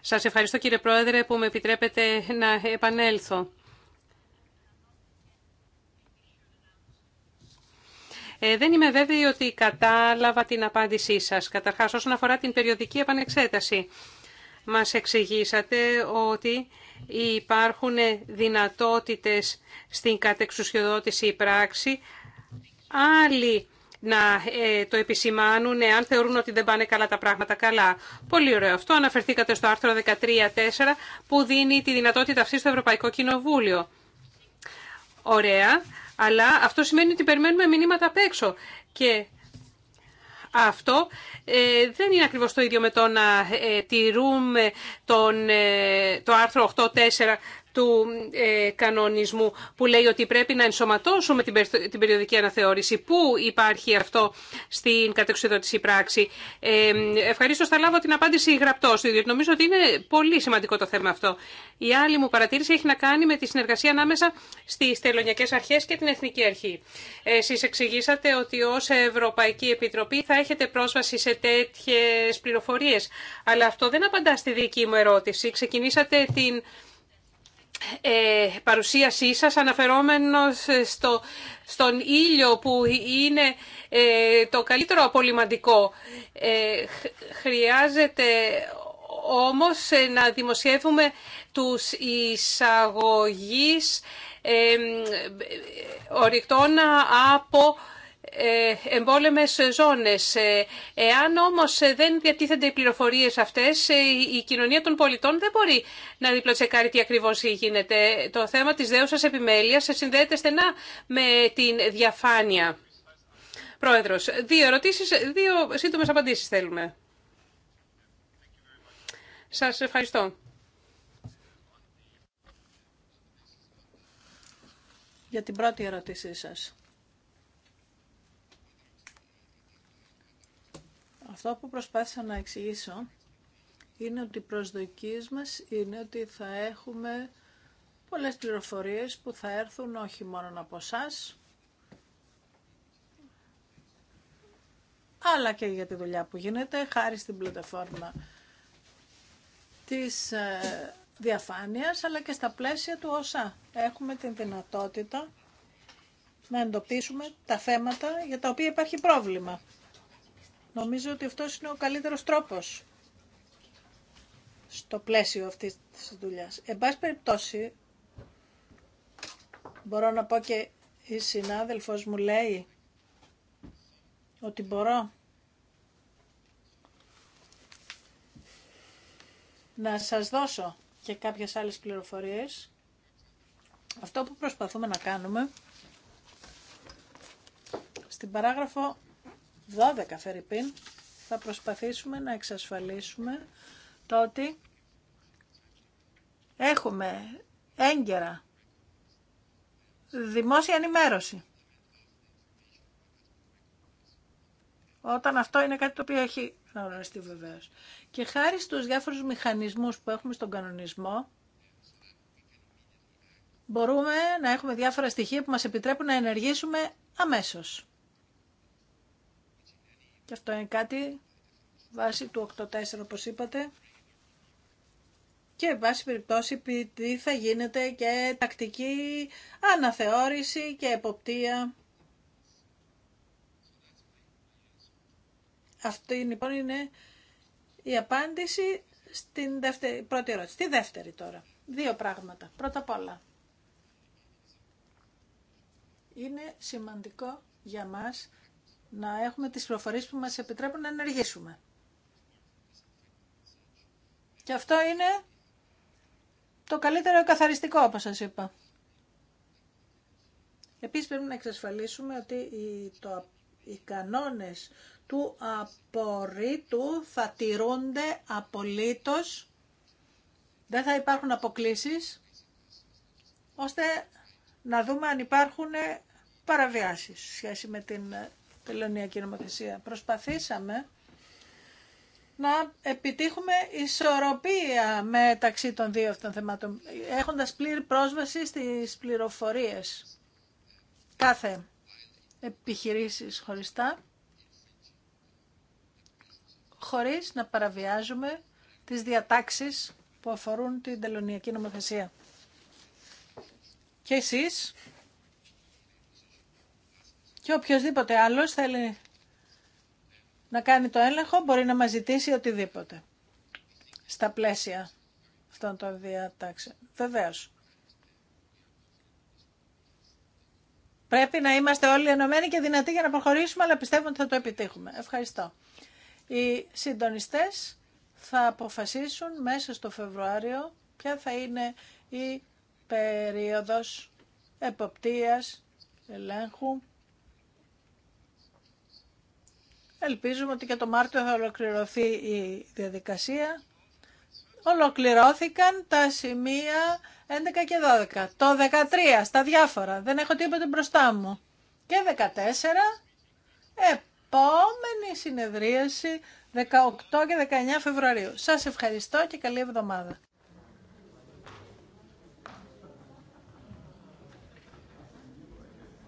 Speaker 2: Σας ευχαριστώ κύριε Πρόεδρε που με επιτρέπετε να επανέλθω. Ε, δεν είμαι βέβαιη ότι κατάλαβα την απάντησή σας. Καταρχάς, όσον αφορά την περιοδική επανεξέταση, μας εξηγήσατε ότι υπάρχουν δυνατότητες στην κατεξουσιοδότηση πράξη. Άλλοι να ε, το επισημάνουν εάν θεωρούν ότι δεν πάνε καλά τα πράγματα καλά. Πολύ ωραίο αυτό. Αναφερθήκατε στο άρθρο 13.4 που δίνει τη δυνατότητα αυτή στο Ευρωπαϊκό Κοινοβούλιο. Ωραία αλλά αυτό σημαίνει ότι περιμένουμε μηνύματα απ' έξω. Και αυτό ε, δεν είναι ακριβώς το ίδιο με το να ε, τηρούμε τον, ε, το άρθρο 8.4 του ε, κανονισμού που λέει ότι πρέπει να ενσωματώσουμε την περιοδική αναθεώρηση. Πού υπάρχει αυτό στην κατεξοδότηση πράξη. Ε, ευχαρίστω θα λάβω την απάντηση γραπτό, διότι νομίζω ότι είναι πολύ σημαντικό το θέμα αυτό. Η άλλη μου παρατήρηση έχει να κάνει με τη συνεργασία ανάμεσα στι τελωνιακέ αρχέ και την Εθνική Αρχή. Εσεί εξηγήσατε ότι ω Ευρωπαϊκή Επιτροπή θα έχετε πρόσβαση σε τέτοιε πληροφορίε. Αλλά αυτό δεν απαντά στη δική μου ερώτηση. Ξεκινήσατε την ε, παρουσίασή σας αναφερόμενος στο, στον ήλιο που είναι ε, το καλύτερο απολυμαντικό. Ε, χρειάζεται όμως να δημοσιεύουμε τους εισαγωγείς ε, από ε, εμπόλεμες ζώνες. Ε, εάν όμως δεν διατίθενται οι πληροφορίες αυτές, ε, η κοινωνία των πολιτών δεν μπορεί να διπλοτσεκάρει τι ακριβώς γίνεται. Το θέμα της δέουσας επιμέλειας συνδέεται στενά με την διαφάνεια. Πρόεδρος, δύο ερωτήσεις, δύο σύντομες απαντήσεις θέλουμε. Σας ευχαριστώ.
Speaker 3: Για την πρώτη ερώτησή σας. Αυτό που προσπάθησα να εξηγήσω είναι ότι οι προσδοκίες μας είναι ότι θα έχουμε πολλές πληροφορίες που θα έρθουν όχι μόνο από εσά, αλλά και για τη δουλειά που γίνεται, χάρη στην πλατφόρμα της ε, διαφάνειας, αλλά και στα πλαίσια του όσα έχουμε την δυνατότητα να εντοπίσουμε τα θέματα για τα οποία υπάρχει πρόβλημα. Νομίζω ότι αυτό είναι ο καλύτερος τρόπος στο πλαίσιο αυτής της δουλειά. Εν πάση περιπτώσει, μπορώ να πω και η συνάδελφος μου λέει ότι μπορώ να σας δώσω και κάποιες άλλες πληροφορίες. Αυτό που προσπαθούμε να κάνουμε στην παράγραφο 12 φερρυπίν θα προσπαθήσουμε να εξασφαλίσουμε το ότι έχουμε έγκαιρα δημόσια ενημέρωση. Όταν αυτό είναι κάτι το οποίο έχει αναγνωριστεί βεβαίω. Και χάρη στους διάφορους μηχανισμούς που έχουμε στον κανονισμό, μπορούμε να έχουμε διάφορα στοιχεία που μας επιτρέπουν να ενεργήσουμε αμέσως. Και αυτό είναι κάτι βάσει του 8.4 όπως είπατε. Και βάση περιπτώσει τι θα γίνεται και τακτική αναθεώρηση και εποπτεία. Αυτή λοιπόν είναι η απάντηση στην πρώτη ερώτηση. Τη δεύτερη τώρα. Δύο πράγματα. Πρώτα απ' όλα. Είναι σημαντικό για μας να έχουμε τις προφορίες που μας επιτρέπουν να ενεργήσουμε. Και αυτό είναι το καλύτερο καθαριστικό, όπως σας είπα. Επίσης πρέπει να εξασφαλίσουμε ότι οι, το, οι κανόνες του απορρίτου θα τηρούνται απολύτως, δεν θα υπάρχουν αποκλήσεις, ώστε να δούμε αν υπάρχουν παραβιάσεις σχέση με την τελωνιακή νομοθεσία. Προσπαθήσαμε να επιτύχουμε ισορροπία μεταξύ των δύο αυτών θεμάτων, έχοντας πλήρη πρόσβαση στις πληροφορίες κάθε επιχειρήσεις χωριστά, χωρίς να παραβιάζουμε τις διατάξεις που αφορούν την τελωνιακή νομοθεσία. Και εσείς και οποιοδήποτε άλλο θέλει να κάνει το έλεγχο μπορεί να μας ζητήσει οτιδήποτε στα πλαίσια αυτών των διατάξεων. Βεβαίως. Πρέπει να είμαστε όλοι ενωμένοι και δυνατοί για να προχωρήσουμε, αλλά πιστεύω ότι θα το επιτύχουμε. Ευχαριστώ. Οι συντονιστές θα αποφασίσουν μέσα στο Φεβρουάριο ποια θα είναι η περίοδος εποπτείας ελέγχου Ελπίζουμε ότι και το Μάρτιο θα ολοκληρωθεί η διαδικασία. Ολοκληρώθηκαν τα σημεία 11 και 12. Το 13 στα διάφορα. Δεν έχω τίποτα μπροστά μου. Και 14. Επόμενη συνεδρίαση 18 και 19 Φεβρουαρίου. Σας ευχαριστώ και καλή εβδομάδα.